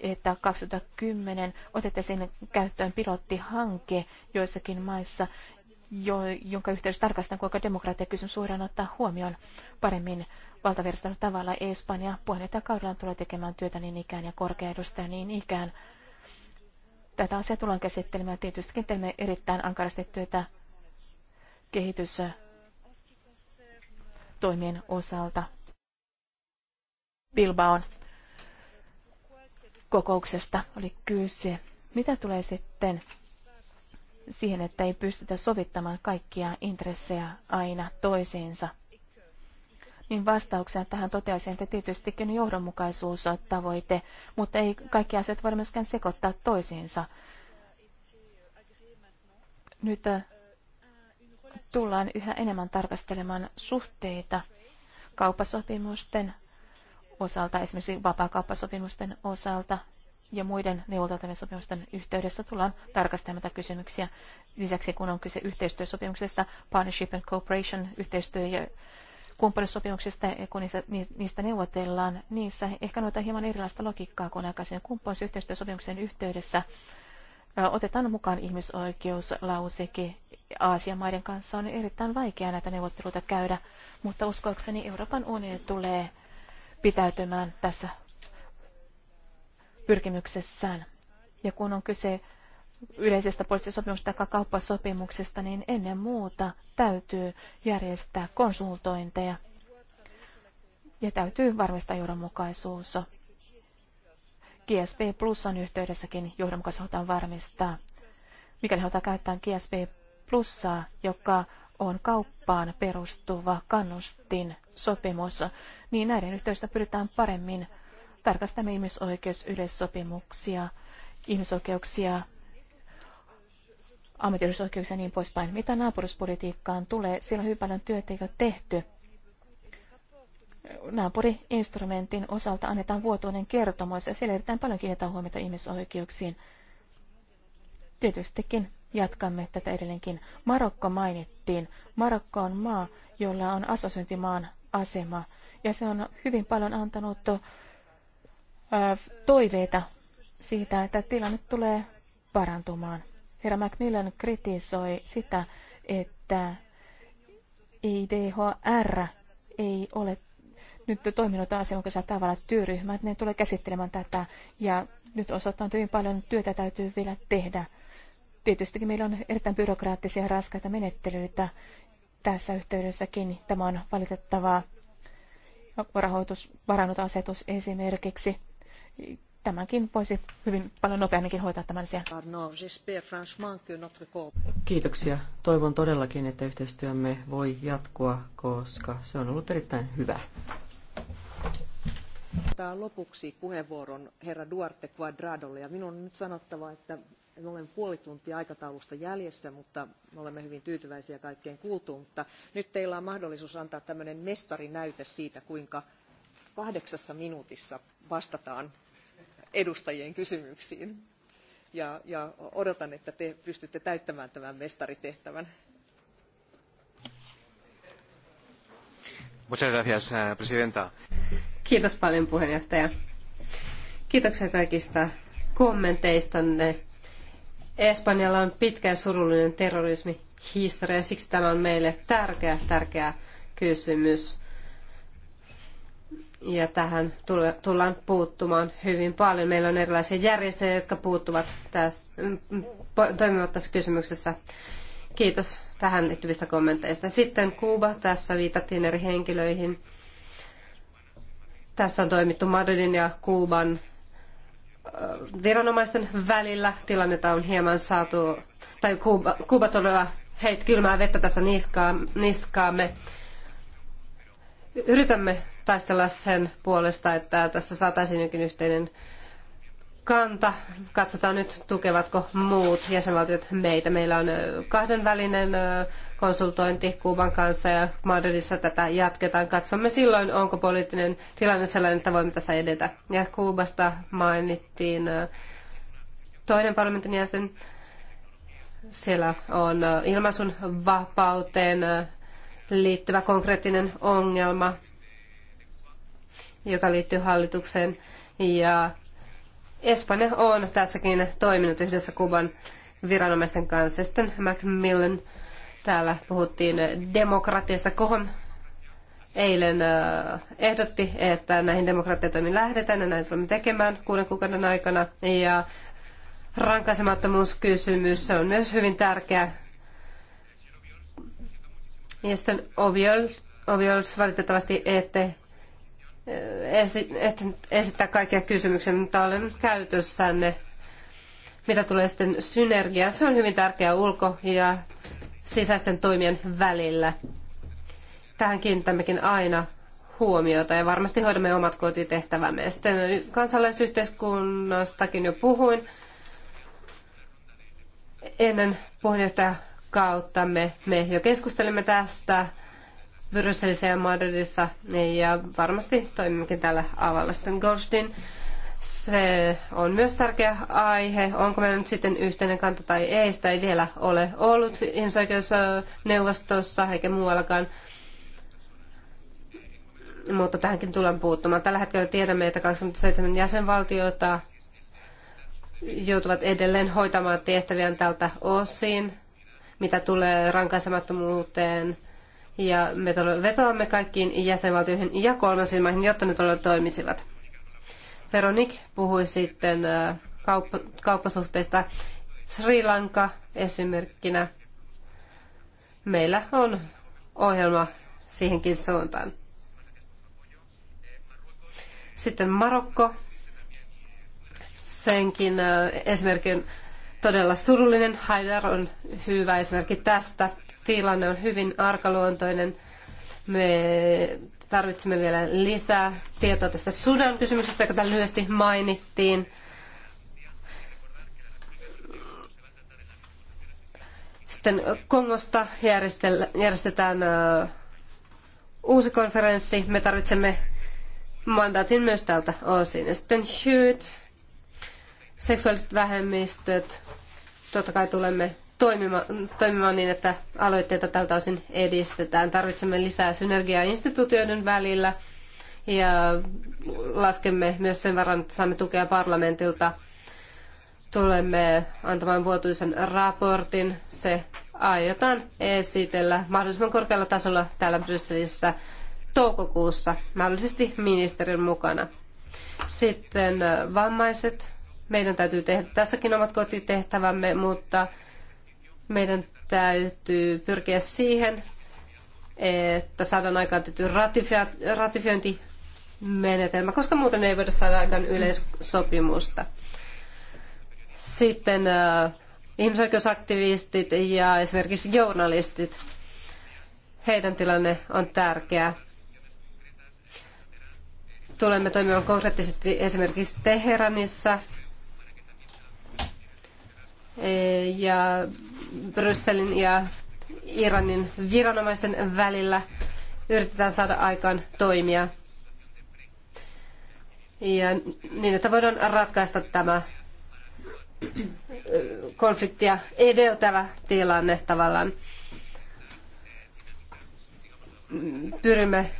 että 2010 otettaisiin käyttöön pilottihanke joissakin maissa, jo, jonka yhteydessä tarkastetaan, kuinka kysymys voidaan ottaa huomioon paremmin valtavirtaisella tavalla. Espanja puheenjohtajakaudellaan tulee tekemään työtä niin ikään ja korkea edustaja niin ikään. Tätä asiaa tullaan käsittelemään. Tietystikin teemme erittäin ankarasti työtä kehitys toimien osalta. Bilbaon kokouksesta oli kyse. Mitä tulee sitten siihen, että ei pystytä sovittamaan kaikkia intressejä aina toisiinsa? Niin vastauksena tähän toteaisin, että tietystikin johdonmukaisuus on tavoite, mutta ei kaikki asiat voi myöskään sekoittaa toisiinsa. Nyt äh, tullaan yhä enemmän tarkastelemaan suhteita kauppasopimusten osalta, esimerkiksi vapaakauppasopimusten osalta ja muiden neuvoteltavien sopimusten yhteydessä tullaan tarkastamaan tätä kysymyksiä. Lisäksi kun on kyse yhteistyösopimuksesta, partnership and cooperation, yhteistyö- ja kumppanussopimuksesta, kun niistä, niistä neuvotellaan, niissä ehkä noita hieman erilaista logiikkaa kuin aikaisemmin kumppanuus- yhteistyösopimuksen yhteydessä. Otetaan mukaan ihmisoikeuslauseke. Aasian maiden kanssa on erittäin vaikea näitä neuvotteluita käydä, mutta uskoakseni Euroopan unioni tulee pitäytymään tässä pyrkimyksessään. Ja kun on kyse yleisestä poliittisesta sopimuksesta tai kauppasopimuksesta, niin ennen muuta täytyy järjestää konsultointeja ja täytyy varmistaa johdonmukaisuus. GSP on yhteydessäkin johdonmukaisuus halutaan varmistaa. Mikäli halutaan käyttää GSP Plusaa, joka on kauppaan perustuva kannustin sopimus, niin näiden yhteydessä pyritään paremmin tarkastamaan ihmisoikeusyleissopimuksia, ihmisoikeuksia, ammatillisoikeuksia ja niin poispäin. Mitä naapuruspolitiikkaan tulee, siellä on hyvin paljon työtä jo tehty. Naapuriinstrumentin osalta annetaan vuotuinen kertomus ja siellä erittäin paljon kiinnitetään huomiota ihmisoikeuksiin. Tietystikin jatkamme tätä edelleenkin. Marokko mainittiin. Marokko on maa, jolla on asosyntimaan asema ja se on hyvin paljon antanut toiveita siitä, että tilanne tulee parantumaan. Herra Macmillan kritisoi sitä, että IDHR ei ole nyt toiminut asianmukaisella tavalla työryhmä, että ne tulee käsittelemään tätä ja nyt osoittaa hyvin paljon työtä täytyy vielä tehdä. Tietystikin meillä on erittäin byrokraattisia ja raskaita menettelyitä tässä yhteydessäkin. Tämä on valitettavaa rahoitusvarannut asetus esimerkiksi. Tämänkin voisi hyvin paljon nopeamminkin hoitaa tämän asian. Kiitoksia. Toivon todellakin, että yhteistyömme voi jatkua, koska se on ollut erittäin hyvä. Tämä lopuksi puheenvuoron herra Duarte Quadradolle ja minun on nyt sanottava, että me olemme puoli tuntia aikataulusta jäljessä, mutta me olemme hyvin tyytyväisiä kaikkeen kuultuun. Mutta nyt teillä on mahdollisuus antaa tämmöinen mestarinäyte siitä, kuinka kahdeksassa minuutissa vastataan edustajien kysymyksiin. Ja, ja odotan, että te pystytte täyttämään tämän mestaritehtävän. Muchas gracias, eh, presidenta. Kiitos paljon puheenjohtaja. Kiitoksia kaikista kommenteistanne Espanjalla on pitkä ja surullinen terrorismihistoria, ja siksi tämä on meille tärkeä, tärkeä kysymys. Ja tähän tullaan puuttumaan hyvin paljon. Meillä on erilaisia järjestöjä, jotka puuttuvat tässä, toimivat tässä kysymyksessä. Kiitos tähän liittyvistä kommenteista. Sitten Kuuba, tässä viitattiin eri henkilöihin. Tässä on toimittu Madridin ja Kuuban viranomaisten välillä. Tilannetta on hieman saatu, tai Kuuba, Kuuba todella heit kylmää vettä tässä niskaa, niskaamme. Yritämme taistella sen puolesta, että tässä saataisiin jokin yhteinen kanta. Katsotaan nyt, tukevatko muut jäsenvaltiot meitä. Meillä on kahdenvälinen konsultointi Kuuban kanssa ja Madridissa tätä jatketaan. Katsomme silloin, onko poliittinen tilanne sellainen, että voimme tässä edetä. Ja Kuubasta mainittiin toinen parlamentin jäsen. Siellä on ilmaisun vapauteen liittyvä konkreettinen ongelma, joka liittyy hallitukseen ja Espanja on tässäkin toiminut yhdessä Kuban viranomaisten kanssa. Sitten Macmillan, täällä puhuttiin demokratiasta. Kohon eilen ehdotti, että näihin demokratiatoimiin lähdetään ja näitä tulemme tekemään kuuden kuukauden aikana. Ja rankaisemattomuuskysymys se on myös hyvin tärkeä. Ja sitten Oviols valitettavasti ette esittää kaikkia kysymyksiä, mutta olen käytössänne. Mitä tulee sitten synergiaan, se on hyvin tärkeää ulko- ja sisäisten toimien välillä. Tähän kiinnitämmekin aina huomiota ja varmasti hoidamme omat kotitehtävämme. sitten kansalaisyhteiskunnastakin jo puhuin. Ennen puheenjohtajakauttamme. me, me jo keskustelimme tästä Brysselissä ja Madridissa ja varmasti toimimmekin tällä avalla. Sitten Goldstein, se on myös tärkeä aihe. Onko meillä nyt sitten yhteinen kanta tai ei, sitä ei vielä ole ollut ihmisoikeusneuvostossa eikä muuallakaan. Mutta tähänkin tulen puuttumaan. Tällä hetkellä tiedämme, että 27 jäsenvaltiota joutuvat edelleen hoitamaan tehtäviään tältä osin, mitä tulee rankaisemattomuuteen, ja me vetoamme kaikkiin jäsenvaltioihin ja kolmansiin maihin, jotta ne todella toimisivat. Veronik puhui sitten äh, kaupp- kauppasuhteista Sri Lanka esimerkkinä. Meillä on ohjelma siihenkin suuntaan. Sitten Marokko. Senkin äh, esimerkki on todella surullinen. Haider on hyvä esimerkki tästä tilanne on hyvin arkaluontoinen. Me tarvitsemme vielä lisää tietoa tästä Sudan kysymyksestä, joka täällä lyhyesti mainittiin. Sitten Kongosta järjestetään uusi konferenssi. Me tarvitsemme mandaatin myös täältä osin. Ja sitten Hyyt, seksuaaliset vähemmistöt. Totta kai tulemme toimimaan, toimimaan niin, että aloitteita tältä osin edistetään. Tarvitsemme lisää synergiaa instituutioiden välillä ja laskemme myös sen verran, että saamme tukea parlamentilta. Tulemme antamaan vuotuisen raportin. Se aiotaan esitellä mahdollisimman korkealla tasolla täällä Brysselissä toukokuussa, mahdollisesti ministerin mukana. Sitten äh, vammaiset. Meidän täytyy tehdä tässäkin omat kotitehtävämme, mutta meidän täytyy pyrkiä siihen, että saadaan aikaan tietty ratifiointimenetelmä, koska muuten ei voida saada aikaan yleissopimusta. Sitten äh, ihmisoikeusaktivistit ja esimerkiksi journalistit, heidän tilanne on tärkeä. Tulemme toimimaan konkreettisesti esimerkiksi Teheranissa Eh, ja Brysselin ja Iranin viranomaisten välillä yritetään saada aikaan toimia. Ja niin, että voidaan ratkaista tämä eh, konfliktia edeltävä tilanne tavallaan. Pyrimme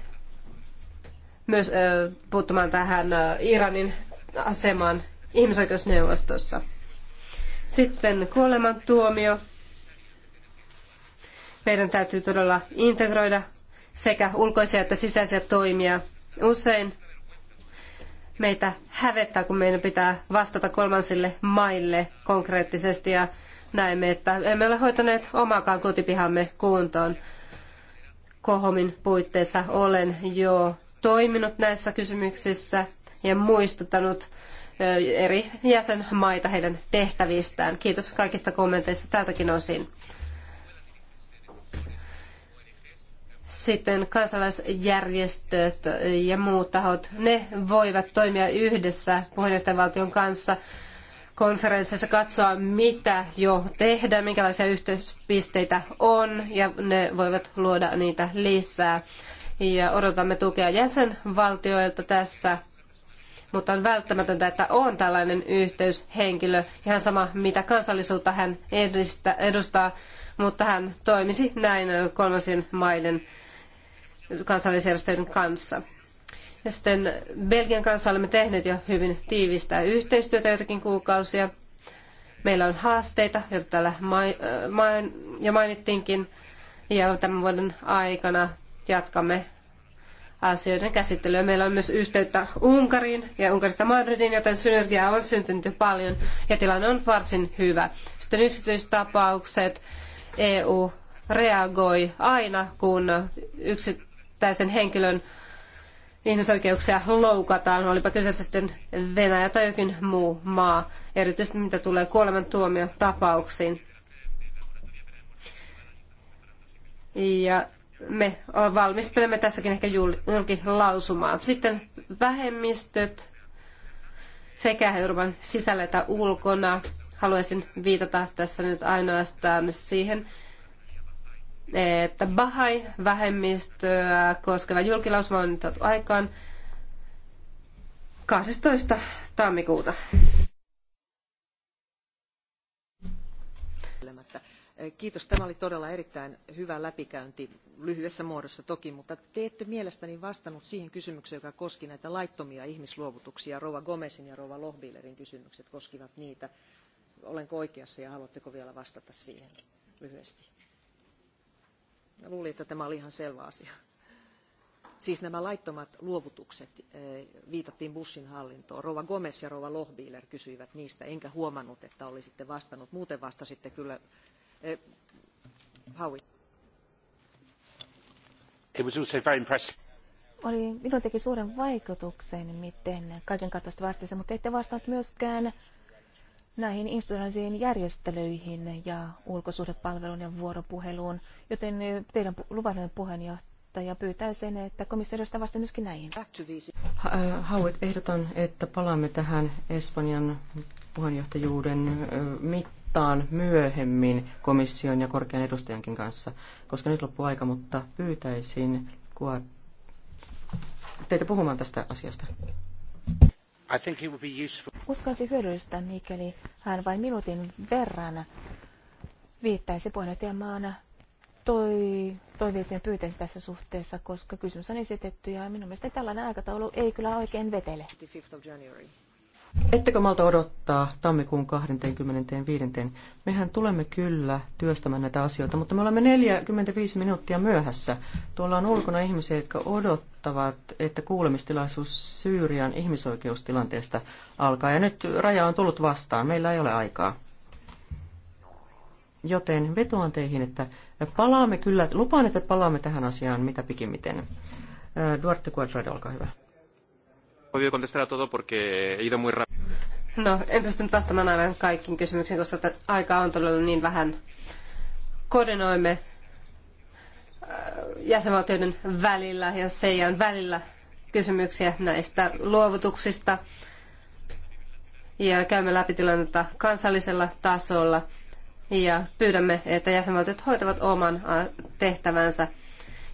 myös eh, puuttumaan tähän Iranin asemaan ihmisoikeusneuvostossa. Sitten kuolemantuomio. Meidän täytyy todella integroida sekä ulkoisia että sisäisiä toimia. Usein meitä hävettää, kun meidän pitää vastata kolmansille maille konkreettisesti ja näemme, että emme ole hoitaneet omaakaan kotipihamme kuntoon. Kohomin puitteissa olen jo toiminut näissä kysymyksissä ja muistuttanut eri jäsenmaita heidän tehtävistään. Kiitos kaikista kommenteista tältäkin osin. Sitten kansalaisjärjestöt ja muut tahot, ne voivat toimia yhdessä puheenjohtajavaltion kanssa konferenssissa katsoa, mitä jo tehdään, minkälaisia yhteispisteitä on, ja ne voivat luoda niitä lisää. Ja odotamme tukea jäsenvaltioilta tässä mutta on välttämätöntä, että on tällainen yhteyshenkilö, ihan sama mitä kansallisuutta hän edustaa, mutta hän toimisi näin kolmansien maiden kansallisjärjestöjen kanssa. Ja sitten Belgian kanssa olemme tehneet jo hyvin tiivistä yhteistyötä jotakin kuukausia. Meillä on haasteita, joita täällä jo mainittiinkin, ja tämän vuoden aikana jatkamme asioiden käsittelyä. Meillä on myös yhteyttä Unkariin ja Unkarista Madridiin, joten synergiaa on syntynyt jo paljon ja tilanne on varsin hyvä. Sitten yksityistapaukset. EU reagoi aina, kun yksittäisen henkilön ihmisoikeuksia loukataan, olipa kyseessä sitten Venäjä tai jokin muu maa, erityisesti mitä tulee kuolemantuomiotapauksiin. Ja me valmistelemme tässäkin ehkä julkilausumaa. Sitten vähemmistöt sekä Euroopan sisällä että ulkona. Haluaisin viitata tässä nyt ainoastaan siihen, että Bahai-vähemmistöä koskeva julkilausuma on nyt saatu aikaan 12. tammikuuta. Kiitos. Tämä oli todella erittäin hyvä läpikäynti lyhyessä muodossa toki, mutta te ette mielestäni vastannut siihen kysymykseen, joka koski näitä laittomia ihmisluovutuksia. Rova Gomezin ja Rova Lohbilerin kysymykset koskivat niitä. Olenko oikeassa ja haluatteko vielä vastata siihen lyhyesti? luulin, että tämä oli ihan selvä asia. Siis nämä laittomat luovutukset eh, viitattiin Bushin hallintoon. Rova Gomez ja Rova Lohbiler kysyivät niistä, enkä huomannut, että olisitte vastannut. Muuten vastasitte kyllä Uh, Oli, minun teki suuren vaikutuksen, miten kaiken kattavasti vastasi, mutta ette vastannut myöskään näihin institutionaalisiin järjestelyihin ja ulkosuhdepalveluun ja vuoropuheluun, joten eh, teidän luvallinen puheenjohtaja pyytää sen, että komissiosta vastaa myöskin näihin. Hauet, eh, ehdotan, että palaamme tähän Espanjan puheenjohtajuuden eh, mittaan kohtaan myöhemmin komission ja korkean edustajankin kanssa, koska nyt loppuu aika, mutta pyytäisin kua teitä puhumaan tästä asiasta. I think it would be useful. hyödyllistä, mikäli hän vain minuutin verran viittaisi puheenjohtajamaana toi, toiveeseen pyytäisi tässä suhteessa, koska kysymys on esitetty ja minun mielestä tällainen aikataulu ei kyllä oikein vetele. 5. January. Ettekö malta odottaa tammikuun 25. Mehän tulemme kyllä työstämään näitä asioita, mutta me olemme 45 minuuttia myöhässä. Tuolla on ulkona ihmisiä, jotka odottavat, että kuulemistilaisuus Syyrian ihmisoikeustilanteesta alkaa. Ja nyt raja on tullut vastaan, meillä ei ole aikaa. Joten vetoan teihin, että palaamme kyllä, lupaan, että palaamme tähän asiaan mitä pikimmiten. Äh, Duarte Cuadrado, olkaa hyvä podido contestar a todo porque he ido muy rápido. No, en pystynyt vastaamaan aivan kaikkiin kysymyksiin, koska aikaa on todella niin vähän. Koordinoimme äh, jäsenvaltioiden välillä ja seijan välillä kysymyksiä näistä luovutuksista ja käymme läpi tilannetta kansallisella tasolla ja pyydämme, että jäsenvaltiot hoitavat oman äh, tehtävänsä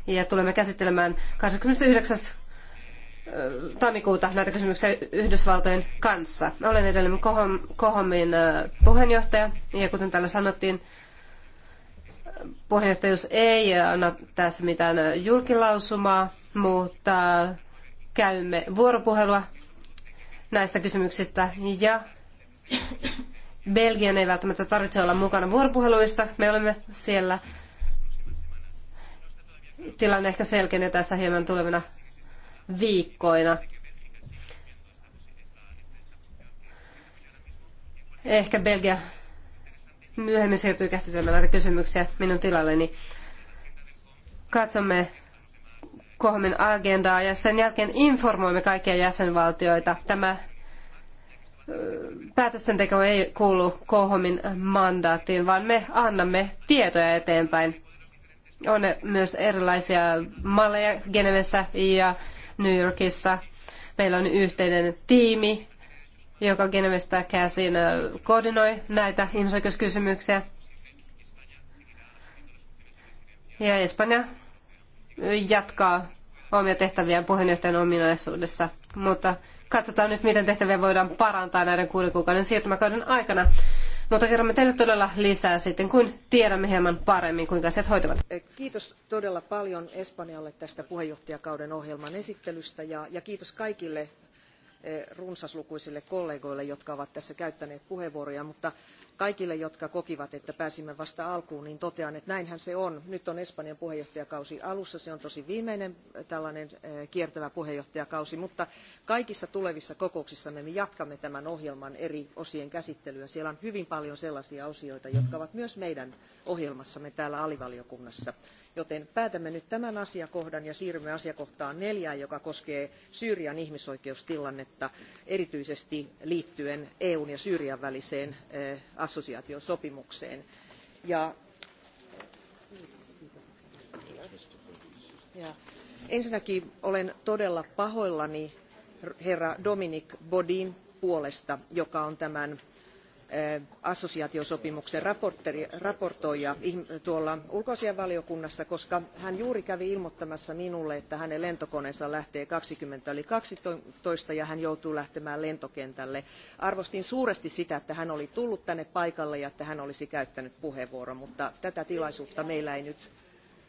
ja tulemme käsittelemään 29 tammikuuta näitä kysymyksiä Yhdysvaltojen kanssa. Olen edelleen Kohomin puheenjohtaja ja kuten täällä sanottiin, puheenjohtajuus ei anna tässä mitään julkilausumaa, mutta käymme vuoropuhelua näistä kysymyksistä ja Belgian ei välttämättä tarvitse olla mukana vuoropuheluissa. Me olemme siellä. Tilanne ehkä selkenee tässä hieman tulevina viikkoina. Ehkä Belgia myöhemmin siirtyy käsittelemään näitä kysymyksiä minun tilalleni. Katsomme Kohmin agendaa ja sen jälkeen informoimme kaikkia jäsenvaltioita. Tämä päätösten teko ei kuulu Kohomin mandaattiin, vaan me annamme tietoja eteenpäin. On myös erilaisia malleja Genevessä ja New Yorkissa. Meillä on yhteinen tiimi, joka Genevestä käsin koordinoi näitä ihmisoikeuskysymyksiä. Ja Espanja jatkaa omia tehtäviä puheenjohtajan ominaisuudessa. Mutta katsotaan nyt, miten tehtäviä voidaan parantaa näiden kuuden kuukauden siirtymäkauden aikana. Mutta kerromme teille todella lisää sitten, kun tiedämme hieman paremmin, kuinka asiat hoituvat. Eh, kiitos todella paljon Espanjalle tästä puheenjohtajakauden ohjelman esittelystä ja, ja kiitos kaikille eh, runsaslukuisille kollegoille, jotka ovat tässä käyttäneet puheenvuoroja, mutta kaikille, jotka kokivat, että pääsimme vasta alkuun, niin totean, että näinhän se on. Nyt on Espanjan puheenjohtajakausi alussa, se on tosi viimeinen äh, tällainen äh, kiertävä puheenjohtajakausi, mutta kaikissa tulevissa kokouksissa me jatkamme tämän ohjelman eri osien käsittelyä. Siellä on hyvin paljon sellaisia osioita, jotka mm. ovat myös meidän ohjelmassamme täällä alivaliokunnassa joten päätämme nyt tämän asiakohdan ja siirrymme asiakohtaan neljä joka koskee syyrian ihmisoikeustilannetta erityisesti liittyen eun ja syyrian väliseen assosiaatiosopimukseen. ensinnäkin olen todella pahoillani herra dominic bodin puolesta joka on tämän Eh, assosiaatiosopimuksen raportoija tuolla ulkoasiainvaliokunnassa, koska hän juuri kävi ilmoittamassa minulle, että hänen lentokoneensa lähtee kaksikymmentä yli kaksitoista ja hän joutuu lähtemään lentokentälle. Arvostin suuresti sitä, että hän oli tullut tänne paikalle ja että hän olisi käyttänyt puheenvuoron, mutta tätä tilaisuutta meillä ei nyt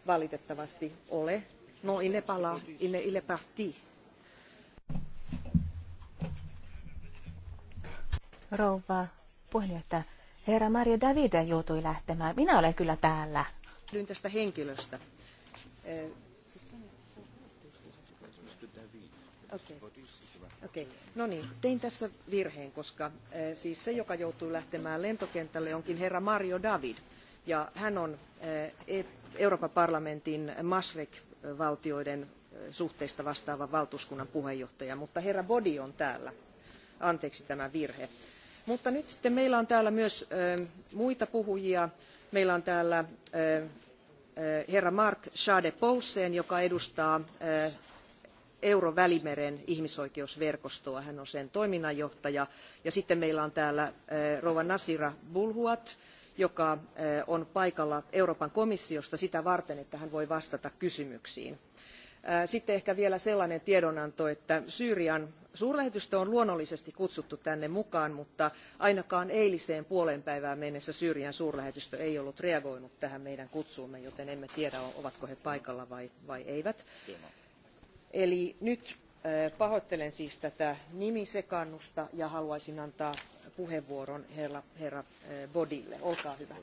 valitettavasti ole. No, il n'est pas là, il est parti. Rouva että herra Maria Davide joutui lähtemään. Minä olen kyllä täällä. Nyt tästä henkilöstä. Eh, siis- Okei. Okay. Okay. No niin, tein tässä virheen, koska eh, siis se, joka joutuu lähtemään lentokentälle, onkin herra Mario David. Ja hän on eh, e- Euroopan parlamentin Masrek-valtioiden suhteista vastaava valtuuskunnan puheenjohtaja, mutta herra Bodi on täällä. Anteeksi tämä virhe. Mutta nyt sitten meillä on täällä myös muita puhujia. Meillä on täällä herra Mark Schade Poulsen, joka edustaa Eurovälimeren ihmisoikeusverkostoa. Hän on sen toiminnanjohtaja. Ja sitten meillä on täällä rouva Nasira Bulhuat, joka on paikalla Euroopan komissiosta sitä varten, että hän voi vastata kysymyksiin. Sitten ehkä vielä sellainen tiedonanto, että Syyrian Suurlähetystö on luonnollisesti kutsuttu tänne mukaan, mutta ainakaan eiliseen puolenpäivään mennessä Syyrian suurlähetystö ei ollut reagoinut tähän meidän kutsuumme, joten emme tiedä, ovatko he paikalla vai, vai eivät. Eli nyt äh, pahoittelen siis tätä nimisekannusta ja haluaisin antaa puheenvuoron herra, herra äh, Bodille. Olkaa hyvä.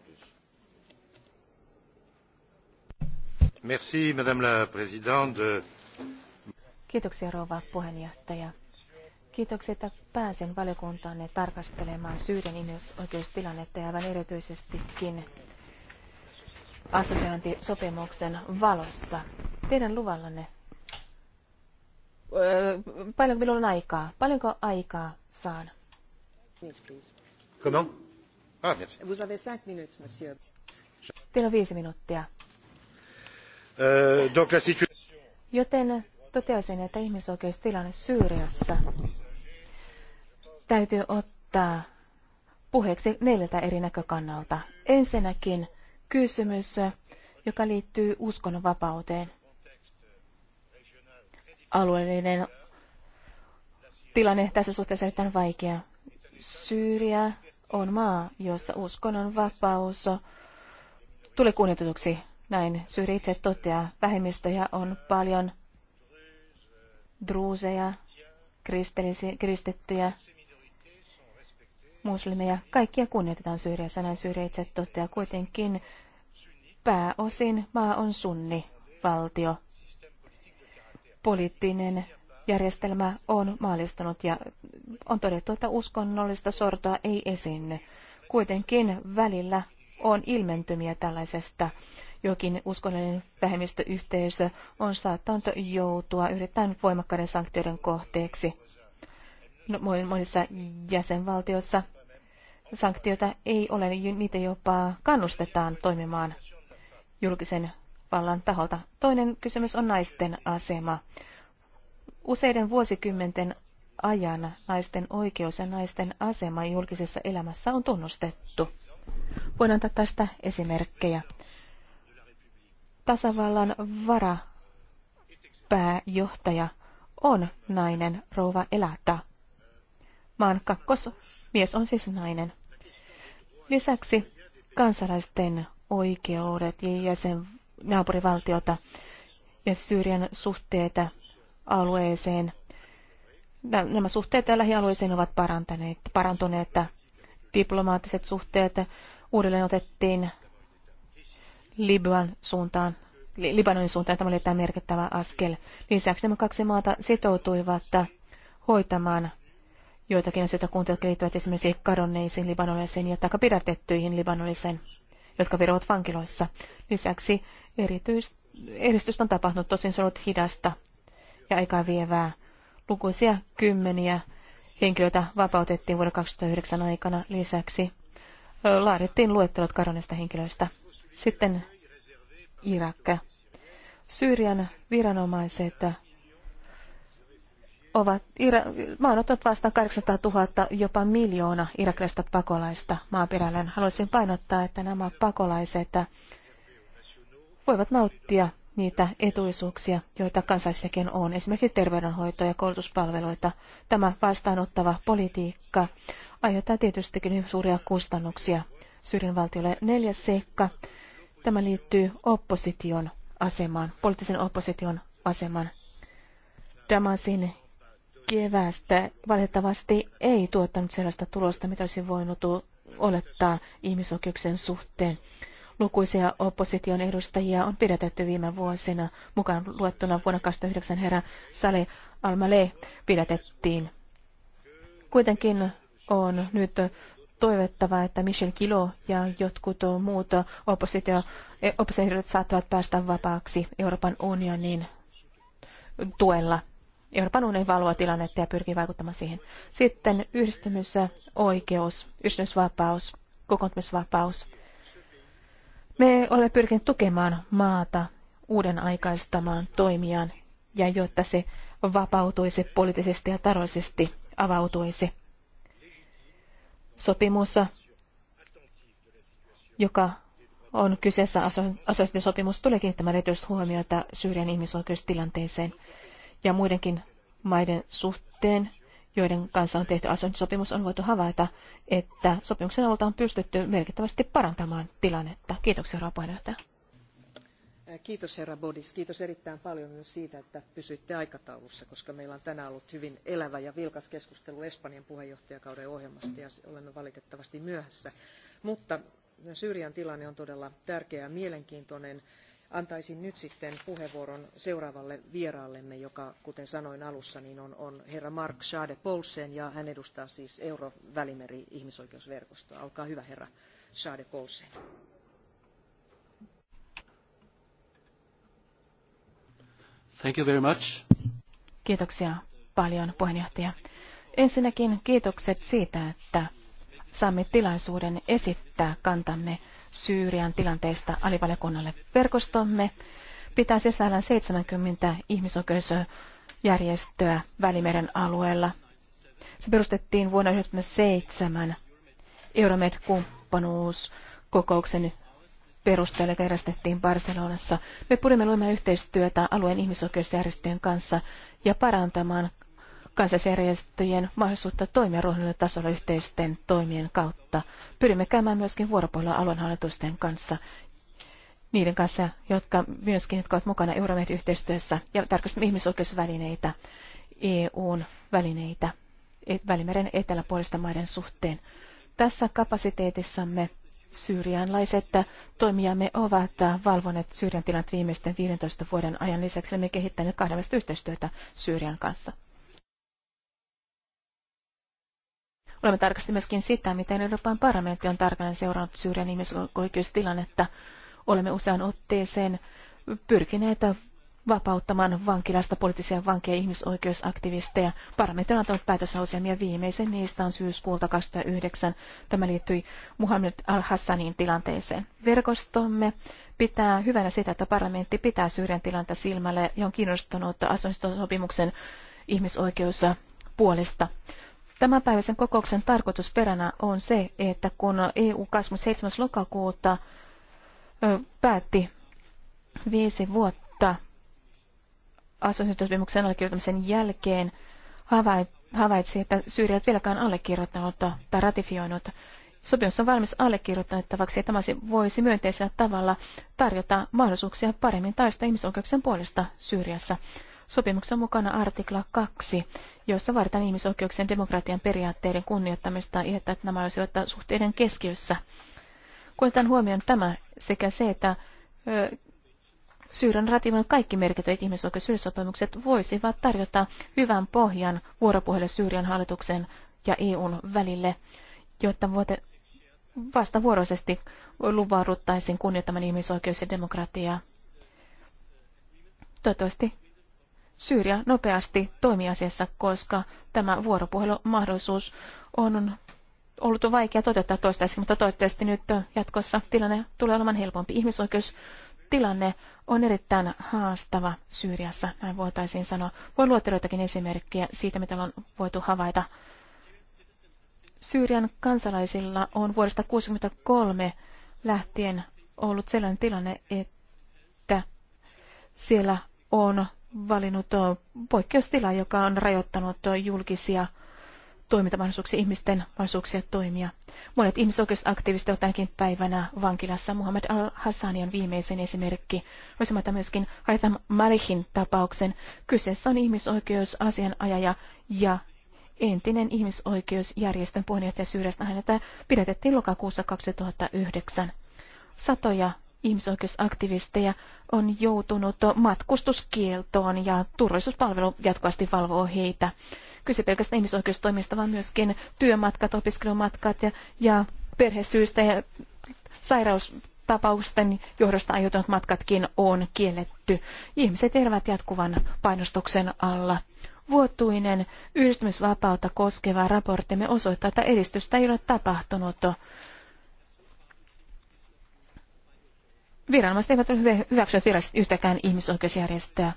Merci, Madame la Présidente. Kiitoksia rouva puheenjohtaja. Kiitoksia, että pääsen valiokuntaanne tarkastelemaan syyden ihmisoikeustilannetta ja aivan erityisestikin assosiointisopimuksen valossa. Teidän luvallanne. Öö, paljonko minulla on aikaa? Paljonko aikaa saan? Comment? Ah, merci. Vous avez cinq minutes, monsieur. Teillä on viisi minuuttia. Euh, donc la situation... Joten toteaisin, että ihmisoikeustilanne Syyriassa täytyy ottaa puheeksi neljältä eri näkökannalta. Ensinnäkin kysymys, joka liittyy uskonnonvapauteen. Alueellinen tilanne tässä suhteessa erittäin vaikea. Syyriä on maa, jossa uskonnon vapaus tuli kunnioitetuksi. Näin Syyri itse toteaa. Vähemmistöjä on paljon. Druuseja, kristittyjä, muslimeja. Kaikkia kunnioitetaan Syyriassa, näin Syyria itse toteaa kuitenkin. Pääosin maa on sunni valtio. Poliittinen järjestelmä on maalistunut ja on todettu, että uskonnollista sortoa ei esiinny. Kuitenkin välillä on ilmentymiä tällaisesta. Jokin uskonnollinen vähemmistöyhteisö on saattanut joutua yrittäen voimakkaiden sanktioiden kohteeksi. No, monissa jäsenvaltioissa sanktioita ei ole, niin niitä jopa kannustetaan toimimaan julkisen vallan taholta. Toinen kysymys on naisten asema. Useiden vuosikymmenten ajan naisten oikeus ja naisten asema julkisessa elämässä on tunnustettu. Voin antaa tästä esimerkkejä. Tasavallan varapääjohtaja on nainen rouva elätä. Maan kakkosmies on siis nainen. Lisäksi kansalaisten oikeudet ja jäsen naapurivaltiota ja Syyrian suhteita alueeseen. Nämä suhteet lähialueeseen ovat parantaneet, parantuneet. Diplomaattiset suhteet uudelleen otettiin Libyan suuntaan, Libanonin suuntaan. Tämä oli tämä merkittävä askel. Lisäksi nämä kaksi maata sitoutuivat hoitamaan joitakin asioita kuuntelut liittyvät esimerkiksi kadonneisiin libanolaisiin ja taikka pidätettyihin libanolaisiin, jotka virovat vankiloissa. Lisäksi erityis, on tapahtunut, tosin se on ollut hidasta ja aikaa vievää. Lukuisia kymmeniä henkilöitä vapautettiin vuoden 2009 aikana. Lisäksi laadittiin luettelot kadonneista henkilöistä. Sitten Irak. Syyrian viranomaiset ovat, mä oon ottanut vastaan 800 000, jopa miljoona irakilaista pakolaista maaperälleen. Haluaisin painottaa, että nämä pakolaiset voivat nauttia niitä etuisuuksia, joita kansaisillakin on, esimerkiksi terveydenhoitoa ja koulutuspalveluita. Tämä vastaanottava politiikka aiheuttaa tietystikin hyvin suuria kustannuksia Syyrian valtiolle. Neljäs seikka, tämä liittyy opposition asemaan, poliittisen opposition asemaan. Damasin keväästä valitettavasti ei tuottanut sellaista tulosta, mitä olisi voinut olettaa ihmisoikeuksien suhteen. Lukuisia opposition edustajia on pidätetty viime vuosina, mukaan luettuna vuonna 2009 herra Sale Almale pidätettiin. Kuitenkin on nyt toivettava, että Michel Kilo ja jotkut muut oppositio, oppositioidot saattavat päästä vapaaksi Euroopan unionin tuella. Euroopan unionin valvoa tilannetta ja pyrkii vaikuttamaan siihen. Sitten yhdistymisoikeus, yhdistymisvapaus, kokoontumisvapaus. Me olemme pyrkineet tukemaan maata uuden aikaistamaan toimiaan ja jotta se vapautuisi poliittisesti ja taloudellisesti avautuisi. Sopimus, joka on kyseessä aso- sopimus, tulee kiinnittämään erityistä huomiota Syyrian ihmisoikeustilanteeseen ja muidenkin maiden suhteen, joiden kanssa on tehty asiointisopimus, on voitu havaita, että sopimuksen avulla on pystytty merkittävästi parantamaan tilannetta. Kiitoksia, herra puheenjohtaja. Kiitos herra Bodis. Kiitos erittäin paljon myös siitä, että pysyitte aikataulussa, koska meillä on tänään ollut hyvin elävä ja vilkas keskustelu Espanjan puheenjohtajakauden ohjelmasta ja olemme valitettavasti myöhässä. Mutta Syyrian tilanne on todella tärkeä ja mielenkiintoinen antaisin nyt sitten puheenvuoron seuraavalle vieraallemme, joka kuten sanoin alussa, niin on, on herra Mark Schade Polsen ja hän edustaa siis Euro-välimeri ihmisoikeusverkostoa. Olkaa hyvä herra Schade Polsen. Thank you very much. Kiitoksia paljon puheenjohtaja. Ensinnäkin kiitokset siitä, että saamme tilaisuuden esittää kantamme Syyrian tilanteesta alivaliokunnalle. Verkostomme pitää sisällään 70 ihmisoikeusjärjestöä Välimeren alueella. Se perustettiin vuonna 1997 Euromed-kumppanuuskokouksen perusteella järjestettiin Barcelonassa. Me pyrimme luomaan yhteistyötä alueen ihmisoikeusjärjestöjen kanssa ja parantamaan kansallisjärjestöjen mahdollisuutta toimia ruohonjuuritasolla tasolla yhteisten toimien kautta. Pyrimme käymään myöskin vuoropuhelua aluehallitusten kanssa niiden kanssa, jotka myöskin jotka ovat mukana Euromed-yhteistyössä ja tarkastamme ihmisoikeusvälineitä, EUn välineitä e, Välimeren eteläpuolista maiden suhteen. Tässä kapasiteetissamme syyrianlaiset toimijamme ovat valvoneet Syyrian tilat viimeisten 15 vuoden ajan lisäksi me kehittäneet kahdenvälistä yhteistyötä Syyrian kanssa. Olemme tarkasti myöskin sitä, miten Euroopan parlamentti on tarkalleen seurannut Syyrian ihmisoikeustilannetta. Olemme usean otteeseen pyrkineet vapauttamaan vankilasta poliittisia vankeja ihmisoikeusaktivisteja. Parlamentti on antanut päätösauselmia viimeisen niistä on syyskuulta 2009. Tämä liittyi Muhammed al-Hassanin tilanteeseen. Verkostomme pitää hyvänä sitä, että parlamentti pitää Syyrian tilanta silmällä ja on kiinnostunut asuntosopimuksen ihmisoikeus puolesta. Tämänpäiväisen kokouksen tarkoitusperänä on se, että kun EU 27. lokakuuta päätti viisi vuotta assosiaatiosopimuksen allekirjoittamisen jälkeen, havaitsi, että Syyriä ei vieläkään allekirjoittanut tai ratifioinut. Sopimus on valmis allekirjoitettavaksi ja tämä voisi myönteisellä tavalla tarjota mahdollisuuksia paremmin taista ihmisoikeuksien puolesta Syyriassa. Sopimuksen mukana artikla 2, jossa vaaditaan ihmisoikeuksien demokratian periaatteiden kunnioittamista ja että nämä olisivat suhteiden keskiössä. Kun otetaan huomioon tämä sekä se, että ö, Syyrian kaikki merkityt ihmisoikeussopimukset voisivat tarjota hyvän pohjan vuoropuhelle Syyrian hallituksen ja EUn välille, jotta vuote, vastavuoroisesti luvauduttaisiin kunnioittamaan ihmisoikeus- ja demokratiaa. Toivottavasti Syyria nopeasti toimiasiassa, koska tämä vuoropuhelumahdollisuus on ollut vaikea toteuttaa toistaiseksi, mutta toivottavasti nyt jatkossa tilanne tulee olemaan helpompi. Ihmisoikeustilanne on erittäin haastava Syyriassa, näin voitaisiin sanoa. Voi luottaa joitakin esimerkkejä siitä, mitä on voitu havaita. Syyrian kansalaisilla on vuodesta 1963 lähtien ollut sellainen tilanne, että siellä on valinnut poikkeustilaa, joka on rajoittanut julkisia toimintamahdollisuuksia, ihmisten mahdollisuuksia toimia. Monet ihmisoikeusaktivistit ovat tänäkin päivänä vankilassa. Muhammad al-Hassani on viimeisen esimerkki. Voisi mainita myöskin Haitham Malikin tapauksen. Kyseessä on ihmisoikeusasianajaja ja entinen ihmisoikeusjärjestön puheenjohtaja Syyriasta hänet pidätettiin lokakuussa 2009. Satoja ihmisoikeusaktivisteja on joutunut matkustuskieltoon ja turvallisuuspalvelu jatkuvasti valvoo heitä. Kyse pelkästään ihmisoikeustoimista, vaan myöskin työmatkat, opiskelumatkat ja, ja perhesyistä ja sairaustapausten johdosta aiheutunut matkatkin on kielletty. Ihmiset elävät jatkuvan painostuksen alla. Vuotuinen yhdistymisvapautta koskeva raporttimme osoittaa, että edistystä ei ole tapahtunut. Viranomaiset eivät ole hyväksyneet virallisesti yhtäkään ihmisoikeusjärjestöä.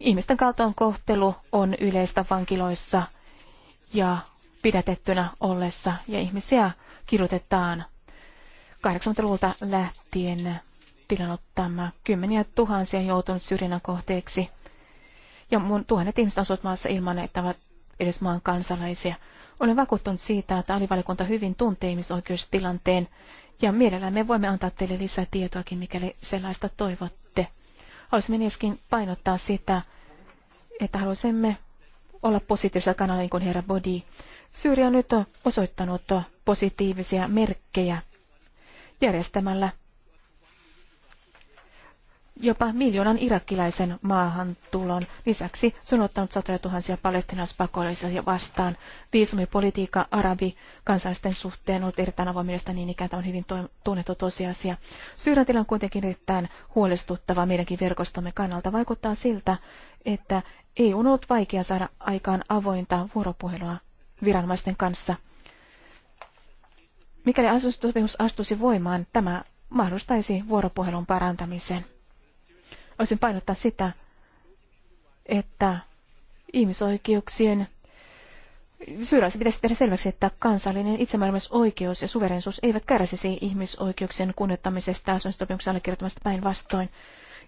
Ihmisten kaltoinkohtelu on yleistä vankiloissa ja pidätettynä ollessa ja ihmisiä kirjoitetaan 80-luvulta lähtien tilanut tämä kymmeniä tuhansia joutunut syrjinnän kohteeksi. Ja mun tuhannet ihmiset asuvat maassa ilman, että ovat edes maan kansalaisia. Olen vakuuttunut siitä, että alivalikunta hyvin tuntee ihmisoikeustilanteen ja me voimme antaa teille lisää tietoakin, mikäli sellaista toivotte. Haluaisimme myöskin painottaa sitä, että haluaisimme olla positiivisella kanalla, niin kuin herra Bodi. Syyria nyt on osoittanut positiivisia merkkejä järjestämällä jopa miljoonan irakilaisen maahantulon. Lisäksi se on ottanut satoja tuhansia palestinaispakolaisia vastaan. Viisumipolitiikka arabi suhteen on ollut erittäin avoin mielestäni niin ikään tämä on hyvin tunnettu tosiasia. Syyrian tilanne on kuitenkin erittäin huolestuttava meidänkin verkostomme kannalta. Vaikuttaa siltä, että ei on ollut vaikea saada aikaan avointa vuoropuhelua viranomaisten kanssa. Mikäli asustusopimus astuisi voimaan, tämä mahdollistaisi vuoropuhelun parantamisen olisin painottaa sitä, että ihmisoikeuksien Syyriassa pitäisi tehdä selväksi, että kansallinen itsemääräämisoikeus ja suverensuus eivät kärsisi ihmisoikeuksien kunnioittamisesta sopimuksen allekirjoittamasta päinvastoin.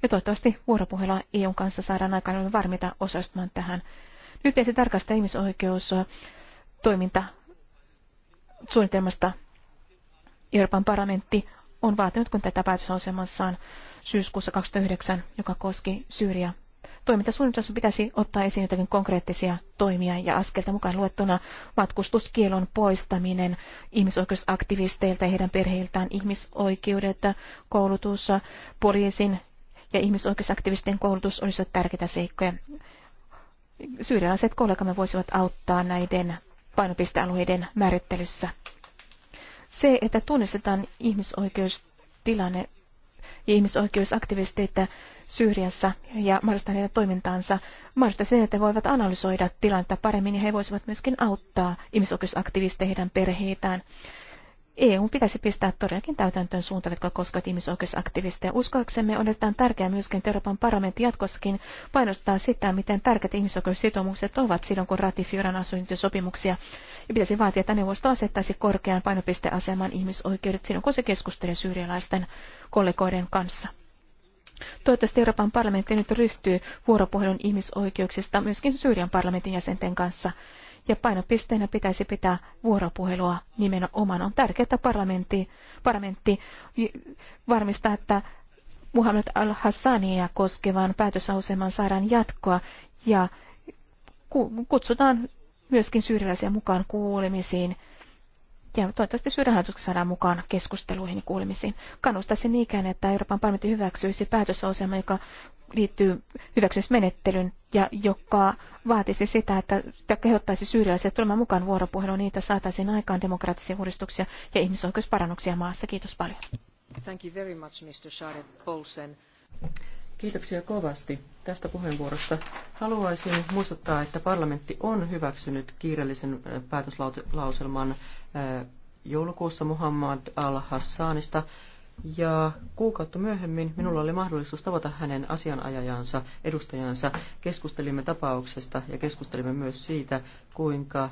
Ja toivottavasti vuoropuhelua EUn kanssa saadaan aikaan varmita osallistumaan tähän. Nyt pitäisi tarkastaa ihmisoikeus toiminta suunnitelmasta Euroopan parlamentti on vaatinut, kun tätä päätösasemassaan syyskuussa 2009, joka koski Syyriä. Toimintasuunnitelmassa pitäisi ottaa esiin jotakin konkreettisia toimia ja askelta mukaan luettuna matkustuskielon poistaminen ihmisoikeusaktivisteilta ja heidän perheiltään ihmisoikeudet, koulutus, poliisin ja ihmisoikeusaktivistien koulutus olisi tärkeitä seikkoja. Syyrialaiset kollegamme voisivat auttaa näiden painopistealueiden määrittelyssä. Se, että tunnistetaan ihmisoikeustilanne ja ihmisoikeusaktivisteita Syyriassa ja mahdollistaa heidän toimintaansa. Mahdollistaa sen, että he voivat analysoida tilannetta paremmin ja he voisivat myöskin auttaa ihmisoikeusaktivisteja heidän perheitään. EU pitäisi pistää todellakin täytäntöön suuntaan, jotka koskevat ihmisoikeusaktivisteja. Uskoaksemme on erittäin tärkeää myöskin, että Euroopan parlamentti jatkossakin painostaa sitä, miten tärkeät ihmisoikeussitoumukset ovat silloin, kun ratifioidaan asuntosopimuksia. Ja pitäisi vaatia, että neuvosto asettaisi korkean painopisteaseman ihmisoikeudet silloin, kun se keskustelee syyrialaisten kollegoiden kanssa. Toivottavasti Euroopan parlamentti nyt ryhtyy vuoropuhelun ihmisoikeuksista myöskin Syyrian parlamentin jäsenten kanssa. Ja painopisteenä pitäisi pitää vuoropuhelua nimenomaan. On tärkeää, että parlamentti, parlamentti varmistaa, että Muhammad al-Hassania koskevan päätösaseman saadaan jatkoa ja kutsutaan myöskin syyriläisiä mukaan kuulemisiin ja toivottavasti sydänhallitus saadaan mukaan keskusteluihin ja kuulemisiin. Kannustaisin ikään, että Euroopan parlamentti hyväksyisi päätöslauselman, joka liittyy hyväksymismenettelyyn ja joka vaatisi sitä, että sitä kehottaisi syyrialaisia tulemaan mukaan vuoropuheluun, niitä saataisiin aikaan demokraattisia uudistuksia ja ihmisoikeusparannuksia maassa. Kiitos paljon. Thank you very much, Mr. Kiitoksia kovasti tästä puheenvuorosta. Haluaisin muistuttaa, että parlamentti on hyväksynyt kiireellisen päätöslauselman joulukuussa Muhammad al-Hassanista, ja kuukautta myöhemmin minulla oli mahdollisuus tavata hänen asianajajansa, edustajansa. Keskustelimme tapauksesta ja keskustelimme myös siitä, kuinka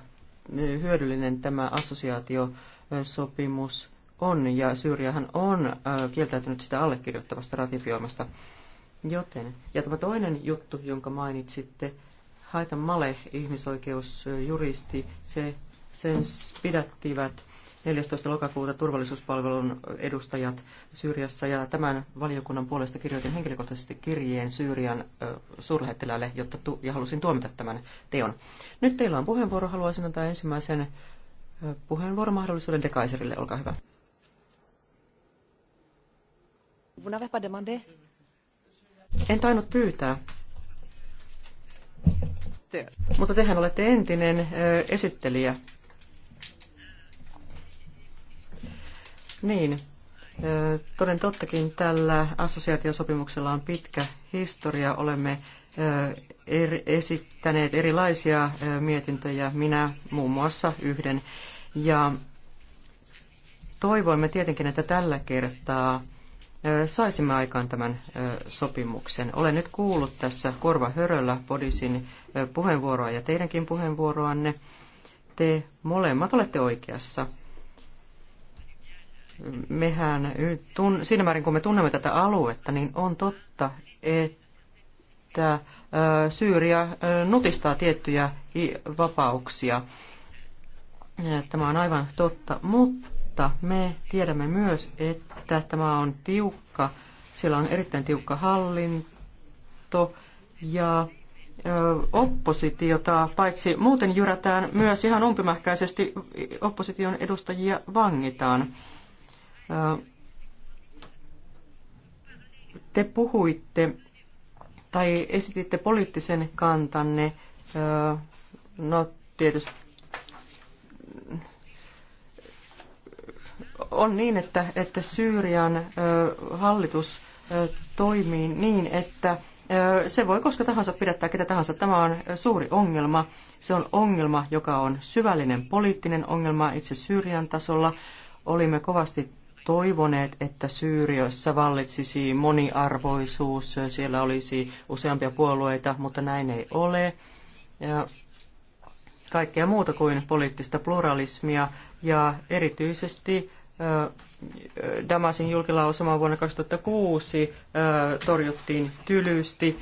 hyödyllinen tämä assosiaatiosopimus on, ja Syyriahan on kieltäytynyt sitä allekirjoittavasta ratifioimasta. Joten, ja tämä toinen juttu, jonka mainitsitte, Haitan Male, ihmisoikeusjuristi, se sen pidättivät 14. lokakuuta turvallisuuspalvelun edustajat Syyriassa ja tämän valiokunnan puolesta kirjoitin henkilökohtaisesti kirjeen Syyrian suurlähettiläälle jotta tu- ja halusin tuomita tämän teon. Nyt teillä on puheenvuoro. Haluaisin antaa ensimmäisen ö, puheenvuoromahdollisuuden Dekaiserille. Olkaa hyvä. En tainnut pyytää. Mutta tehän olette entinen esittelijä Niin, Toden tottakin tällä assosiaatiosopimuksella on pitkä historia. Olemme esittäneet erilaisia mietintöjä, minä muun muassa yhden. Ja toivoimme tietenkin, että tällä kertaa saisimme aikaan tämän sopimuksen. Olen nyt kuullut tässä Korva Höröllä Podisin puheenvuoroa ja teidänkin puheenvuoroanne. Te molemmat olette oikeassa mehän siinä määrin kun me tunnemme tätä aluetta, niin on totta, että Syyria nutistaa tiettyjä vapauksia. Tämä on aivan totta, mutta me tiedämme myös, että tämä on tiukka, sillä on erittäin tiukka hallinto ja oppositiota, paitsi muuten jyrätään, myös ihan umpimähkäisesti opposition edustajia vangitaan. Te puhuitte tai esititte poliittisen kantanne, no tietysti on niin, että, että Syyrian hallitus toimii niin, että se voi koska tahansa pidättää ketä tahansa. Tämä on suuri ongelma. Se on ongelma, joka on syvällinen poliittinen ongelma itse Syyrian tasolla. Olimme kovasti toivoneet, että Syyriassa vallitsisi moniarvoisuus, siellä olisi useampia puolueita, mutta näin ei ole. Ja kaikkea muuta kuin poliittista pluralismia ja erityisesti Damasin julkilausuma vuonna 2006 torjuttiin tylysti.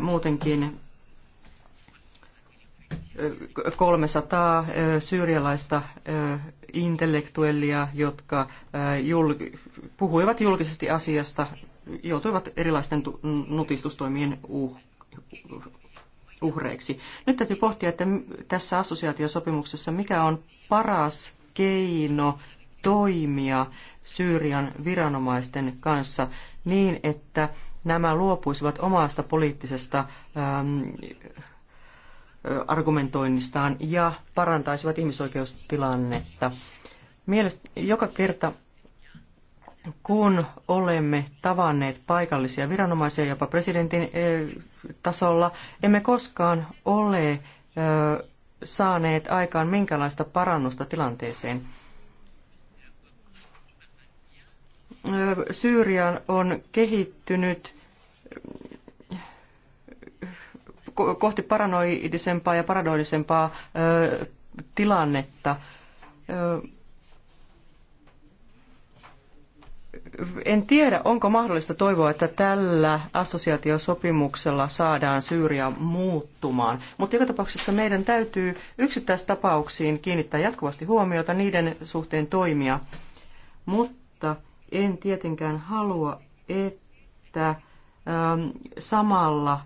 Muutenkin 300 syyrialaista intellektuellia, jotka puhuivat julkisesti asiasta, joutuivat erilaisten nutistustoimien uhreiksi. Nyt täytyy pohtia, että tässä assosiaatiosopimuksessa mikä on paras keino toimia Syyrian viranomaisten kanssa niin, että nämä luopuisivat omasta poliittisesta ähm, argumentoinnistaan ja parantaisivat ihmisoikeustilannetta. Mielestä, joka kerta, kun olemme tavanneet paikallisia viranomaisia jopa presidentin tasolla, emme koskaan ole saaneet aikaan minkälaista parannusta tilanteeseen. Syyrian on kehittynyt kohti paranoidisempaa ja paradoidisempaa tilannetta. en tiedä, onko mahdollista toivoa, että tällä assosiaatiosopimuksella saadaan Syyria muuttumaan. Mutta joka tapauksessa meidän täytyy yksittäistapauksiin kiinnittää jatkuvasti huomiota, niiden suhteen toimia. Mutta en tietenkään halua, että samalla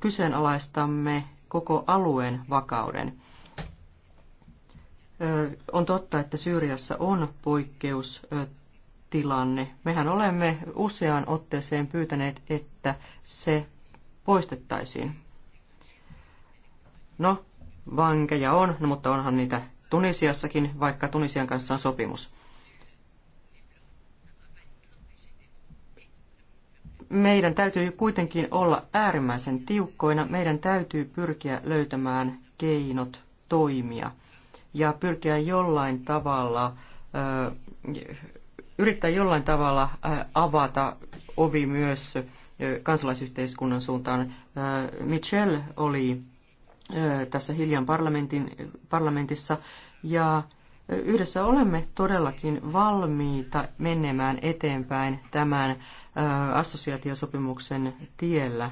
kyseenalaistamme koko alueen vakauden. On totta, että Syyriassa on poikkeustilanne. Mehän olemme useaan otteeseen pyytäneet, että se poistettaisiin. No, vankeja on, no, mutta onhan niitä Tunisiassakin, vaikka Tunisian kanssa on sopimus. meidän täytyy kuitenkin olla äärimmäisen tiukkoina. Meidän täytyy pyrkiä löytämään keinot toimia ja pyrkiä jollain tavalla, yrittää jollain tavalla avata ovi myös kansalaisyhteiskunnan suuntaan. Michelle oli tässä hiljan parlamentin, parlamentissa ja yhdessä olemme todellakin valmiita menemään eteenpäin tämän assosiaatiosopimuksen tiellä.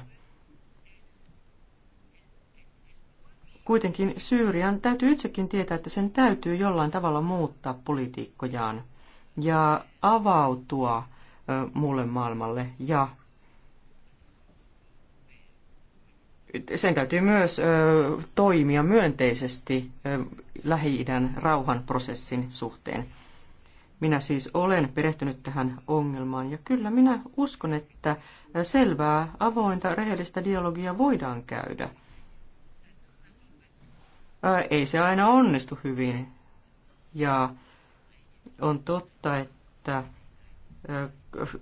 Kuitenkin Syyrian täytyy itsekin tietää, että sen täytyy jollain tavalla muuttaa politiikkojaan ja avautua muulle maailmalle ja sen täytyy myös toimia myönteisesti Lähi-idän rauhanprosessin suhteen. Minä siis olen perehtynyt tähän ongelmaan ja kyllä minä uskon, että selvää, avointa, rehellistä dialogia voidaan käydä. Ei se aina onnistu hyvin. Ja on totta, että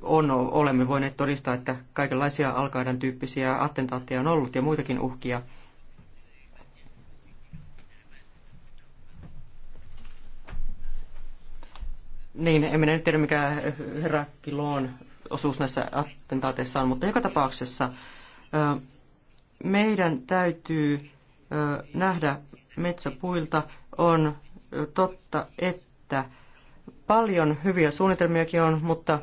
on, olemme voineet todistaa, että kaikenlaisia alkaidan tyyppisiä attentaatteja on ollut ja muitakin uhkia. Niin, en minä nyt tiedä mikä herra Kiloon osuus näissä attentaateissa on, mutta joka tapauksessa meidän täytyy nähdä metsäpuilta. On totta, että paljon hyviä suunnitelmiakin on, mutta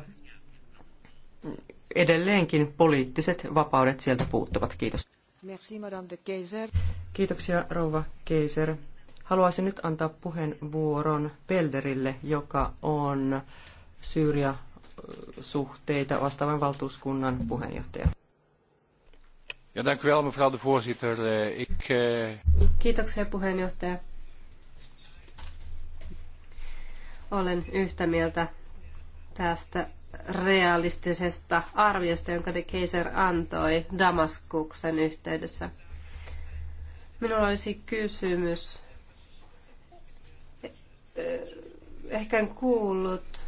edelleenkin poliittiset vapaudet sieltä puuttuvat. Kiitos. Merci, Madame de Keiser. Kiitoksia, rouva Keiser. Haluaisin nyt antaa puheenvuoron Pelderille, joka on Syyria-suhteita vastaavan valtuuskunnan puheenjohtaja. Ja, dank u wel, mevrouw de voorzitter. Eh, ik, uh... Kiitoksia, puheenjohtaja. Olen yhtä mieltä tästä realistisesta arviosta, jonka de Keiser antoi Damaskuksen yhteydessä. Minulla olisi kysymys. Ehkä en kuullut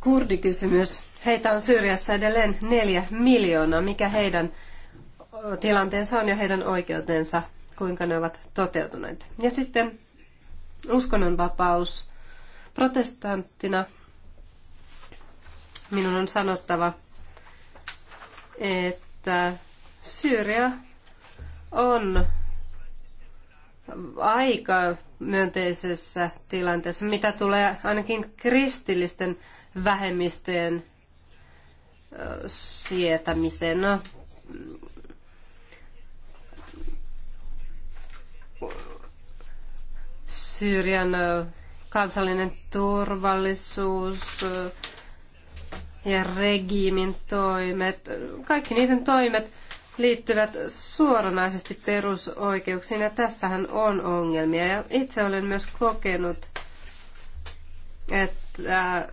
kurdikysymys. Heitä on Syyriassa edelleen neljä miljoonaa. Mikä heidän tilanteensa on ja heidän oikeutensa, kuinka ne ovat toteutuneet. Ja sitten uskonnonvapaus Protestanttina minun on sanottava, että Syyria on aika myönteisessä tilanteessa, mitä tulee ainakin kristillisten vähemmistöjen sietämiseen. No, Syyrian kansallinen turvallisuus ja regiimin toimet, kaikki niiden toimet liittyvät suoranaisesti perusoikeuksiin ja tässähän on ongelmia. Ja itse olen myös kokenut, että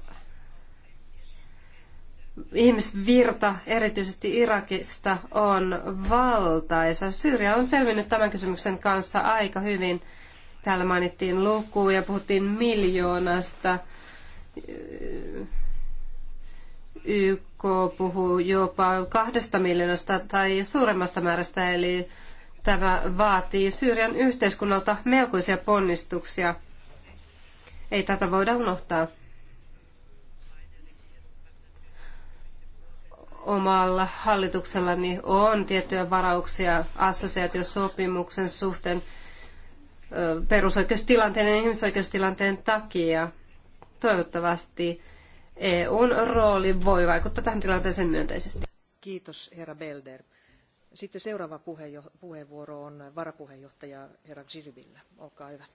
ihmisvirta erityisesti Irakista on valtaisa. Syyria on selvinnyt tämän kysymyksen kanssa aika hyvin – Täällä mainittiin luku ja puhuttiin miljoonasta. YK puhuu jopa kahdesta miljoonasta tai suuremmasta määrästä, eli tämä vaatii Syyrian yhteiskunnalta melkoisia ponnistuksia. Ei tätä voida unohtaa. Omalla hallituksellani on tiettyjä varauksia assosiaatiosopimuksen suhteen, perusoikeustilanteen ja ihmisoikeustilanteen takia. Toivottavasti EUn rooli voi vaikuttaa tähän tilanteeseen myönteisesti. Kiitos, herra Belder. Sitten seuraava puheenvuoro on varapuheenjohtaja herra Zirvillä. Olkaa hyvä.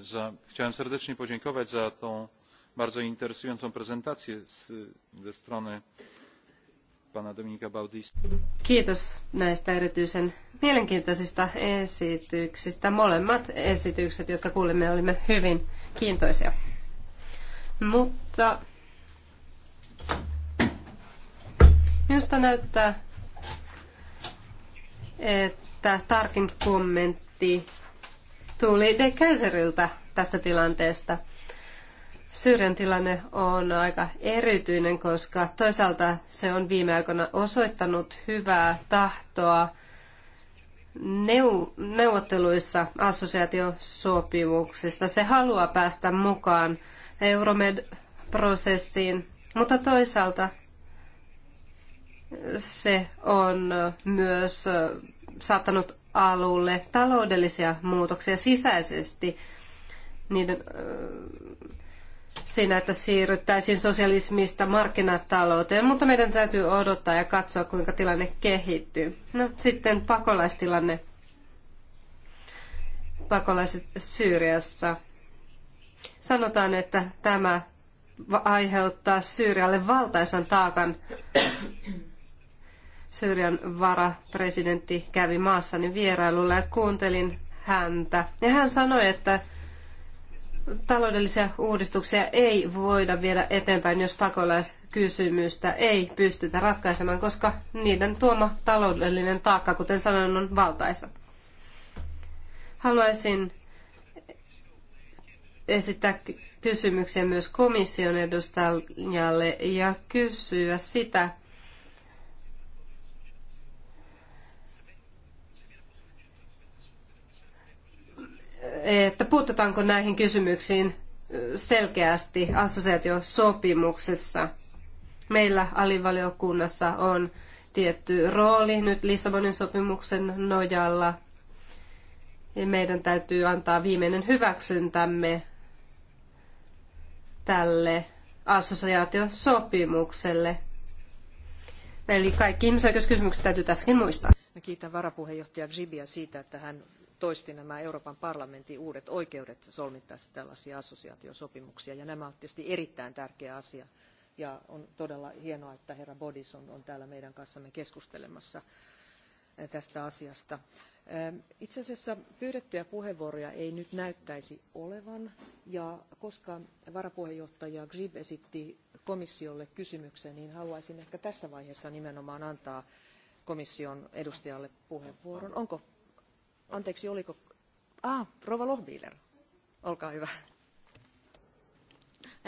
Za, chciałem serdecznie podziękować za tą bardzo interesującą prezentację z, ze strony pana Dominika Bautista. Kiitos näistä erityisen mielenkiintoisista esityksistä. Molemmat esitykset, jotka kuulimme, olimme hyvin kiintoisia. Mutta minusta näyttää, että tarkin kommentti tuli De Kaiserilta tästä tilanteesta – Syyrian tilanne on aika erityinen, koska toisaalta se on viime aikoina osoittanut hyvää tahtoa neu- neuvotteluissa assosiaatiosopimuksista. Se haluaa päästä mukaan Euromed-prosessiin, mutta toisaalta se on myös saattanut alulle taloudellisia muutoksia sisäisesti niiden siinä, että siirryttäisiin sosialismista markkinatalouteen, mutta meidän täytyy odottaa ja katsoa, kuinka tilanne kehittyy. No sitten pakolaistilanne. Pakolaiset Syyriassa. Sanotaan, että tämä aiheuttaa Syyrialle valtaisan taakan. Syyrian varapresidentti kävi maassani vierailulla ja kuuntelin häntä. Ja hän sanoi, että taloudellisia uudistuksia ei voida viedä eteenpäin, jos pakolaiskysymystä ei pystytä ratkaisemaan, koska niiden tuoma taloudellinen taakka, kuten sanoin, on valtaisa. Haluaisin esittää kysymyksiä myös komission edustajalle ja kysyä sitä, että puututaanko näihin kysymyksiin selkeästi assosiaatiosopimuksessa. Meillä alivaliokunnassa on tietty rooli nyt Lissabonin sopimuksen nojalla. Ja meidän täytyy antaa viimeinen hyväksyntämme tälle assosiaatiosopimukselle. Eli kaikki ihmisoikeuskysymykset täytyy tässäkin muistaa. Mä kiitän varapuheenjohtaja Gibia siitä, että hän toisti nämä Euroopan parlamentin uudet oikeudet solmittaessa tällaisia assosiaatiosopimuksia. Ja nämä ovat tietysti erittäin tärkeä asia. Ja on todella hienoa, että herra Bodis on, on täällä meidän kanssamme keskustelemassa eh, tästä asiasta. Eh, itse asiassa pyydettyjä puheenvuoroja ei nyt näyttäisi olevan, ja koska varapuheenjohtaja Grib esitti komissiolle kysymyksen, niin haluaisin ehkä tässä vaiheessa nimenomaan antaa komission edustajalle puheenvuoron. Onko Anteeksi, oliko... Ah, rouva lochbihler olkaa hyvä.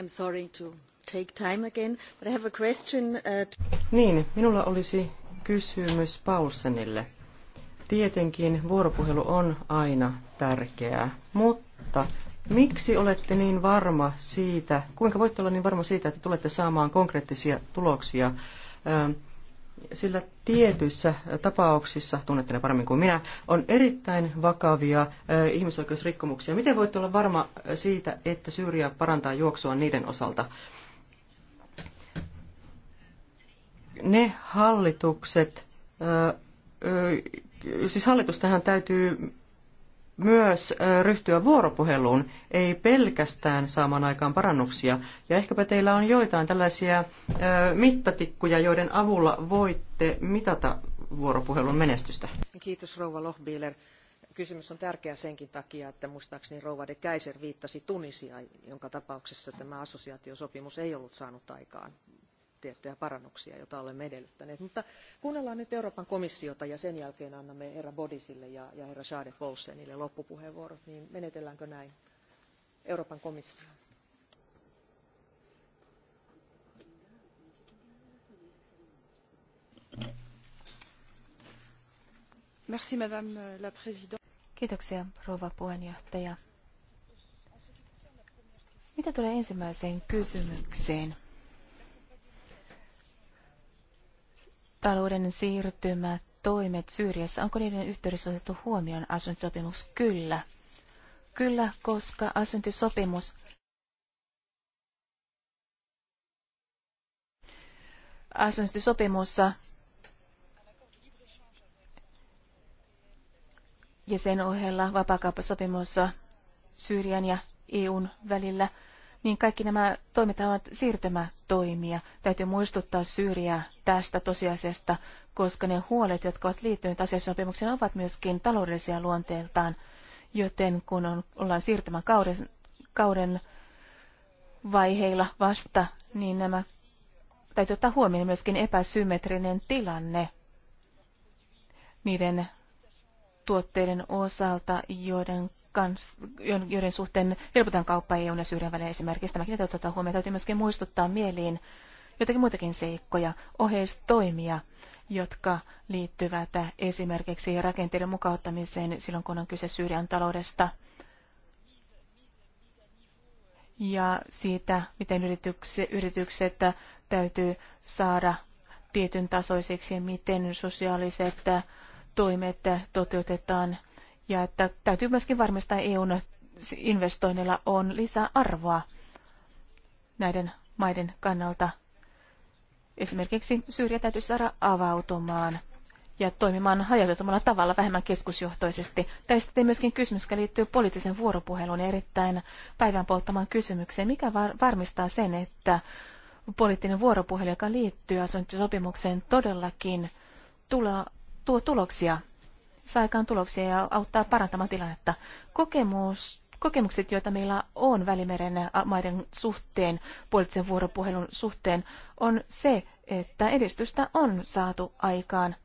I'm sorry to take time again, but I have a question. Uh, niin, minulla olisi kysymys Paulsenille. Tietenkin vuoropuhelu on aina tärkeää, mutta miksi olette niin varma siitä, kuinka voitte olla niin varma siitä, että tulette saamaan konkreettisia tuloksia? Uh, sillä tietyissä tapauksissa, tunnette ne paremmin kuin minä, on erittäin vakavia ihmisoikeusrikkomuksia. Miten voitte olla varma siitä, että Syyria parantaa juoksua niiden osalta? Ne hallitukset, siis hallitustahan täytyy myös ryhtyä vuoropuheluun, ei pelkästään saamaan aikaan parannuksia. Ja ehkäpä teillä on joitain tällaisia mittatikkuja, joiden avulla voitte mitata vuoropuhelun menestystä. Kiitos Rouva Lohbiler. Kysymys on tärkeä senkin takia, että muistaakseni Rouva de Kaiser viittasi Tunisiaan, jonka tapauksessa tämä assosiaatiosopimus ei ollut saanut aikaan tiettyjä parannuksia, joita olemme edellyttäneet. Mutta kuunnellaan nyt Euroopan komissiota ja sen jälkeen annamme herra Bodisille ja, ja herra Schade Poulsenille loppupuheenvuorot, niin menetelläänkö näin? Euroopan komissio. Merci, madame la Kiitoksia, rouva puheenjohtaja. Mitä tulee ensimmäiseen kysymykseen? talouden siirtymä, toimet Syyriassa, onko niiden yhteydessä otettu huomioon asuntosopimus? Kyllä. Kyllä, koska asuntosopimus asuntosopimus ja sen ohella vapaakauppasopimus Syyrian ja EUn välillä – niin kaikki nämä toimet ovat siirtymätoimia. Täytyy muistuttaa Syyriä tästä tosiasiasta, koska ne huolet, jotka ovat liittyneet asiasopimukseen, ovat myöskin taloudellisia luonteeltaan. Joten kun on, ollaan siirtymäkauden kauden vaiheilla vasta, niin nämä täytyy ottaa huomioon myöskin epäsymmetrinen tilanne niiden tuotteiden osalta, joiden kans, joiden suhteen helpotan kauppa ei ja Syyrian välillä esimerkiksi. Tämäkin täytyy ottaa huomioon. Täytyy myöskin muistuttaa mieliin jotakin muitakin seikkoja, oheistoimia, jotka liittyvät esimerkiksi rakenteiden mukauttamiseen silloin, kun on kyse Syyrian taloudesta ja siitä, miten yritykset, yritykset täytyy saada tietyn tasoiseksi ja miten sosiaaliset toimet toteutetaan ja että täytyy myöskin varmistaa että EUn investoinnilla on lisää arvoa näiden maiden kannalta. Esimerkiksi Syyriä täytyy saada avautumaan ja toimimaan hajautetumalla tavalla vähemmän keskusjohtoisesti. Tästä sitten myöskin kysymys, joka liittyy poliittisen vuoropuheluun erittäin päivän polttamaan kysymykseen. Mikä var- varmistaa sen, että poliittinen vuoropuhelu, joka liittyy asuntosopimukseen, todellakin tulo- tuo tuloksia saa aikaan tuloksia ja auttaa parantamaan tilannetta. Kokemus, kokemukset, joita meillä on Välimeren maiden suhteen, poliittisen vuoropuhelun suhteen, on se, että edistystä on saatu aikaan.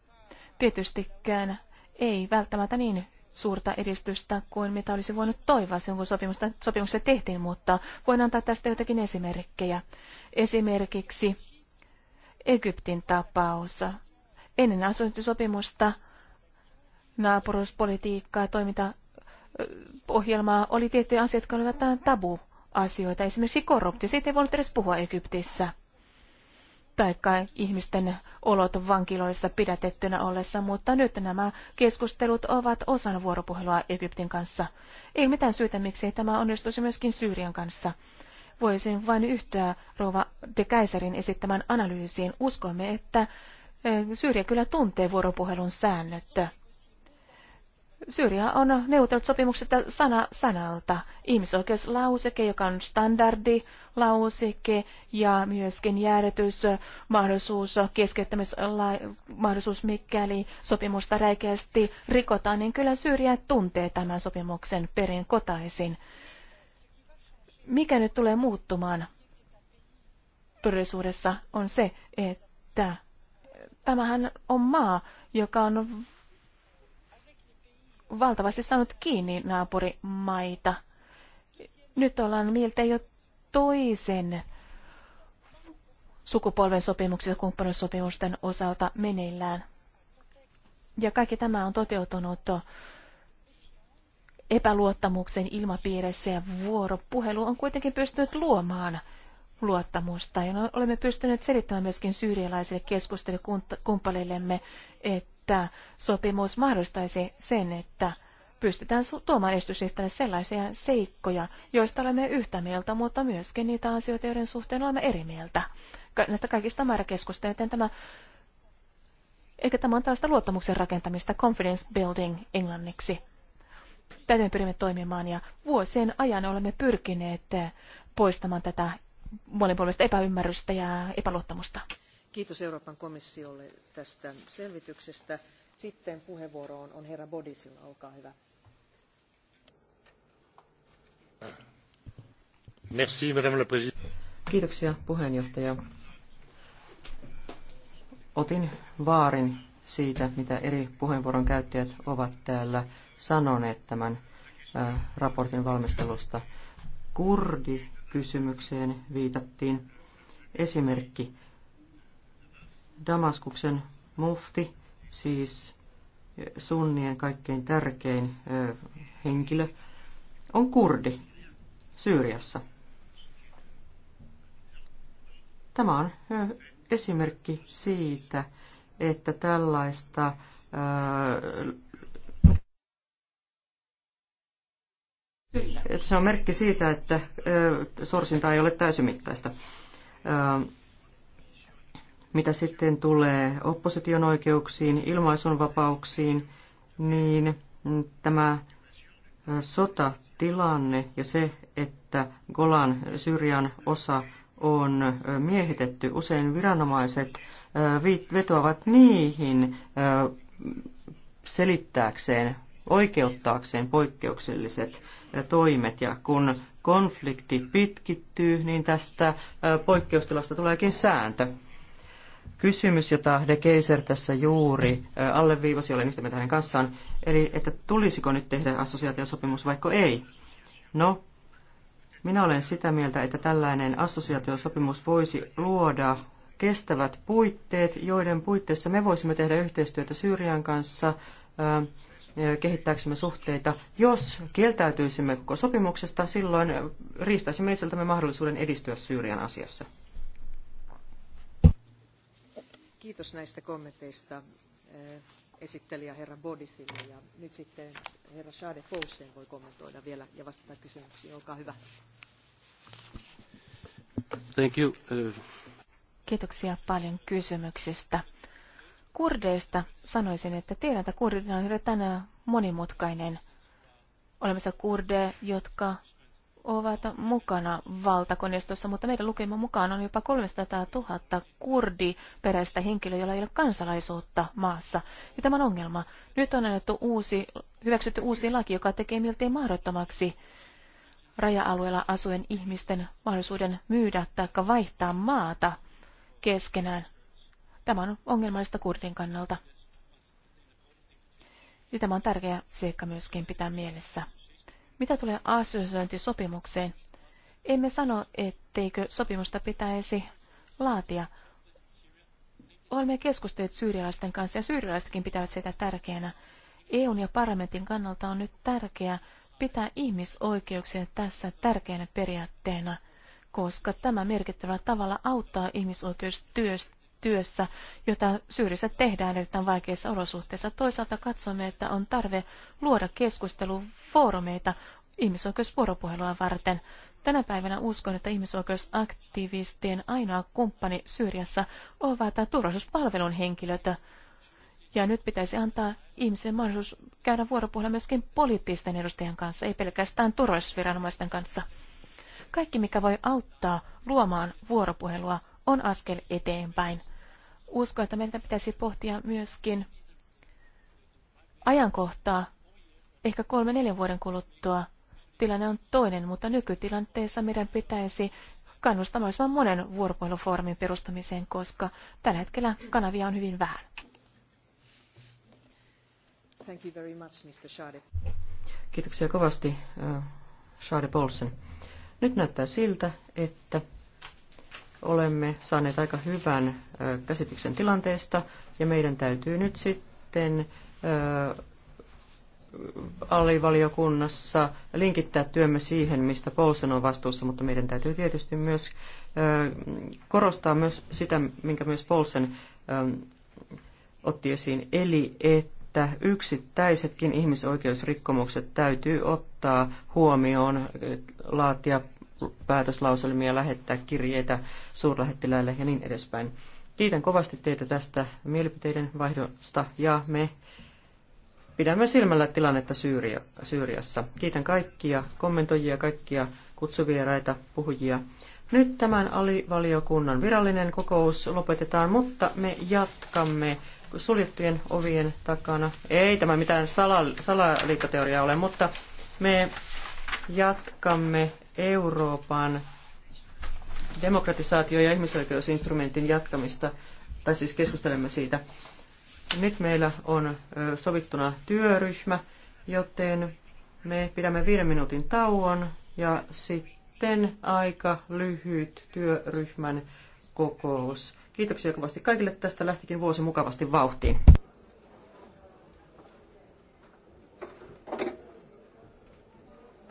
Tietystikään ei välttämättä niin suurta edistystä kuin mitä olisi voinut toivoa sen, kun sopimusta, tehtiin, mutta voin antaa tästä jotakin esimerkkejä. Esimerkiksi Egyptin tapaus. Ennen asuntosopimusta naapuruuspolitiikkaa, toimintaohjelmaa, oli tiettyjä asioita, jotka olivat tabu asioita. Esimerkiksi korruptio, siitä ei voinut edes puhua Egyptissä. Taikka ihmisten olot vankiloissa pidätettynä ollessa, mutta nyt nämä keskustelut ovat osan vuoropuhelua Egyptin kanssa. Ei mitään syytä, miksei tämä onnistuisi myöskin Syyrian kanssa. Voisin vain yhtyä Rova de Kaiserin esittämän analyysiin. Uskomme, että Syyria kyllä tuntee vuoropuhelun säännöt. Syyria on neuvotellut sopimuksesta sana sanalta. Ihmisoikeuslauseke, joka on standardi lauseke ja myöskin jäädytysmahdollisuus, keskeyttämismahdollisuus, mikäli sopimusta räikeästi rikotaan, niin kyllä Syyria tuntee tämän sopimuksen perin kotaisin. Mikä nyt tulee muuttumaan todellisuudessa on se, että tämähän on maa, joka on valtavasti saanut kiinni naapurimaita. Nyt ollaan miltei jo toisen sukupolven ja kumppanuussopimusten osalta meneillään. Ja kaikki tämä on toteutunut epäluottamuksen ilmapiirissä ja vuoropuhelu on kuitenkin pystynyt luomaan luottamusta. Ja no, olemme pystyneet selittämään myöskin syyrialaisille keskustelukumppaneillemme, että että sopimus mahdollistaisi sen, että pystytään tuomaan esityslistalle sellaisia seikkoja, joista olemme yhtä mieltä, mutta myöskin niitä asioita, joiden suhteen olemme eri mieltä. Ka- näistä kaikista määräkeskusta, joten tämä, ehkä tämä on tällaista luottamuksen rakentamista, confidence building englanniksi. Täytyy pyrimme toimimaan ja vuosien ajan olemme pyrkineet eh, poistamaan tätä monipuolista epäymmärrystä ja epäluottamusta. Kiitos Euroopan komissiolle tästä selvityksestä. Sitten puheenvuoro on, on herra Bodisilla. Olkaa hyvä. Merci, madame la Kiitoksia puheenjohtaja. Otin vaarin siitä, mitä eri puheenvuoron käyttäjät ovat täällä sanoneet tämän raportin valmistelusta. Kurdikysymykseen viitattiin esimerkki Damaskuksen mufti, siis sunnien kaikkein tärkein henkilö, on kurdi Syyriassa. Tämä on esimerkki siitä, että tällaista se on merkki siitä, että sorsinta ei ole täysimittaista. Mitä sitten tulee opposition oikeuksiin, ilmaisunvapauksiin, niin tämä sotatilanne ja se, että Golan Syyrian osa on miehitetty, usein viranomaiset vetoavat niihin selittääkseen, oikeuttaakseen poikkeukselliset toimet. Ja kun konflikti pitkittyy, niin tästä poikkeustilasta tuleekin sääntö kysymys, jota De Keiser tässä juuri alleviivasi, olen yhtä mieltä hänen kanssaan, eli että tulisiko nyt tehdä assosiaatiosopimus vaikka ei. No, minä olen sitä mieltä, että tällainen assosiaatiosopimus voisi luoda kestävät puitteet, joiden puitteissa me voisimme tehdä yhteistyötä Syyrian kanssa, kehittääksemme suhteita. Jos kieltäytyisimme koko sopimuksesta, silloin riistäisimme itseltämme mahdollisuuden edistyä Syyrian asiassa. Kiitos näistä kommenteista eh, esittelijä herra Bodisille. Ja nyt sitten herra Shade Foussen voi kommentoida vielä ja vastata kysymyksiin. Olkaa hyvä. Thank you. Eh. Kiitoksia paljon kysymyksistä. Kurdeista sanoisin, että tiedän, että kurdina on tänään monimutkainen. Olemassa kurdeja, jotka ovat mukana valtakoneistossa, mutta meidän lukema mukaan on jopa 300 000 kurdiperäistä henkilöä, joilla ei ole kansalaisuutta maassa. Ja tämä on ongelma. Nyt on annettu uusi, hyväksytty uusi laki, joka tekee miltei mahdottomaksi raja-alueella asuen ihmisten mahdollisuuden myydä tai vaihtaa maata keskenään. Tämä on ongelmallista kurdin kannalta. Ja tämä on tärkeä seikka myöskin pitää mielessä. Mitä tulee assosiointisopimukseen? Emme sano, etteikö sopimusta pitäisi laatia. Olemme keskustelleet syyrialaisten kanssa ja syyrialaisetkin pitävät sitä tärkeänä. EUn ja parlamentin kannalta on nyt tärkeää pitää ihmisoikeuksia tässä tärkeänä periaatteena, koska tämä merkittävällä tavalla auttaa ihmisoikeustyöstä työssä, jota Syyrissä tehdään erittäin vaikeissa olosuhteissa. Toisaalta katsomme, että on tarve luoda keskustelufoorumeita ihmisoikeusvuoropuhelua varten. Tänä päivänä uskon, että ihmisoikeusaktivistien ainoa kumppani Syyriassa ovat turvallisuuspalvelun henkilöt. Ja nyt pitäisi antaa ihmisen mahdollisuus käydä vuoropuhelua myöskin poliittisten edustajien kanssa, ei pelkästään turvallisuusviranomaisten kanssa. Kaikki, mikä voi auttaa luomaan vuoropuhelua, on askel eteenpäin uskon, että meidän pitäisi pohtia myöskin ajankohtaa, ehkä kolme neljän vuoden kuluttua. Tilanne on toinen, mutta nykytilanteessa meidän pitäisi kannustaa mahdollisimman monen vuoropuhelufoorumin perustamiseen, koska tällä hetkellä kanavia on hyvin vähän. Thank you very much, Mr. Schade. Kiitoksia kovasti, uh, äh, Schade Bolsen. Nyt näyttää siltä, että olemme saaneet aika hyvän käsityksen tilanteesta ja meidän täytyy nyt sitten alivaliokunnassa linkittää työmme siihen, mistä Paulsen on vastuussa, mutta meidän täytyy tietysti myös korostaa myös sitä, minkä myös Paulsen otti esiin, eli että yksittäisetkin ihmisoikeusrikkomukset täytyy ottaa huomioon, laatia päätöslauselmia, lähettää kirjeitä suurlähettiläille ja niin edespäin. Kiitän kovasti teitä tästä mielipiteiden vaihdosta ja me pidämme silmällä tilannetta Syyria, Syyriassa. Kiitän kaikkia kommentoijia, kaikkia kutsuvieraita, puhujia. Nyt tämän alivaliokunnan virallinen kokous lopetetaan, mutta me jatkamme suljettujen ovien takana. Ei tämä mitään salaliittoteoriaa ole, mutta me jatkamme Euroopan demokratisaatio- ja ihmisoikeusinstrumentin jatkamista, tai siis keskustelemme siitä. Nyt meillä on sovittuna työryhmä, joten me pidämme viiden minuutin tauon ja sitten aika lyhyt työryhmän kokous. Kiitoksia kovasti kaikille tästä. Lähtikin vuosi mukavasti vauhtiin.